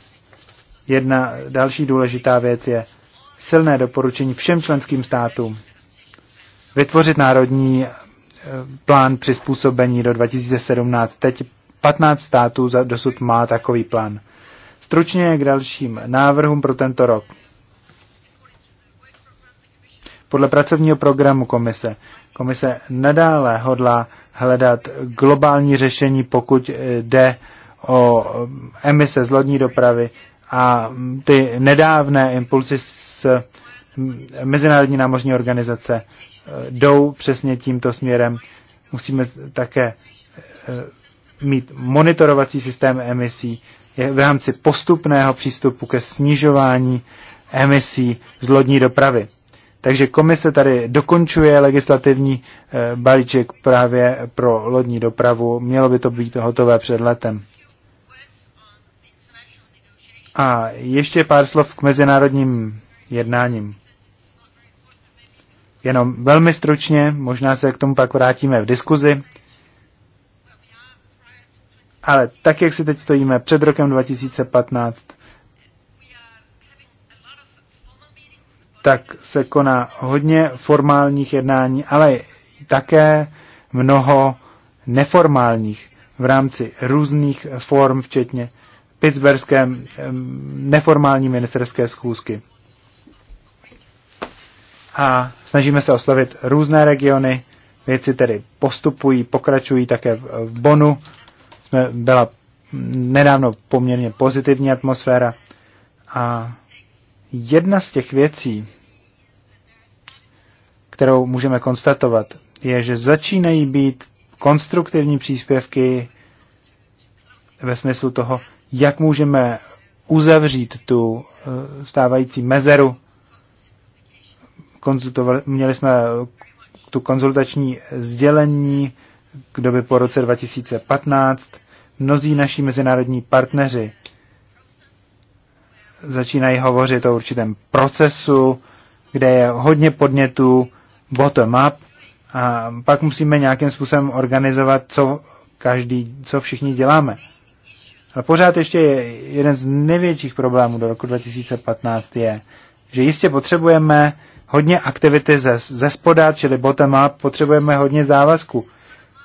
jedna další důležitá věc je silné doporučení všem členským státům vytvořit národní eh, plán přizpůsobení do 2017. Teď 15 států dosud má takový plán. Stručně k dalším návrhům pro tento rok. Podle pracovního programu komise, komise nadále hodlá hledat globální řešení, pokud eh, jde o eh, emise z lodní dopravy a mm, ty nedávné impulsy z mm, Mezinárodní námořní organizace eh, jdou přesně tímto směrem. Musíme také mít monitorovací systém emisí v rámci postupného přístupu ke snižování emisí z lodní dopravy. Takže komise tady dokončuje legislativní eh, balíček právě pro lodní dopravu. Mělo by to být hotové před letem. A ještě pár slov k mezinárodním jednáním. Jenom velmi stručně, možná se k tomu pak vrátíme v diskuzi. Ale tak, jak si teď stojíme před rokem 2015, tak se koná hodně formálních jednání, ale také mnoho neformálních v rámci různých form, včetně pittsburghské neformální ministerské schůzky. A snažíme se oslovit různé regiony, věci tedy postupují, pokračují také v Bonu byla nedávno poměrně pozitivní atmosféra a jedna z těch věcí, kterou můžeme konstatovat, je, že začínají být konstruktivní příspěvky ve smyslu toho, jak můžeme uzavřít tu eh, stávající mezeru. Konzultovali, měli jsme tu konzultační sdělení by po roce 2015 mnozí naši mezinárodní partneři začínají hovořit o určitém procesu, kde je hodně podnětů bottom-up a pak musíme nějakým způsobem organizovat, co každý, co všichni děláme. Ale pořád ještě je jeden z největších problémů do roku 2015 je, že jistě potřebujeme hodně aktivity ze, ze spoda, čili bottom-up, potřebujeme hodně závazku.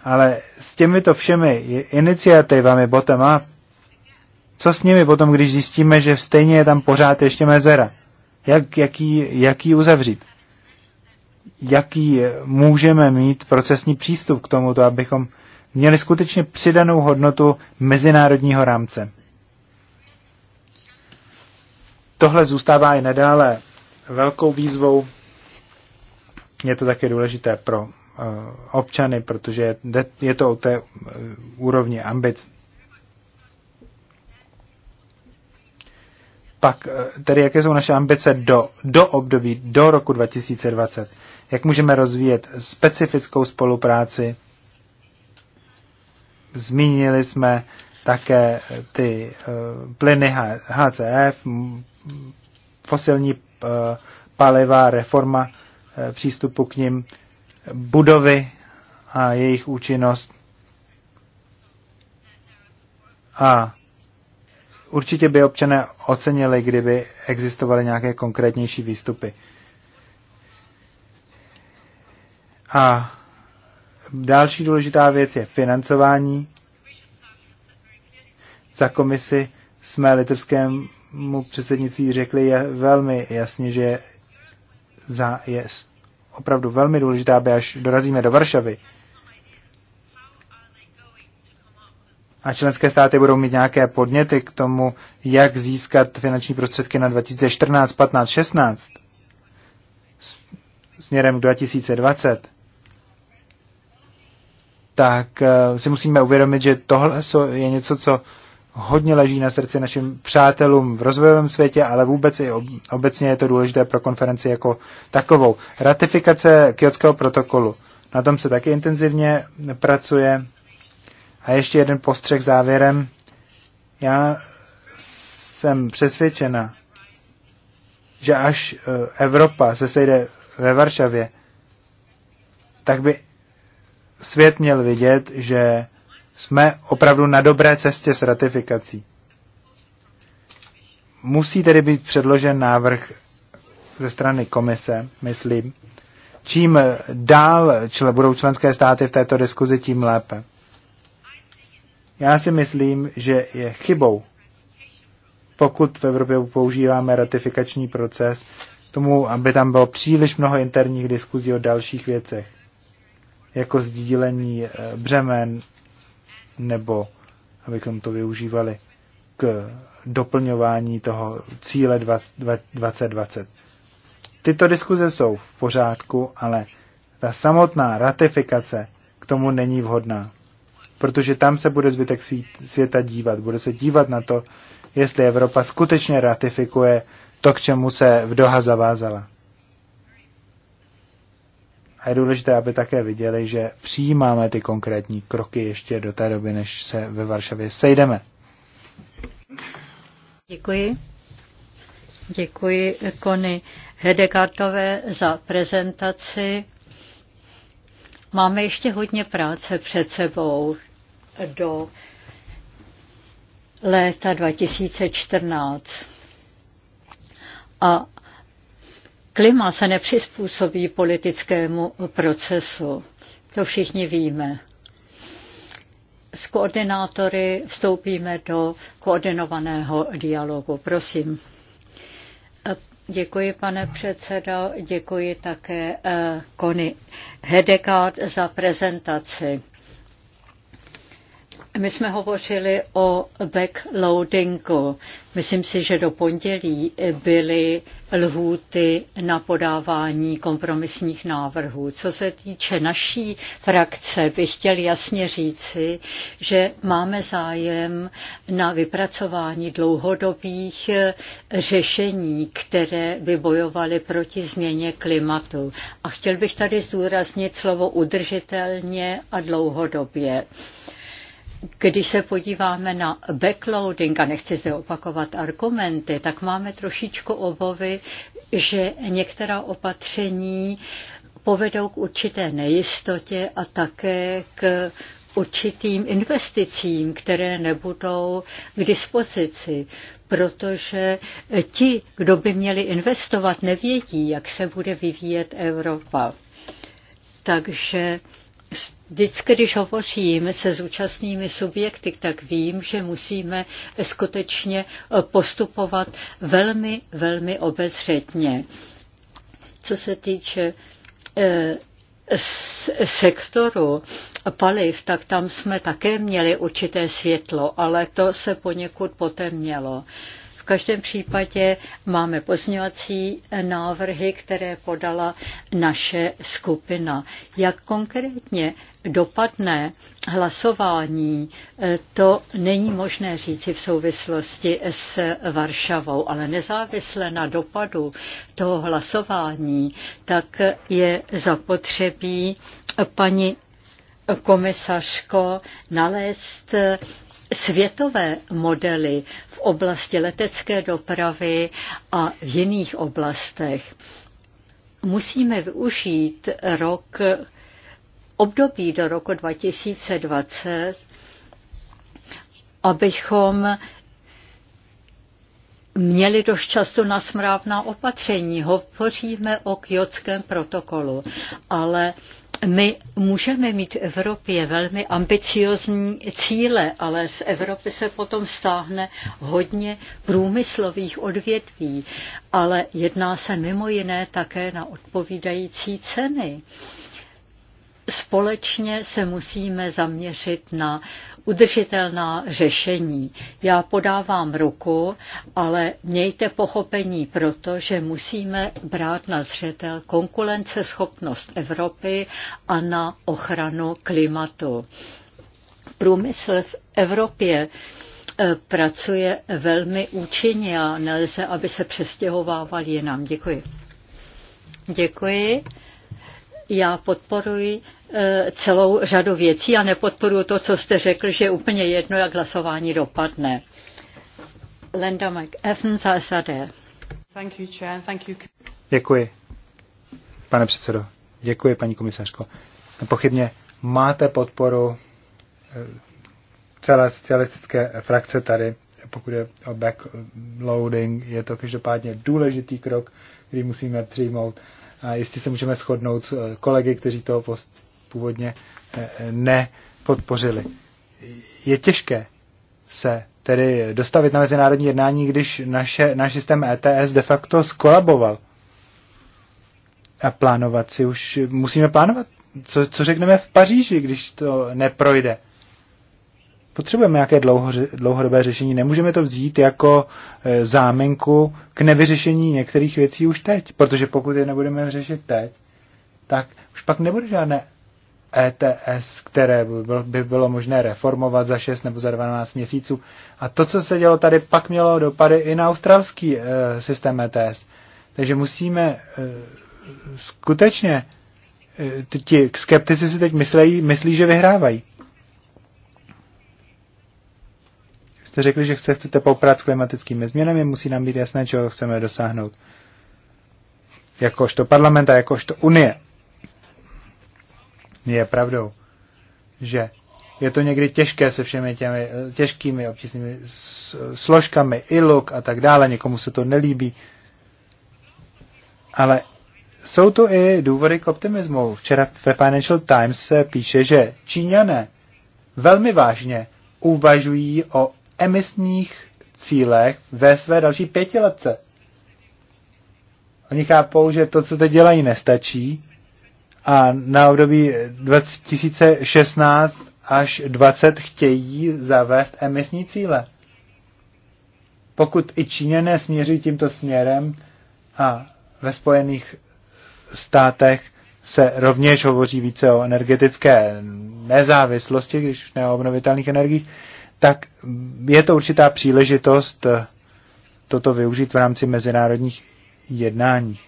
Ale s těmito všemi iniciativami bottom-up, co s nimi potom, když zjistíme, že stejně je tam pořád ještě mezera? Jak, jaký, jaký uzavřít? Jaký můžeme mít procesní přístup k tomuto, abychom měli skutečně přidanou hodnotu mezinárodního rámce? Tohle zůstává i nadále velkou výzvou. Je to také důležité pro Eh, občany, protože je to o té eh, úrovni ambic. Pak eh, tedy, jaké jsou naše ambice do, do období, do roku 2020? Jak můžeme rozvíjet specifickou spolupráci? Zmínili jsme také ty plyny HCF, fosilní paliva, reforma přístupu k nim budovy a jejich účinnost. A určitě by občané ocenili, kdyby existovaly nějaké konkrétnější výstupy. A další důležitá věc je financování. Za komisi jsme litevskému předsednictví řekli je velmi jasně, že za, je opravdu velmi důležité, aby až dorazíme do Varšavy, a členské státy budou mít nějaké podněty k tomu, jak získat finanční prostředky na 2014, 15, 16 směrem k 2020, tak eh, si musíme uvědomit, že tohle je něco, co hodně leží na srdci našim přátelům v rozvojovém světě, ale vůbec i obecně je to důležité pro konferenci jako takovou. Ratifikace Kyotského protokolu. Na tom se taky intenzivně pracuje. A ještě jeden postřeh závěrem. Já jsem přesvědčena, že až eh, Evropa se sejde ve Varšavě, tak by svět měl vidět, že jsme opravdu na dobré cestě s ratifikací. Musí tedy být předložen návrh ze strany komise, myslím. Čím dál čl- budou členské státy v této diskuzi, tím lépe. Já si myslím, že je chybou, pokud v Evropě používáme ratifikační proces, tomu, aby tam bylo příliš mnoho interních diskuzí o dalších věcech, jako sdílení eh, břemen, nebo abychom to využívali k doplňování toho cíle 2020. Tyto diskuze jsou v pořádku, ale ta samotná ratifikace k tomu není vhodná, protože tam se bude zbytek světa dívat. Bude se dívat na to, jestli Evropa skutečně ratifikuje to, k čemu se v Doha zavázala. A je důležité, aby také viděli, že přijímáme ty konkrétní kroky ještě do té doby, než se ve Varšavě sejdeme. Děkuji. Děkuji Kony Hedekartové za prezentaci. Máme ještě hodně práce před sebou do léta 2014. A Klima se nepřizpůsobí politickému procesu. To všichni víme. S koordinátory vstoupíme do koordinovaného dialogu. Prosím. Děkuji, pane předsedo. Děkuji také Kony eh, Hedegard za prezentaci. My jsme hovořili o backloadingu. Myslím si, že do pondělí byly lhůty na podávání kompromisních návrhů. Co se týče naší frakce, bych chtěl jasně říci, že máme zájem na vypracování dlouhodobých řešení, které by bojovaly proti změně klimatu. A chtěl bych tady zdůraznit slovo udržitelně a dlouhodobě. Když se podíváme na backloading, a nechci zde opakovat argumenty, tak máme trošičku obavy, že některá opatření povedou k určité nejistotě a také k určitým investicím, které nebudou k dispozici, protože ti, kdo by měli investovat, nevědí, jak se bude vyvíjet Evropa. Takže Vždycky, když hovořím se zúčastnými subjekty, tak vím, že musíme skutečně eh, postupovat velmi, velmi obezřetně. Co se týče eh, sektoru paliv, tak tam jsme také měli určité světlo, ale to se poněkud potemnělo. mělo každém případě máme pozňovací návrhy, které podala naše skupina. Jak konkrétně dopadne hlasování, to není možné říci v souvislosti s Varšavou, ale nezávisle na dopadu toho hlasování, tak je zapotřebí paní komisařko nalézt světové modely v oblasti letecké dopravy a v jiných oblastech. Musíme využít rok, období do roku 2020, abychom měli dost času na smrávná opatření. Hovoříme o kjotském protokolu, ale my můžeme mít v Evropě velmi ambiciozní cíle, ale z Evropy se potom stáhne hodně průmyslových odvětví, ale jedná se mimo jiné také na odpovídající ceny. Společně se musíme zaměřit na udržitelná řešení. Já podávám ruku, ale mějte pochopení proto, že musíme brát na zřetel konkurenceschopnost Evropy a na ochranu klimatu. Průmysl v Evropě eh, pracuje velmi účinně a nelze, aby se přestěhovával jinam. Děkuji. Děkuji. Já podporuji e, celou řadu věcí a nepodporuji to, co jste řekl, že je úplně jedno, jak hlasování dopadne. Linda McEffen za SAD. Thank you, Chair. Thank you. Děkuji, pane předsedo. Děkuji, paní komisařko. Nepochybně máte podporu e, celé socialistické frakce tady, pokud je o backloading, je to každopádně důležitý krok, který musíme přijmout a jistě se můžeme shodnout s eh, kolegy, kteří to původně eh, nepodpořili. Je těžké se tedy dostavit na mezinárodní jednání, když naše, náš systém ETS de facto skolaboval. A plánovat si už, musíme plánovat, co, co řekneme v Paříži, když to neprojde. Potřebujeme nějaké dlouho, dlouhodobé řešení. Nemůžeme to vzít jako e, zámenku k nevyřešení některých věcí už teď, protože pokud je nebudeme řešit teď, tak už pak nebude žádné ETS, které by bylo možné reformovat za 6 nebo za 12 měsíců. A to, co se dělo tady, pak mělo dopady i na australský e, systém ETS. Takže musíme e, skutečně, e, ti skeptici si teď myslí, myslí, že vyhrávají. jste řekli, že chce, chcete poprat s klimatickými změnami, musí nám být jasné, čeho chceme dosáhnout. Jakožto parlament a jakožto unie. Je pravdou, že je to někdy těžké se všemi těmi eh, těžkými obtížnými složkami, iluk a tak dále, někomu se to nelíbí. Ale jsou to i důvody k optimismu. Včera ve Financial Times se píše, že Číňané velmi vážně uvažují o emisních cílech ve své další pětiletce. Oni chápou, že to, co teď dělají, nestačí a na období 2016 až 20 chtějí zavést emisní cíle. Pokud i Číňané směří tímto směrem a ve Spojených státech se rovněž hovoří více o energetické nezávislosti, když ne o obnovitelných energiích, tak je to určitá příležitost eh, toto využít v rámci mezinárodních jednání.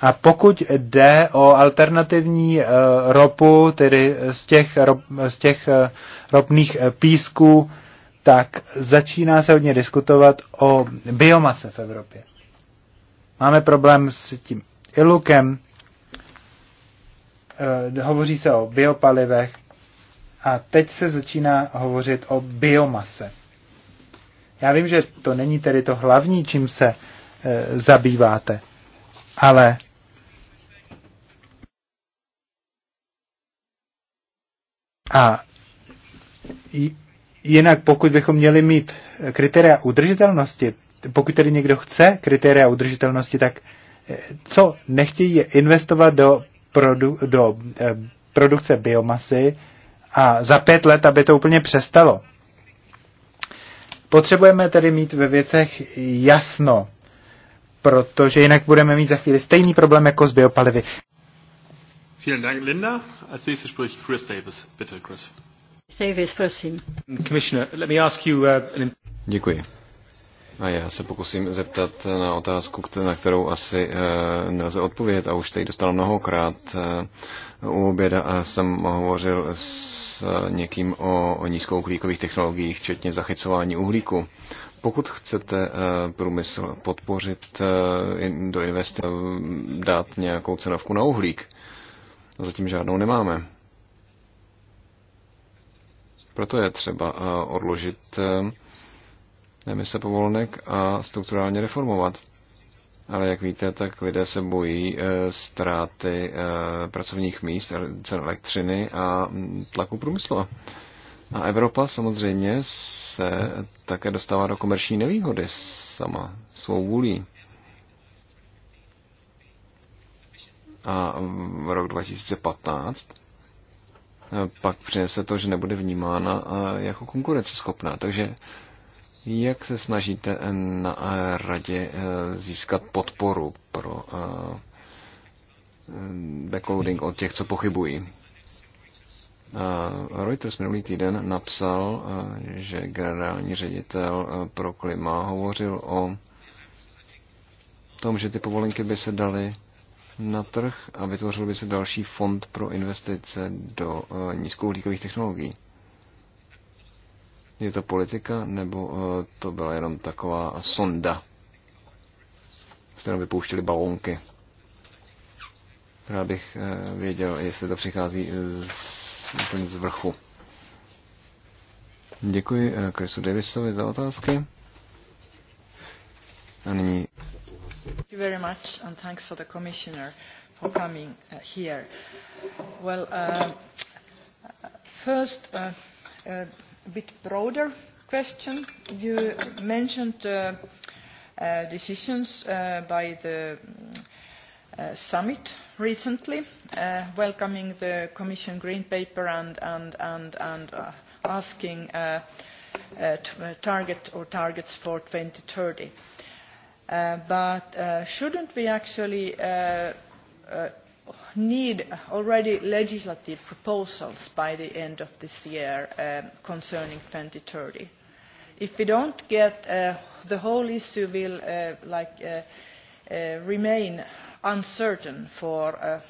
A pokud jde o alternativní eh, ropu, tedy z těch, rop, z těch eh, ropných písků, tak začíná se hodně diskutovat o biomase v Evropě. Máme problém s tím ilukem, hovoří se o biopalivech, a teď se začíná hovořit o biomase. Já vím, že to není tedy to hlavní, čím se e, zabýváte, ale a jinak pokud bychom měli mít kritéria udržitelnosti, pokud tedy někdo chce kritéria udržitelnosti, tak e, co nechtějí je investovat do, produ, do e, produkce biomasy a za pět let, aby to úplně přestalo. Potřebujeme tedy mít ve věcech jasno, protože jinak budeme mít za chvíli stejný problém jako s biopalivy. Vielen Dank, Linda. Als nächstes spricht Chris Davis. Bitte, Chris. Davis, prosím. Commissioner, let me ask you, uh, Děkuji. A já se pokusím zeptat na otázku, na kterou asi uh, nelze odpovědět a už ji dostal mnohokrát. uh, u oběda a jsem hovořil s s někým o, o nízkouhlíkových technologiích, včetně zachycování uhlíku. Pokud chcete eh, průmysl podpořit eh, do investic, eh, dát nějakou cenovku na uhlík, zatím žádnou nemáme. Proto je třeba odložit emise povolenek a strukturálně reformovat ale jak víte, tak lidé se bojí eh, ztráty eh, pracovních míst, cen elektřiny a mm, tlaku průmyslu. A Evropa samozřejmě se také dostává do komerční nevýhody sama svou vůlí. A v rok 2015 eh, pak přinese to, že nebude vnímána jako konkurenceschopná. Takže jak se snažíte na radě eh, získat podporu pro eh, backloading od těch, co pochybují? Eh, Reuters minulý týden napsal, že generální ředitel pro klima hovořil o tom, že ty povolenky by se daly na trh a vytvořil by se další fond pro investice do nízkouhlíkových technologií. Je to politika, nebo eh, to byla jenom taková sonda, z kterou vypouštěli balónky? Rád bych eh, věděl, jestli to přichází eh, z, úplně z vrchu. Děkuji Chrisu Davisovi za otázky. A nyní... Thank you very much and thanks for the commissioner for coming uh, here. Well, uh, first, uh, uh, a bit broader question. You mentioned uh, uh, decisions uh, by the uh, summit recently, uh, welcoming the Commission Green Paper and, and, and, and uh, asking uh, uh, uh target or targets for 2030. Uh, but uh, shouldn't we actually uh, uh, need already legislative proposals by the end of this year thousand um, concerning 2030. If we don't get uh, the whole issue will uh, like uh, remain uncertain for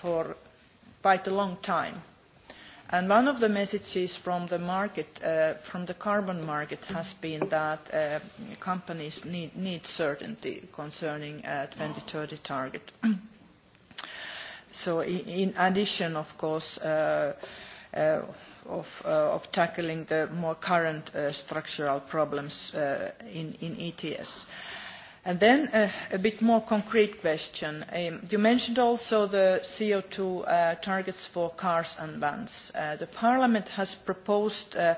for quite a long time. And one of the messages from the market, from the carbon market, has been that companies need, need certainty concerning and 2030 target. in addition, of course, uh, uh, of, uh, of tackling the more current uh, structural problems uh, in, in ETS. And then uh, a bit more concrete question. Um, you mentioned also the CO2 uh, targets for cars and vans. Uh, the Parliament has proposed uh,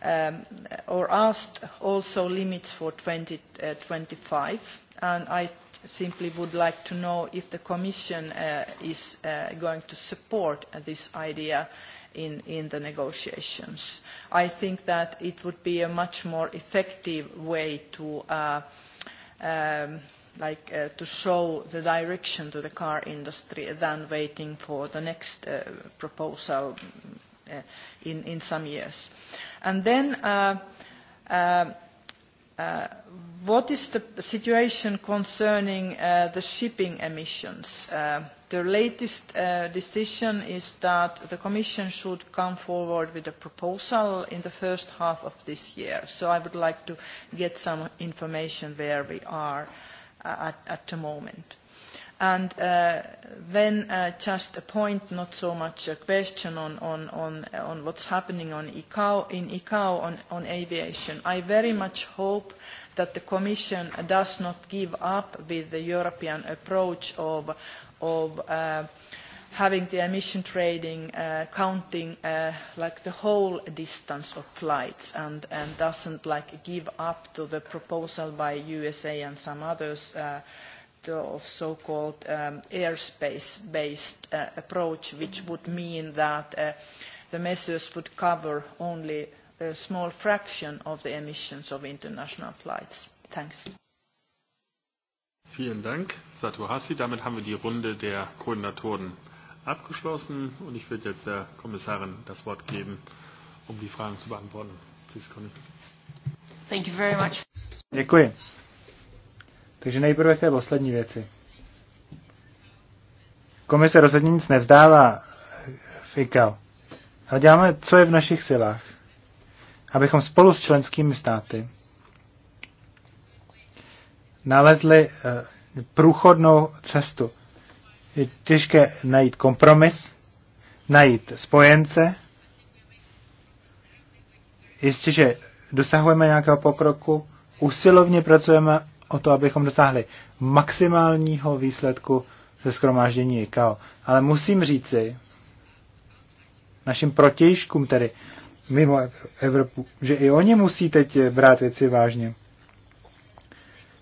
Um, or asked also limits for 2025 uh, and I simply would like to know if the Commission uh, is uh, going to support this idea in, the negotiations. I think that it would be a much more effective way to um, show the direction to the car industry than waiting for the next proposal uh, in, in some years. And then uh, uh, uh, what is the situation concerning uh, the shipping emissions? Uh, the latest uh, decision is that the Commission should come forward with a proposal in the first half of this year. So I would like to get some information where we are uh, at, at the moment. And uh, then uh, just a point, not so much a question on, on, on, uh, on what's happening on ICAO, in ICAO on, on aviation. I very much hope that the Commission does not give up with the European approach of, of uh, having the emission trading uh, counting uh, like the whole distance of flights and, and doesn't like give up to the proposal by USA and some others uh, of so-called um, airspace-based uh, approach, which would mean that uh, the measures would cover only a small fraction of the emissions of international flights. Thanks. Vielen Dank, Satu Hassi. Damit haben wir die Runde der Koordinatoren abgeschlossen und ich würde jetzt der Kommissarin das Wort geben, um die Fragen zu beantworten. Please, Conny. Thank you very much. Děkuji. Takže nejprve k té poslední věci. Komise rozhodně nic nevzdává fikal. Ale děláme, co je v našich silách, abychom spolu s členskými státy nalezli eh, průchodnou cestu. Je těžké najít kompromis, najít spojence. Jistě, že dosahujeme nějakého pokroku, usilovně pracujeme o to, abychom dosáhli maximálního výsledku ze skromáždění ICAO. Ale musím říci našim protějškům tedy mimo Evropu, že i oni musí teď brát věci vážně.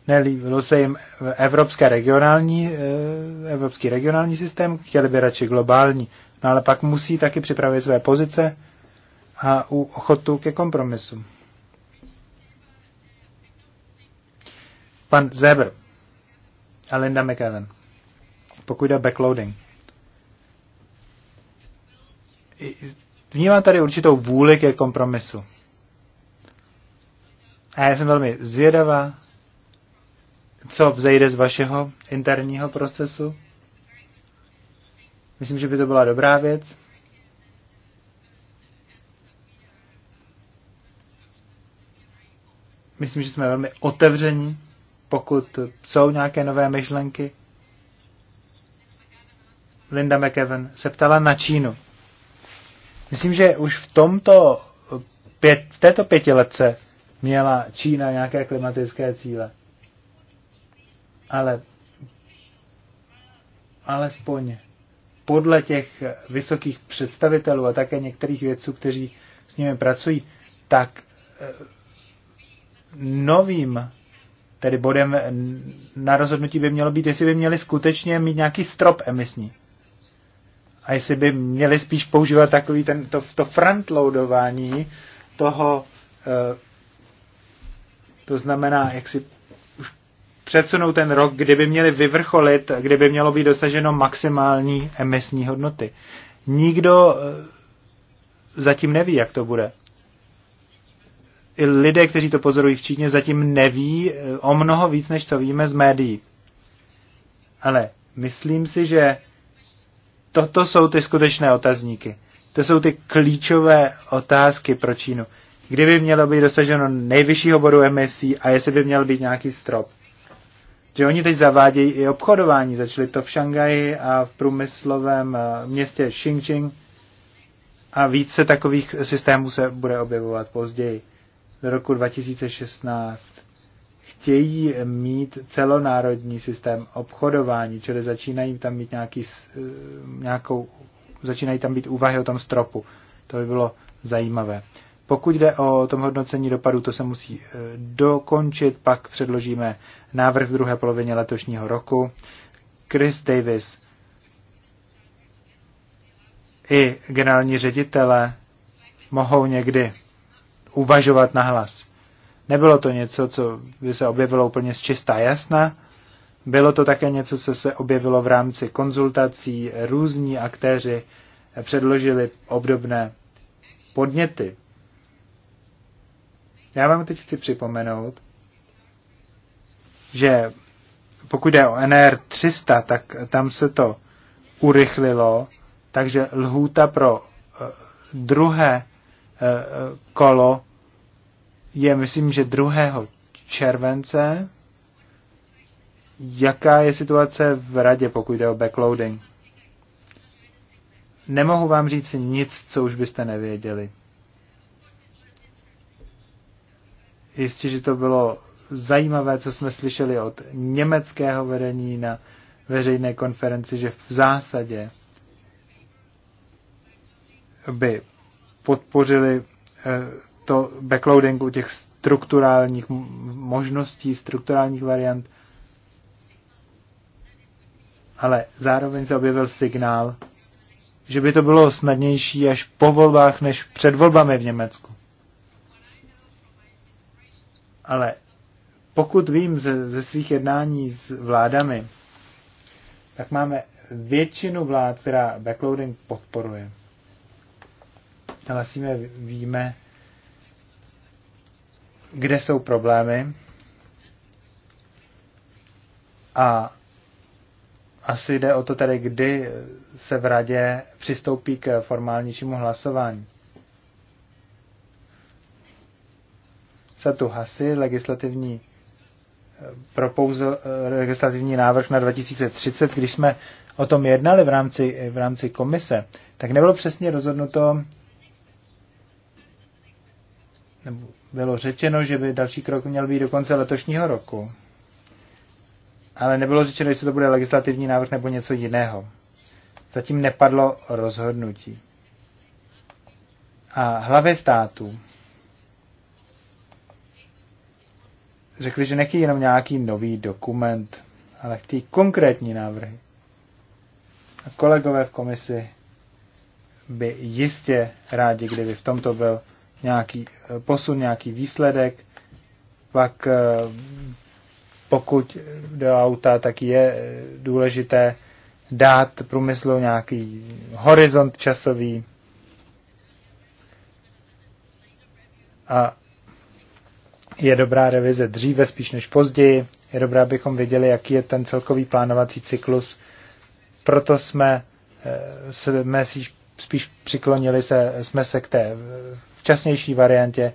Nelíbilo se jim evropské regionální, eh, evropský regionální systém, chtěli by radši globální. No ale pak musí taky připravit své pozice a ochotu ke kompromisu. Pan Zebr a Linda McEwen. Pokud jde o backloading. Vnímám tady určitou vůli ke kompromisu. A já jsem velmi zvědavá, co vzejde z vašeho interního procesu. Myslím, že by to byla dobrá věc. Myslím, že jsme velmi otevření pokud jsou nějaké nové myšlenky. Linda McEwen se ptala na Čínu. Myslím, že už v tomto pět, v této pětiletce měla Čína nějaké klimatické cíle. Ale alespoň podle těch vysokých představitelů a také některých vědců, kteří s nimi pracují, tak eh, novým tedy bodem na rozhodnutí by mělo být, jestli by měli skutečně mít nějaký strop emisní. A jestli by měli spíš používat takový ten, to, to frontloadování toho, eh, to znamená, jak si už předsunou ten rok, kdyby měli vyvrcholit, kdyby mělo být dosaženo maximální emisní hodnoty. Nikdo eh, zatím neví, jak to bude i lidé, kteří to pozorují v Číně, zatím neví eh, o mnoho víc, než co víme z médií. Ale myslím si, že toto jsou ty skutečné otazníky. To jsou ty klíčové otázky pro Čínu. Kdyby mělo být dosaženo nejvyššího bodu emisí a jestli by měl být nějaký strop. Že oni teď zavádějí i obchodování. Začali to v Šangaji a v průmyslovém eh, městě Xinjiang a více takových systémů se bude objevovat později roku 2016 chtějí mít celonárodní systém obchodování, čili začínají tam mít nějaký, e, nějakou, začínají tam být úvahy o tom stropu. To by bylo zajímavé. Pokud jde o tom hodnocení dopadů, to se musí e, dokončit, pak předložíme návrh v druhé polovině letošního roku. Chris Davis i generální ředitele mohou někdy uvažovat na hlas. Nebylo to něco, co by se objevilo úplně z čistá jasna, bylo to také něco, co se objevilo v rámci konzultací, různí aktéři předložili obdobné podněty. Já vám teď chci připomenout, že pokud jde o NR 300, tak tam se to urychlilo, takže lhůta pro eh, druhé kolo je, myslím, že 2. července. Jaká je situace v radě, pokud jde o backloading? Nemohu vám říct nic, co už byste nevěděli. Jistě, že to bylo zajímavé, co jsme slyšeli od německého vedení na veřejné konferenci, že v zásadě by podpořili eh, to backloading u těch strukturálních možností, strukturálních variant. Ale zároveň se objevil signál, že by to bylo snadnější až po volbách než před volbami v Německu. Ale pokud vím ze, ze svých jednání s vládami, tak máme většinu vlád, která backloading podporuje. Hlasíme, víme, kde jsou problémy a asi jde o to tedy, kdy se v radě přistoupí k formálnějšímu hlasování. se tu Hasi, legislativní propouzl legislativní návrh na 2030, když jsme o tom jednali v rámci, v rámci komise, tak nebylo přesně rozhodnuto, nebo bylo řečeno, že by další krok měl být do konce letošního roku. Ale nebylo řečeno, jestli to bude legislativní návrh nebo něco jiného. Zatím nepadlo rozhodnutí. A hlavy států řekli, že nechtějí jenom nějaký nový dokument, ale chtějí konkrétní návrhy. A kolegové v komisi by jistě rádi, kdyby v tomto byl nějaký eh, posun, nějaký výsledek, pak eh, pokud do auta, tak je eh, důležité dát průmyslu nějaký horizont časový. A je dobrá revize dříve spíš než později. Je dobré, abychom věděli, jaký je ten celkový plánovací cyklus. Proto jsme, jsme spíš přiklonili se, jsme se k té včasnější variantě.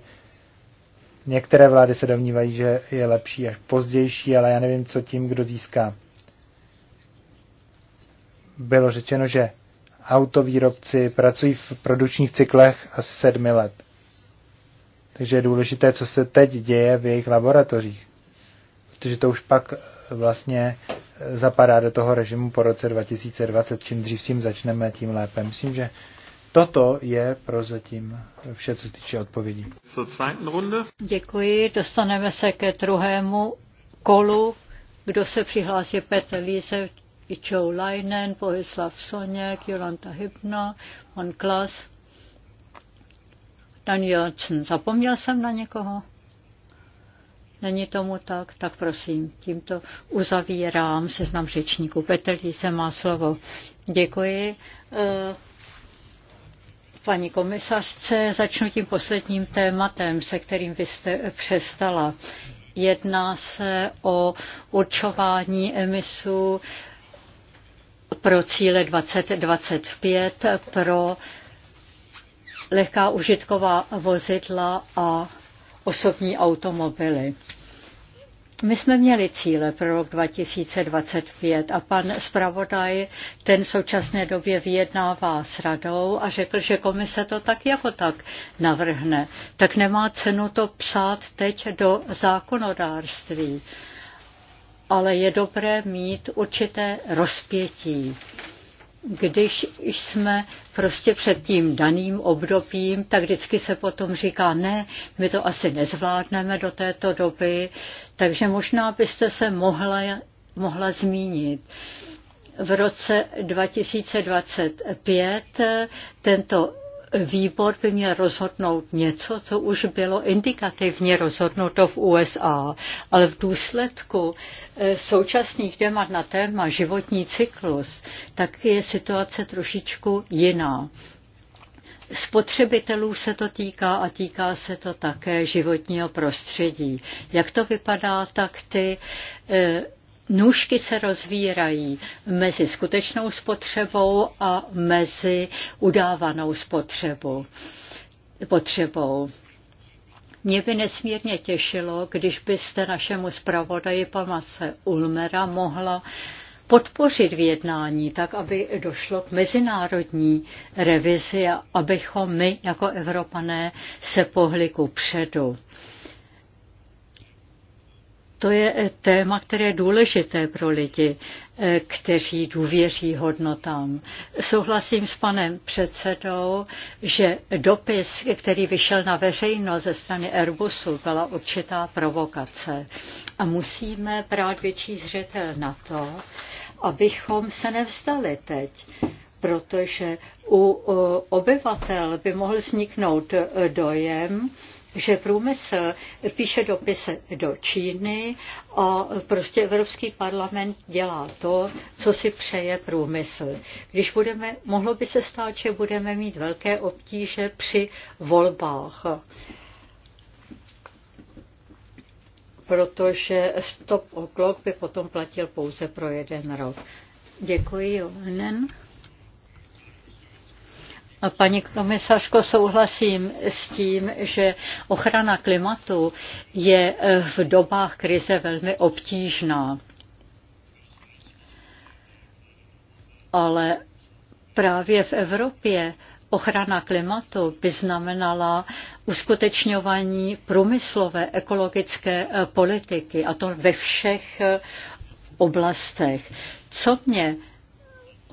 Některé vlády se domnívají, že je lepší až pozdější, ale já nevím, co tím, kdo získá. Bylo řečeno, že autovýrobci pracují v produčních cyklech asi sedmi let. Takže je důležité, co se teď děje v jejich laboratořích. Protože to už pak vlastně zapadá do toho režimu po roce 2020. Čím dřív s tím začneme, tím lépe. Myslím, že Toto je prozatím vše, co se týče odpovědí. Děkuji, dostaneme se ke druhému kolu. Kdo se přihlásí? Petr Líze, Joe Leinen, Bohislav Soněk, Jolanta Hypno, Mon Klas, Daniel Zapomněl jsem na někoho? Není tomu tak? Tak prosím, tímto uzavírám seznam řečníků. Petr Líze má slovo. Děkuji. Eh, paní komisařce. Začnu tím posledním tématem, se kterým vy jste přestala. Jedná se o určování emisu pro cíle 2025 pro lehká užitková vozidla a osobní automobily. My jsme měli cíle pro rok 2025 a pan zpravodaj ten v současné době vyjednává s radou a řekl, že komise to tak jako tak navrhne. Tak nemá cenu to psát teď do zákonodárství ale je dobré mít určité rozpětí když jsme prostě před tím daným obdobím, tak vždycky se potom říká, ne, my to asi nezvládneme do této doby, takže možná byste se mohla, mohla zmínit. V roce 2025 tento výbor by měl rozhodnout něco, co už bylo indikativně rozhodnuto v USA, ale v důsledku eh, současných témat na téma životní cyklus, tak je situace trošičku jiná. Spotřebitelů se to týká a týká se to také životního prostředí. Jak to vypadá, tak ty eh, nůžky se rozvírají mezi skutečnou spotřebou a mezi udávanou spotřebou. potřebou. Mě by nesmírně těšilo, když byste našemu zpravodaji Pamase Ulmera mohla podpořit v jednání, tak aby došlo k mezinárodní revizi a abychom my jako Evropané se pohli ku předu. To je eh, téma, které je důležité pro lidi, eh, kteří důvěří hodnotám. Souhlasím s panem předsedou, že dopis, který vyšel na veřejnost ze strany Airbusu, byla určitá provokace. A musíme brát větší zřetel na to, abychom se nevzdali teď protože u obyvatel by mohl vzniknout eh, dojem, že průmysl píše dopisy do Číny a prostě Evropský parlament dělá to, co si přeje průmysl. Když budeme, mohlo by se stát, že budeme mít velké obtíže při volbách protože stop o by potom platil pouze pro jeden rok. Děkuji, Johanen. Paní komisařko, souhlasím s tím, že ochrana klimatu je v dobách krize velmi obtížná. Ale právě v Evropě ochrana klimatu by znamenala uskutečňování průmyslové ekologické eh, politiky, a to ve všech eh, oblastech. Co mě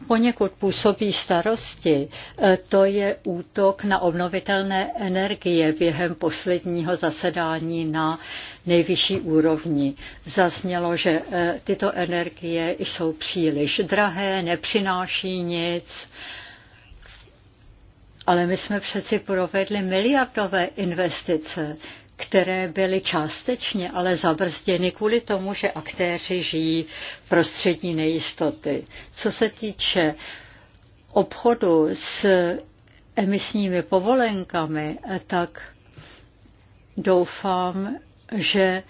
poněkud působí starosti, eh, to je útok na obnovitelné energie během posledního zasedání na nejvyšší úrovni. Zaznělo, že eh, tyto energie jsou příliš drahé, nepřináší nic, ale my jsme přeci provedli miliardové investice které byly částečně ale zabrzděny kvůli tomu, že aktéři žijí v prostřední nejistoty. Co se týče obchodu s emisními povolenkami, tak doufám, že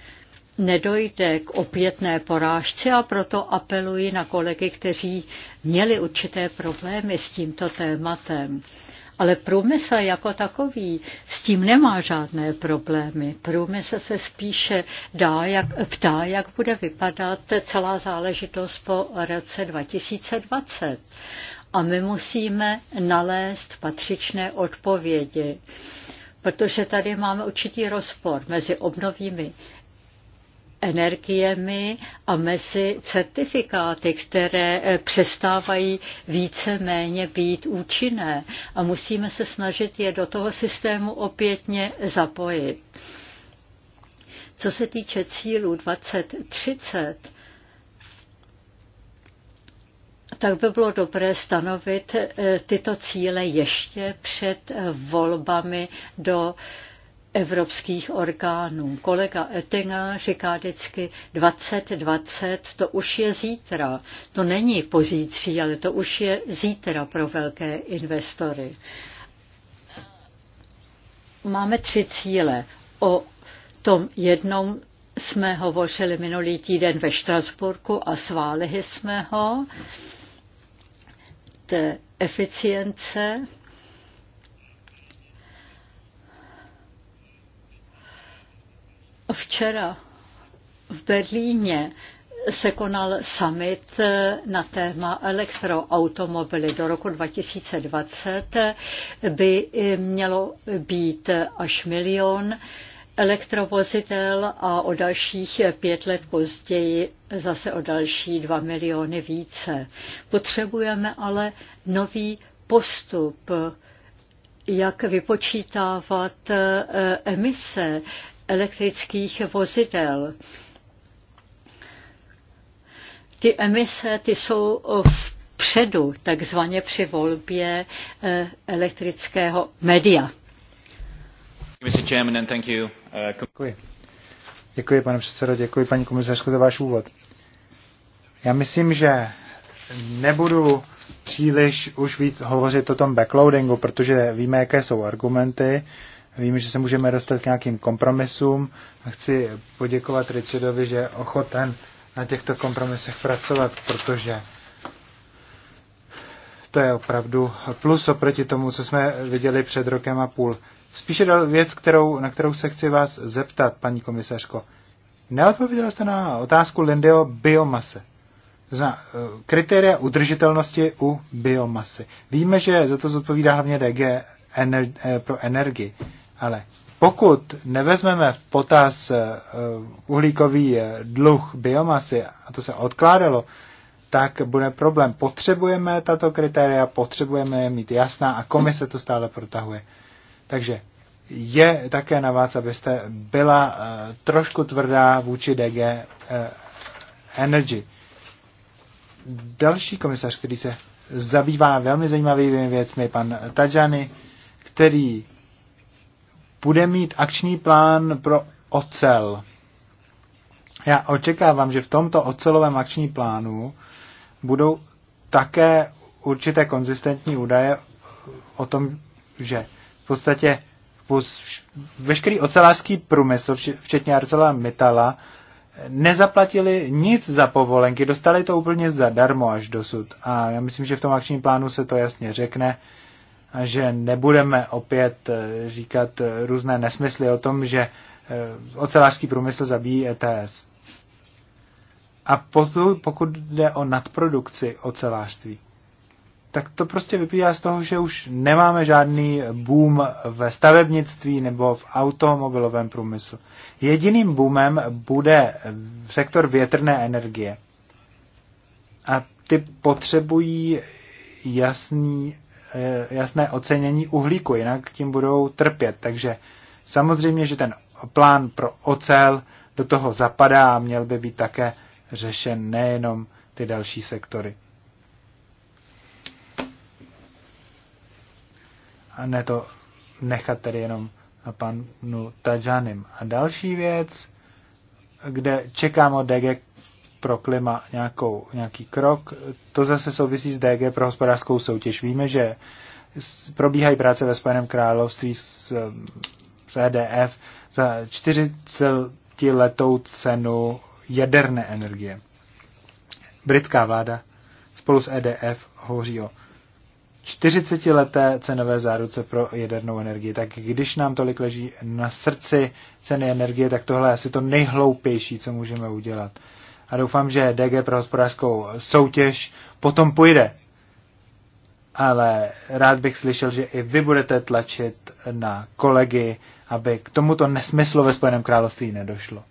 nedojde k opětné porážce a proto apeluji na kolegy, kteří měli určité problémy s tímto tématem ale průmysl jako takový s tím nemá žádné problémy. Průmysl se spíše dá, jak, ptá, jak bude vypadat celá záležitost po roce 2020. A my musíme nalézt patřičné odpovědi protože tady máme určitý rozpor mezi obnovými energiemi a mezi certifikáty, které eh, přestávají více-méně být účinné a musíme se snažit je do toho systému opětně zapojit. Co se týče cílu 2030, tak by bylo dobré stanovit eh, tyto cíle ještě před volbami do evropských orgánů. Kolega Ettinga říká vždycky 2020, to už je zítra. To není pozítří, ale to už je zítra pro velké investory. Máme tři cíle. O tom jednom jsme hovořili minulý týden ve Štrasburku a sválili jsme ho. Te eficience Včera v Berlíně se konal summit eh, na téma elektroautomobily. Do roku 2020 by eh, mělo být eh, až milion elektrovozitel a o dalších pět let později zase o další dva miliony více. Potřebujeme ale nový postup, jak vypočítávat emise, elektrických vozidel. Ty emise ty jsou v předu, takzvaně při volbě eh, elektrického média. Uh, děkuji. Děkuji, pane předsedo, děkuji, paní komisařko, za váš úvod. Já myslím, že nebudu příliš už víc hovořit o tom backloadingu, protože víme, jaké jsou argumenty. Vím, že se můžeme dostat k nějakým kompromisům a chci poděkovat Richardovi, že je ochoten na těchto kompromisech pracovat, protože to je opravdu plus oproti tomu, co jsme viděli před rokem a půl. Spíše dal věc, kterou, na kterou se chci vás zeptat, paní komisařko. Neodpověděla jste na otázku Lindy o biomase. Zná, kritéria udržitelnosti u biomasy. Víme, že za to zodpovídá hlavně DG ener, eh, pro energii. Ale pokud nevezmeme v potaz eh, uhlíkový eh, dluh biomasy, a to se odkládalo, tak bude problém. Potřebujeme tato kritéria, potřebujeme je mít jasná a komise to stále protahuje. Takže je také na vás, abyste byla uh, trošku tvrdá vůči DG uh, Energy. Další komisař, který se zabývá velmi zajímavými věcmi, pan Tajani, který bude mít akční plán pro ocel. Já očekávám, že v tomto ocelovém akční plánu budou také určité konzistentní údaje o tom, že v podstatě veškerý ocelářský průmysl, včetně Arcela Metala, nezaplatili nic za povolenky, dostali to úplně zadarmo až dosud. A já myslím, že v tom akčním plánu se to jasně řekne, a že nebudeme opět eh, říkat eh, různé nesmysly o tom, že eh, ocelářský průmysl zabíjí ETS. A pokud, jde o nadprodukci ocelářství, tak to prostě vyplývá z toho, že už nemáme žádný boom ve stavebnictví nebo v automobilovém průmyslu. Jediným boomem bude sektor větrné energie. A ty potřebují jasný Eh, jasné ocenění uhlíku, jinak tím budou trpět. Takže samozřejmě, že ten plán pro ocel do toho zapadá a měl by být také řešen nejenom ty další sektory. A ne to nechat tedy jenom na panu Tajanim. A další věc, kde čekám od DG pro klima nějakou, nějaký krok. To zase souvisí s DG pro hospodářskou soutěž. Víme, že probíhají práce ve Spojeném království s, s EDF za 40 letou cenu jaderné energie. Britská vláda spolu s EDF hovoří o 40 leté cenové záruce pro jadernou energii. Tak když nám tolik leží na srdci ceny energie, tak tohle je asi to nejhloupější, co můžeme udělat a doufám, že DG pro hospodářskou soutěž potom půjde. Ale rád bych slyšel, že i vy budete tlačit na kolegy, aby k tomuto nesmyslu ve Spojeném království nedošlo.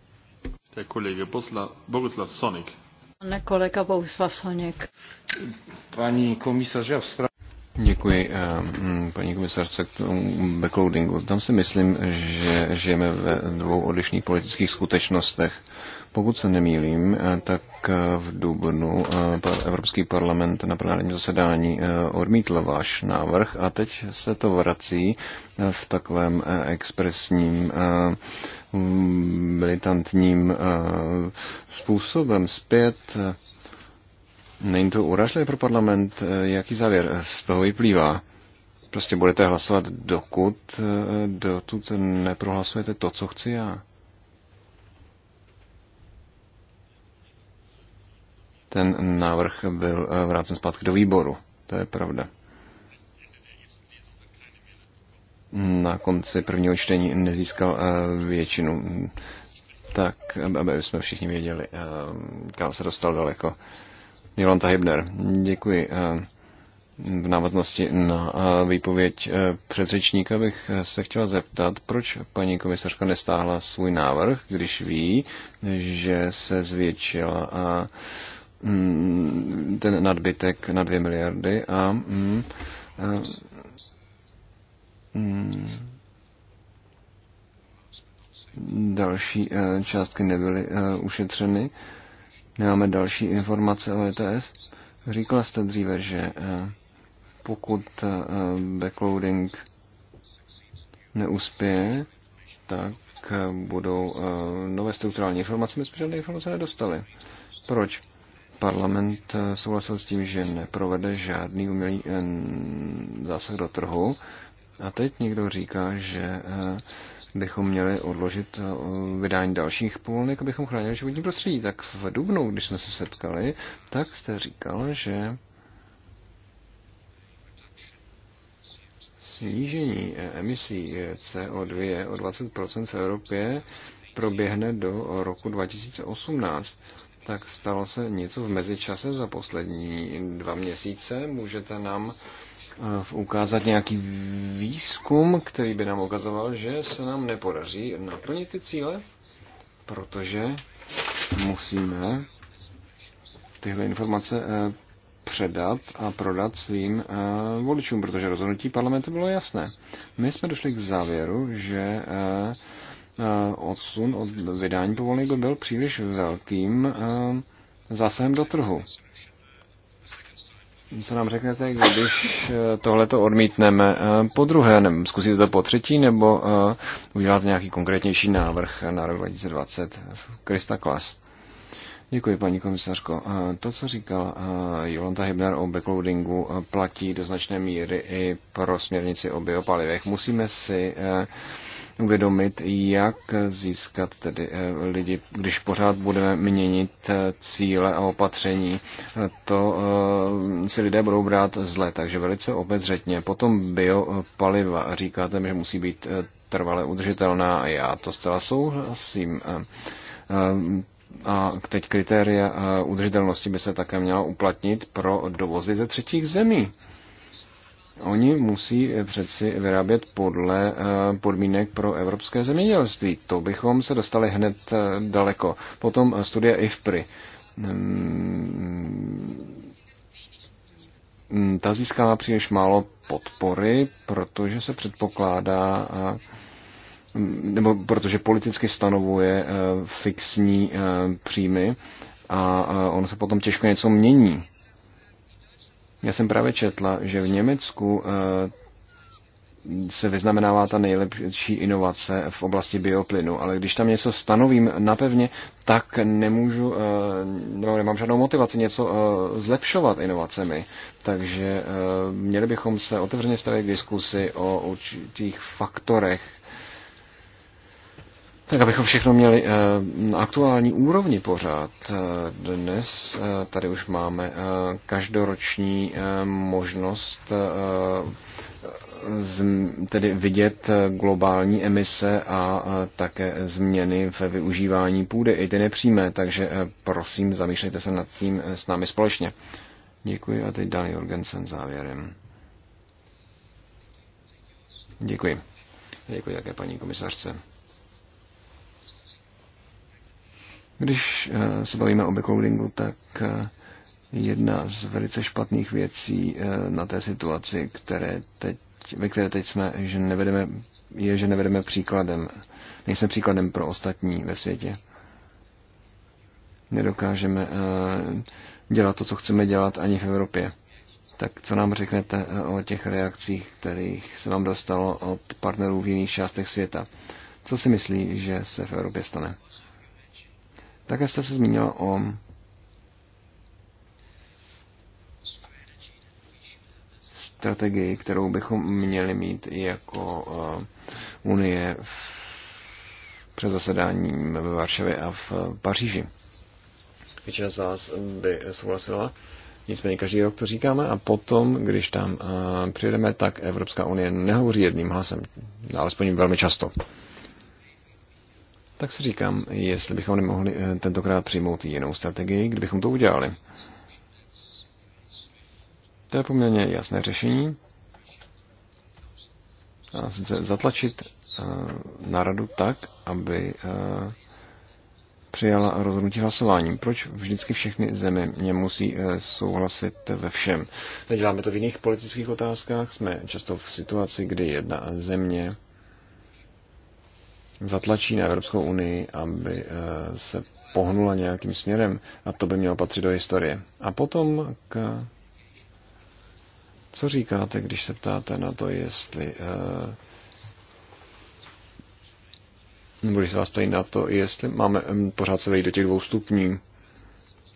To je kolega Boguslav Sonik. Pane kolega Bohuslav Sonik. Paní komisaře, Děkuji eh, mm, paní komisarce k tomu backloadingu. Tam si myslím, že žijeme ve dvou odlišných politických skutečnostech. Pokud se nemýlím, eh, tak eh, v dubnu eh, Evropský parlament na plenárním zasedání odmítl váš návrh a teď se to vrací v takovém expresním militantním způsobem zpět. Není to uražlivé pro parlament? Jaký závěr z toho vyplývá? Prostě budete hlasovat, dokud, dotud neprohlasujete to, co chci já. ten návrh byl eh, vrácen zpátky do výboru. To je pravda. Na konci prvního čtení nezískal eh, většinu, tak aby jsme všichni věděli, eh, kam se dostal daleko. Jolanta Hibner, děkuji. V návaznosti na výpověď předřečníka bych se chtěla zeptat, proč paní komisařka nestáhla svůj návrh, když ví, že se zvětšila a Mm, ten nadbytek na dvě miliardy a, mm, a mm, další e, částky nebyly e, ušetřeny. Nemáme další informace o ETS. Říkala jste dříve, že e, pokud backloading neuspěje, tak budou nové strukturální informace. My jsme žádné informace nedostali. Proč? parlament eh, souhlasil s tím, že neprovede žádný umělý eh, zásah do trhu. A teď někdo říká, že eh, bychom měli odložit vydání dalších povolenek, abychom chránili životní prostředí. Tak v Dubnu, když jsme se setkali, tak jste říkal, že snížení emisí CO2 o 20% v Evropě proběhne do roku 2018 tak stalo se něco v mezičase za poslední dva měsíce? Můžete nám eh, ukázat nějaký výzkum, který by nám ukazoval, že se nám nepodaří naplnit ty cíle? Protože musíme tyhle informace eh, předat a prodat svým eh, voličům, protože rozhodnutí parlamentu bylo jasné. My jsme došli k závěru, že Eh, odsun od vydání povolení by byl příliš velkým eh, zásahem do trhu. Co nám řeknete, když eh, tohleto odmítneme po druhé, nebo zkusíte to po třetí, nebo uděláte nějaký konkrétnější návrh na rok 2020? Krista Klas. Děkuji, paní komisařko. To, co říkal Jolanta Hibner o backloadingu, platí do značné míry i pro směrnici o biopalivech. Musíme si uvědomit, jak získat tedy eh, lidi, když pořád budeme měnit eh, cíle a opatření, eh, to si lidé budou brát zle, takže velice obezřetně. Potom biopaliva, říkáte, že musí být trvale udržitelná a já to zcela souhlasím. A teď kritéria udržitelnosti by se také měla uplatnit pro dovozy ze třetích zemí. Oni musí eh, přeci vyrábět podle eh, podmínek pro evropské zemědělství. To bychom se dostali hned eh, daleko. Potom studie IFPRI. Mm, mm, ta získává příliš málo podpory, protože se předpokládá, mm, nebo protože politicky stanovuje fixní příjmy a ono se potom těžko něco mění. Já jsem právě četla, že v Německu eh, se vyznamenává ta nejlepší inovace v oblasti bioplynu, ale když tam něco stanovím napevně, tak nemůžu, no, nemám žádnou motivaci něco eh, zlepšovat inovacemi. Takže měli bychom se otevřeně stavit k diskusi o určitých faktorech tak abychom všechno měli eh, na aktuální úrovni pořád. Eh, dnes eh, tady už máme každoroční možnost tedy vidět globální emise a také změny ve využívání půdy, i ty nepřímé, takže prosím, zamýšlejte se nad tím s námi společně. Děkuji a teď Dan Jorgensen závěrem. Děkuji. Děkuji také paní komisařce. Když eh, se bavíme o backloadingu, tak eh, jedna z velice špatných věcí eh, na té situaci, které teď, ve které teď jsme, že nevedeme, je, že nevedeme příkladem. Nejsme příkladem pro ostatní ve světě. Nedokážeme dělat to, co chceme dělat ani v Evropě. Tak co nám řeknete o těch reakcích, kterých se vám dostalo od partnerů v jiných částech světa? Co si myslí, že se v Evropě stane? Také jste se zmínil o strategii, kterou bychom měli mít i jako eh, Unie v před zasedáním ve Varšavě a v eh, Paříži. Většina z vás by souhlasila. Nicméně každý rok to říkáme a potom, když tam eh, přijedeme, tak Evropská unie nehovoří jedným hlasem, alespoň velmi často tak si říkám, jestli bychom nemohli eh, tentokrát přijmout jinou strategii, kdybychom to udělali. To je poměrně jasné řešení. A sice zatlačit uh, eh, náradu tak, aby uh, přijala rozhodnutí hlasováním. Proč vždycky všechny země musí souhlasit ve všem? Neděláme to v jiných politických otázkách, jsme často v situaci, kdy jedna země zatlačí na Evropskou unii, aby eh, se pohnula nějakým směrem a to by mělo patřit do historie. A potom k... Co říkáte, když se ptáte na to, jestli... Eh, nebo když se vás ptají na to, jestli máme pořád se vejít do těch dvou stupňů,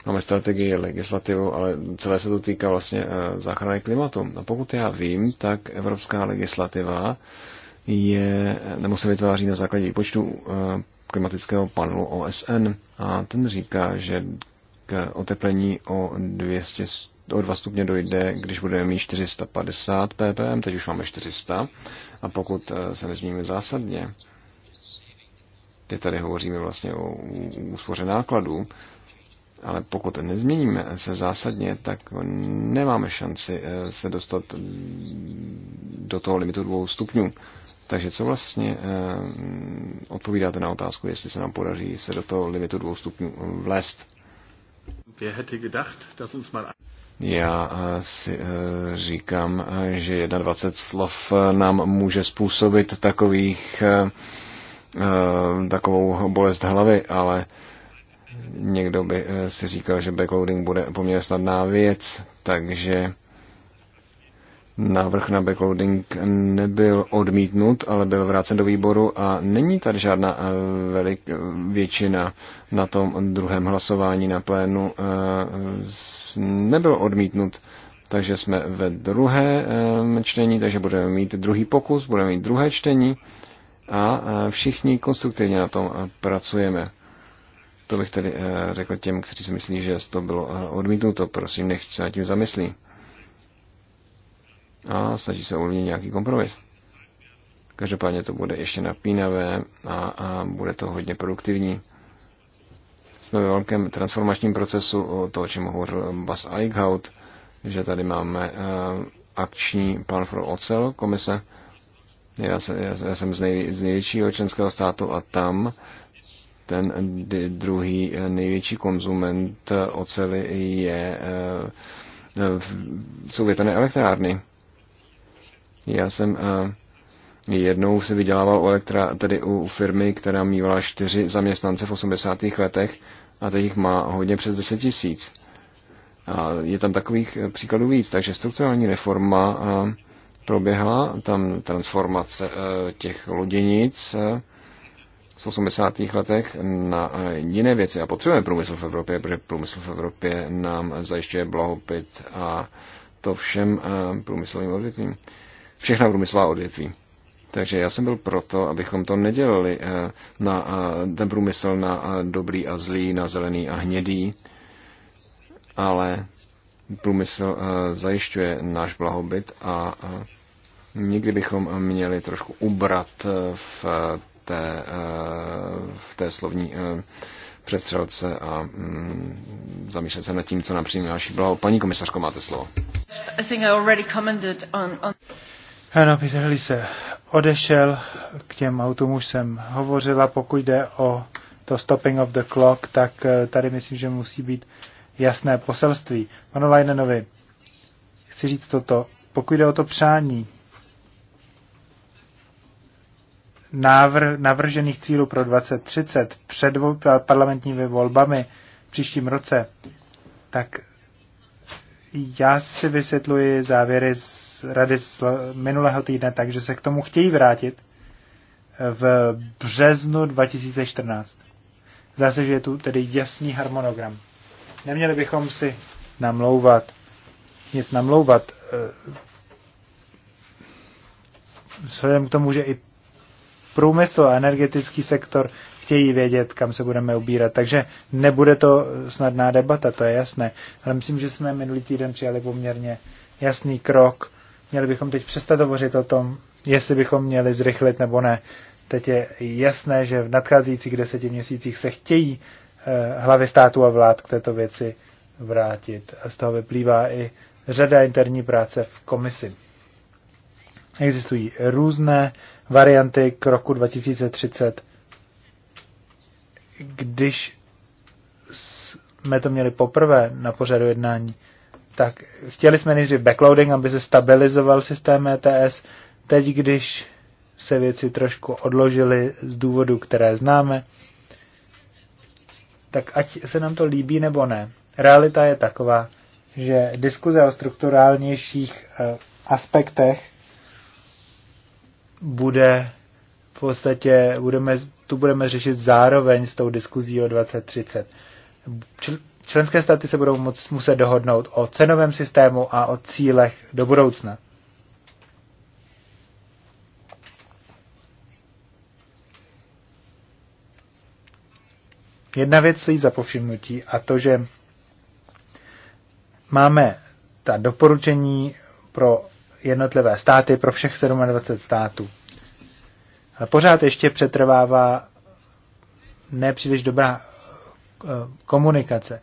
máme strategii, legislativu, ale celé se to týká vlastně eh, záchrany klimatu. A pokud já vím, tak evropská legislativa je, nebo se vytváří na základě výpočtu eh, klimatického panelu OSN a ten říká, že k oteplení o 200 o 2 stupně dojde, když budeme mít 450 ppm, teď už máme 400, a pokud eh, se nezmíníme zásadně, teď tady hovoříme vlastně o úspoře nákladů, ale pokud nezměníme se zásadně, tak nemáme šanci eh, se dostat do toho limitu dvou stupňů. Takže co vlastně eh, odpovídáte na otázku, jestli se nám podaří se do toho limitu dvou stupňů eh, vlést? Já eh, si říkám, že 21 slov nám může způsobit takových, takovou bolest hlavy, ale někdo by si říkal, že backloading bude poměrně snadná věc, takže Návrh na backloading nebyl odmítnut, ale byl vrácen do výboru a není tady žádná eh, velik, eh, většina na tom druhém hlasování na plénu. Eh, nebyl odmítnut, takže jsme ve druhé čtení, takže budeme mít druhý pokus, budeme mít druhé čtení a všichni konstruktivně na tom pracujeme. To bych tedy řekl těm, kteří si myslí, že to bylo odmítnuto. Prosím, nechť se nad tím zamyslí a snaží se uvolnit nějaký kompromis. Každopádně to bude ještě napínavé a, a bude to hodně produktivní. Jsme ve velkém transformačním procesu o to, o čem hovořil Bas Eichhout, že tady máme uh, akční plán pro ocel komise. Já, se, já, já jsem z, nej, z největšího členského státu a tam ten druhý eh, největší konzument oceli je, eh, jsou větrné elektrárny. Já jsem eh, jednou se vydělával u, elektra, tedy u firmy, která mývala čtyři zaměstnance v 80. letech a teď jich má hodně přes 10 tisíc. A je tam takových eh, příkladů víc, takže strukturální reforma eh, proběhla, tam transformace těch loděnic z 80. letech na jiné věci. A potřebujeme průmysl v Evropě, protože průmysl v Evropě nám zajišťuje blahopit a to všem průmyslovým odvětvím všechna průmyslová odvětví. Takže já jsem byl proto, abychom to nedělali eh, na eh, ten průmysl na eh, dobrý a zlý, na zelený a hnědý, ale průmysl zajišťuje náš blahobyt a nikdy bychom měli trošku ubrat v té, v té slovní přestřelce a mm, zamýšlet se nad tím, co nám přináší blaho. Paní komisařko, máte slovo. Ano, Peter Lise odešel, k těm autům už jsem hovořila, pokud jde o to stopping of the clock, tak eh, tady myslím, že musí být jasné poselství. Panu Leinenovi, chci říct toto, pokud jde o to přání návr, navržených cílů pro 2030 před parlamentními volbami v příštím roce, tak já si vysvětluji závěry z rady z minulého týdne, takže se k tomu chtějí vrátit v březnu 2014. Zase, že je tu tedy jasný harmonogram. Neměli bychom si namlouvat, nic namlouvat. Eh, vzhledem k tomu, že i průmysl a energetický sektor chtějí vědět, kam se budeme ubírat. Takže nebude to snadná debata, to je jasné. Ale myslím, že jsme minulý týden přijali poměrně jasný krok. Měli bychom teď přestat hovořit o tom, jestli bychom měli zrychlit nebo ne. Teď je jasné, že v nadcházících deseti měsících se chtějí eh, hlavy státu a vlád k této věci vrátit. A z toho vyplývá i řada interní práce v komisi. Existují různé varianty k roku 2030 když jsme to měli poprvé na pořadu jednání, tak chtěli jsme nejdřív backloading, aby se stabilizoval systém ETS. Teď, když se věci trošku odložily z důvodu, které známe, tak ať se nám to líbí nebo ne, realita je taková, že diskuze o strukturálnějších eh, aspektech bude podstatě budeme, tu budeme řešit zároveň s tou diskuzí o 2030. Členské státy se budou moc, muset dohodnout o cenovém systému a o cílech do budoucna. Jedna věc stojí za povšimnutí a to, že máme ta doporučení pro jednotlivé státy, pro všech 27 států pořád ještě přetrvává nepříliš dobrá eh, komunikace.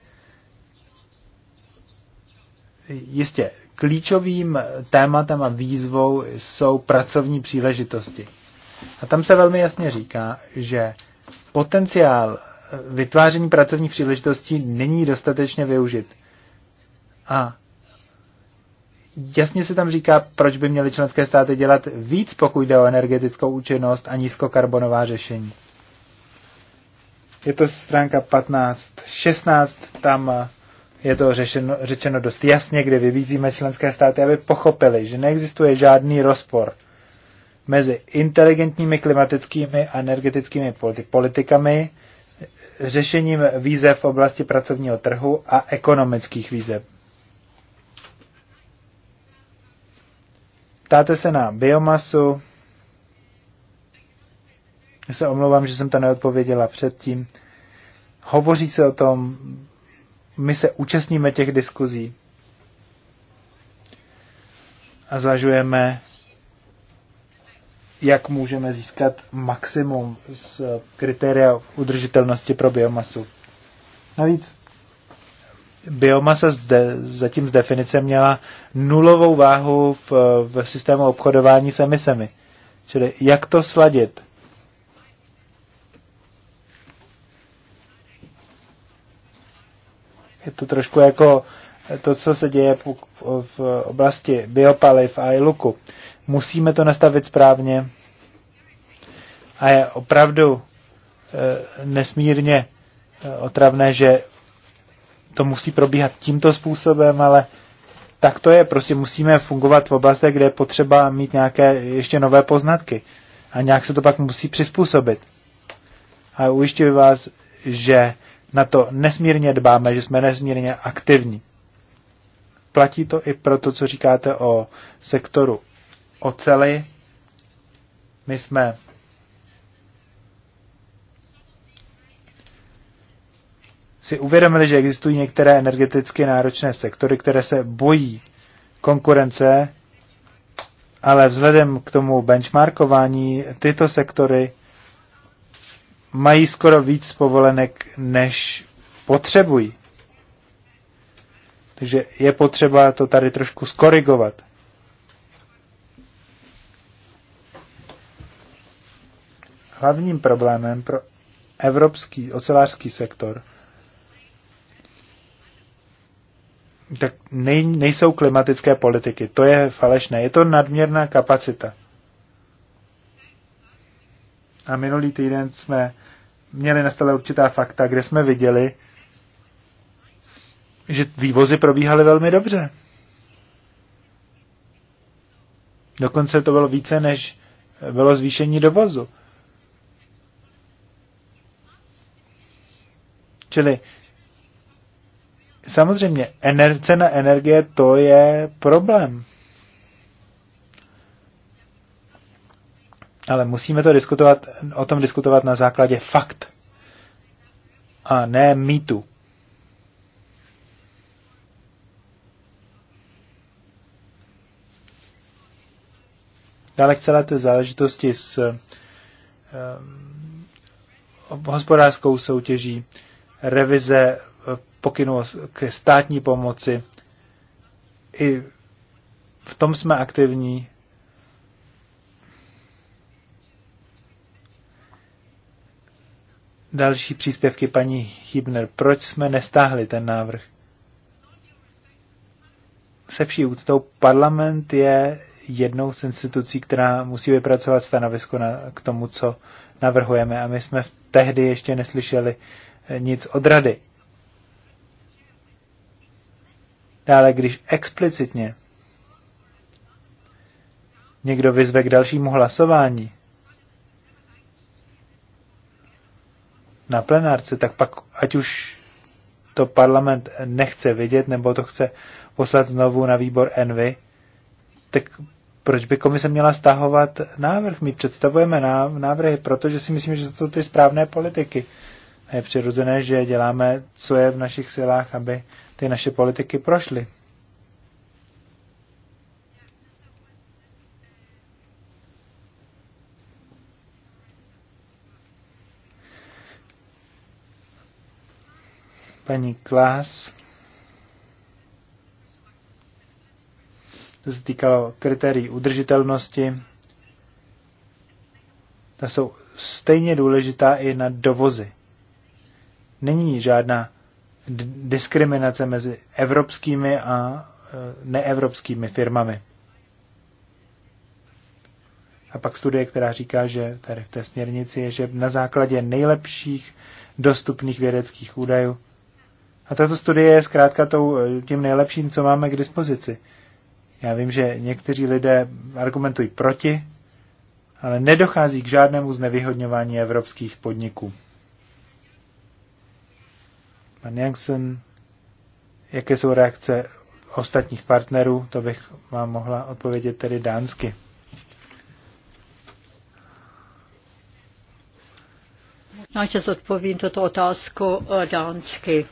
Jistě, klíčovým tématem a výzvou jsou pracovní příležitosti. A tam se velmi jasně říká, že potenciál eh, vytváření pracovních příležitostí není dostatečně využit. A jasně se tam říká, proč by měly členské státy dělat víc, pokud jde o energetickou účinnost a nízkokarbonová řešení. Je to stránka 15, 16, tam je to řešeno, řečeno dost jasně, kde vybízíme členské státy, aby pochopili, že neexistuje žádný rozpor mezi inteligentními klimatickými a energetickými politikami, řešením výzev v oblasti pracovního trhu a ekonomických výzev. Ptáte se na biomasu. Já se omlouvám, že jsem to neodpověděla předtím. Hovoří se o tom, my se účastníme těch diskuzí a zvažujeme, jak můžeme získat maximum z kritéria udržitelnosti pro biomasu. Navíc biomasa zde, zatím z definice měla nulovou váhu v, v systému obchodování s emisemi. Čili jak to sladit? Je to trošku jako to, co se děje v oblasti biopaliv a iluku. Musíme to nastavit správně a je opravdu eh, nesmírně eh, otravné, že to musí probíhat tímto způsobem, ale tak to je. Prostě musíme fungovat v oblastech, kde je potřeba mít nějaké ještě nové poznatky. A nějak se to pak musí přizpůsobit. A ujišťuji vás, že na to nesmírně dbáme, že jsme nesmírně aktivní. Platí to i pro to, co říkáte o sektoru oceli. My jsme si uvědomili, že existují některé energeticky náročné sektory, které se bojí konkurence, ale vzhledem k tomu benchmarkování tyto sektory mají skoro víc povolenek, než potřebují. Takže je potřeba to tady trošku skorigovat. Hlavním problémem pro evropský ocelářský sektor tak nej, nejsou klimatické politiky. To je falešné. Je to nadměrná kapacita. A minulý týden jsme měli na stole určitá fakta, kde jsme viděli, že vývozy probíhaly velmi dobře. Dokonce to bylo více, než bylo zvýšení dovozu. Čili Samozřejmě, ener, cena energie to je problém. Ale musíme to diskutovat, o tom diskutovat na základě fakt a ne mýtu. Dále k celé té záležitosti s um, hospodářskou soutěží, revize pokynu k státní pomoci. I v tom jsme aktivní. Další příspěvky paní Hibner. Proč jsme nestáhli ten návrh? Se vší úctou, parlament je jednou z institucí, která musí vypracovat stanovisko na, k tomu, co navrhujeme. A my jsme tehdy ještě neslyšeli eh, nic od rady. Dále, když explicitně někdo vyzve k dalšímu hlasování na plenárce, tak pak ať už to parlament nechce vidět, nebo to chce poslat znovu na výbor Envy, tak proč by komise měla stahovat návrh? My představujeme návrhy, protože si myslím, že to jsou ty správné politiky. A je přirozené, že děláme, co je v našich silách, aby ty naše politiky prošly. Paní Klás, to se týkalo kritérií udržitelnosti, ta jsou stejně důležitá i na dovozy. Není žádná diskriminace mezi evropskými a e, neevropskými firmami. A pak studie, která říká, že tady v té směrnici je, že na základě nejlepších dostupných vědeckých údajů. A tato studie je zkrátka tou, e, tím nejlepším, co máme k dispozici. Já vím, že někteří lidé argumentují proti, ale nedochází k žádnému znevýhodňování evropských podniků pan Jansen, jaké jsou reakce ostatních partnerů, to bych vám mohla odpovědět tedy dánsky. Možná, že odpovím toto otázku eh, dánsky.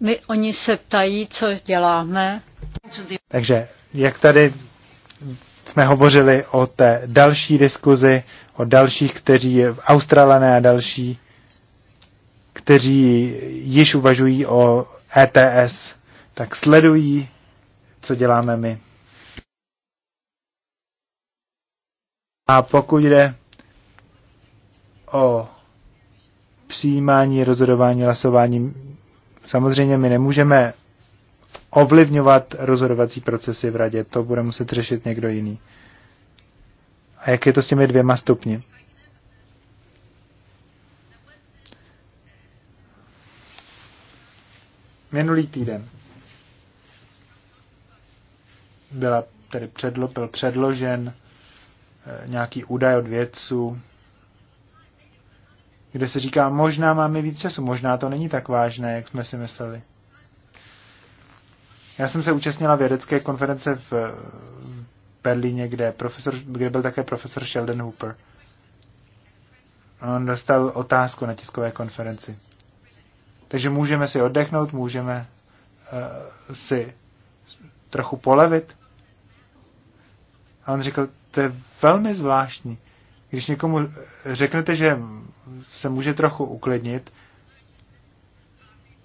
My oni se ptají, co děláme. Takže jak tady jsme hovořili o té další diskuzi, o dalších, kteří Australané a další, kteří již uvažují o ETS, tak sledují, co děláme my. A pokud jde o přijímání, rozhodování, hlasování, samozřejmě my nemůžeme ovlivňovat rozhodovací procesy v radě, to bude muset řešit někdo jiný. A jak je to s těmi dvěma stupni? Minulý týden byla, tedy předlo, byl předložen eh, nějaký údaj od vědců, kde se říká, možná máme víc času, možná to není tak vážné, jak jsme si mysleli. Já jsem se účastnila vědecké konference v Berlíně, kde, profesor, kde byl také profesor Sheldon Hooper. On dostal otázku na tiskové konferenci. Takže můžeme si oddechnout, můžeme uh, si trochu polevit. A on řekl, to je velmi zvláštní. Když někomu řeknete, že se může trochu uklidnit,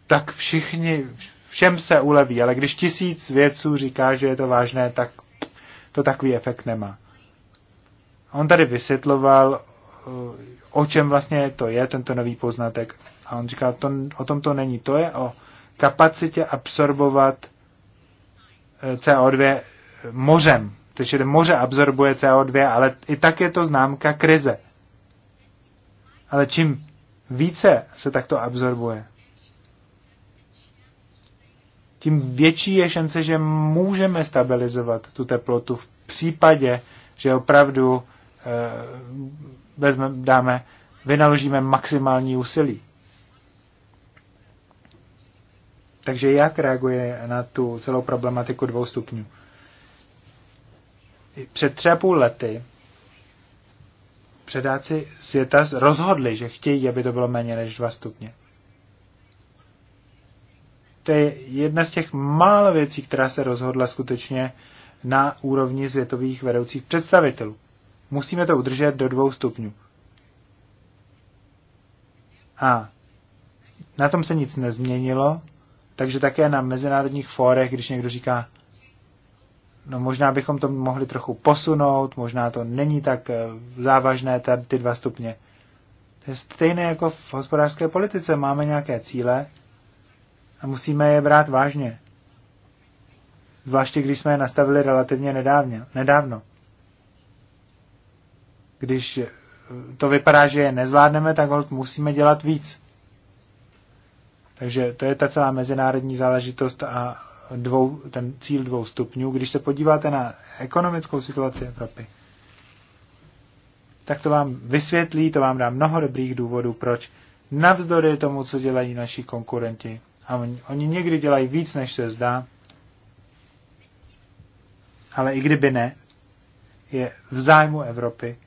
tak všichni, všem se uleví, ale když tisíc vědců říká, že je to vážné, tak to takový efekt nemá. On tady vysvětloval, eh, o čem vlastně to je, tento nový poznatek. A on říkal, to, o tom to není. To je o kapacitě absorbovat eh, CO2 mořem. Takže moře absorbuje CO2, ale i tak je to známka krize. Ale čím více se takto absorbuje, tím větší je šance, že můžeme stabilizovat tu teplotu v případě, že opravdu e, vezme, dáme, vynaložíme maximální úsilí. Takže jak reaguje na tu celou problematiku dvou stupňů? Před třeba půl lety předáci světa rozhodli, že chtějí, aby to bylo méně než dva stupně. To je jedna z těch málo věcí, která se rozhodla skutečně na úrovni světových vedoucích představitelů. Musíme to udržet do dvou stupňů. A na tom se nic nezměnilo, takže také na mezinárodních fórech, když někdo říká, no možná bychom to mohli trochu posunout, možná to není tak eh, závažné, ty dva stupně. To je stejné jako v hospodářské politice. Máme nějaké cíle a musíme je brát vážně. Zvláště když jsme je nastavili relativně nedávně, nedávno. Když eh, to vypadá, že je nezvládneme, tak musíme dělat víc. Takže to je ta celá mezinárodní záležitost a dvou, ten cíl dvou stupňů. Když se podíváte na ekonomickou situaci Evropy, tak to vám vysvětlí, to vám dá mnoho dobrých důvodů, proč navzdory tomu, co dělají naši konkurenti, a oni, oni někdy dělají víc, než se zdá, ale i kdyby ne, je v zájmu Evropy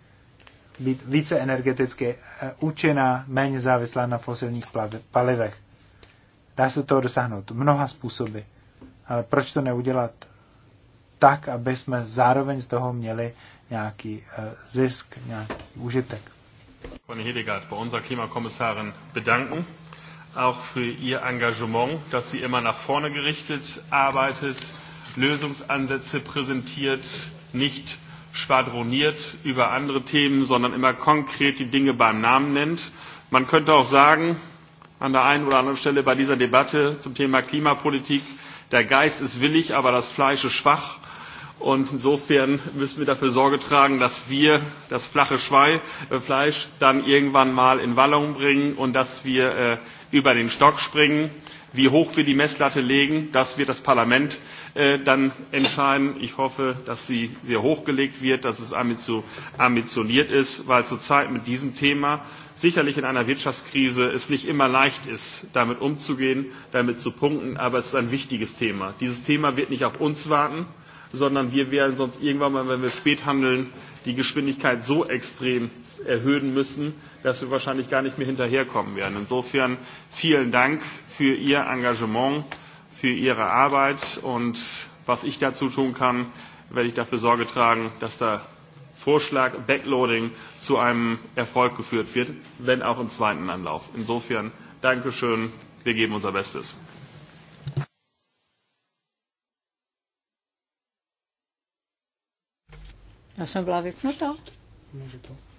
být více energeticky eh, účinná, méně závislá na fosilních palivech. Dá se toho dosáhnout mnoha způsoby, ale proč to neudělat tak, aby jsme zároveň z toho měli nějaký eh, zisk, nějaký užitek. Conny Hedegaard po unser Klimakomisárin bedanken, auch für Ihr Engagement, dass sie immer nach vorne gerichtet arbeitet, Lösungsansätze präsentiert, nicht schwadroniert über andere Themen, sondern immer konkret die Dinge beim Namen nennt. Man könnte auch sagen, an der einen oder anderen Stelle bei dieser Debatte zum Thema Klimapolitik. Der Geist ist willig, aber das Fleisch ist schwach. Und insofern müssen wir dafür Sorge tragen, dass wir das flache Schwein, äh, Fleisch dann irgendwann mal in Wallung bringen und dass wir äh, über den Stock springen. Wie hoch wir die Messlatte legen, das wird das Parlament äh, dann entscheiden. Ich hoffe, dass sie sehr hoch gelegt wird, dass es ambitioniert ist, weil zurzeit mit diesem Thema sicherlich in einer Wirtschaftskrise es nicht immer leicht ist, damit umzugehen, damit zu punkten, aber es ist ein wichtiges Thema. Dieses Thema wird nicht auf uns warten, sondern wir werden sonst irgendwann mal, wenn wir spät handeln, die Geschwindigkeit so extrem erhöhen müssen, dass wir wahrscheinlich gar nicht mehr hinterherkommen werden. Insofern vielen Dank für Ihr Engagement, für Ihre Arbeit und was ich dazu tun kann, werde ich dafür Sorge tragen, dass da Vorschlag Backloading zu einem Erfolg geführt wird, wenn auch im zweiten Anlauf. Insofern Dankeschön, wir geben unser Bestes. Já jsem byla vypnutá. Může to.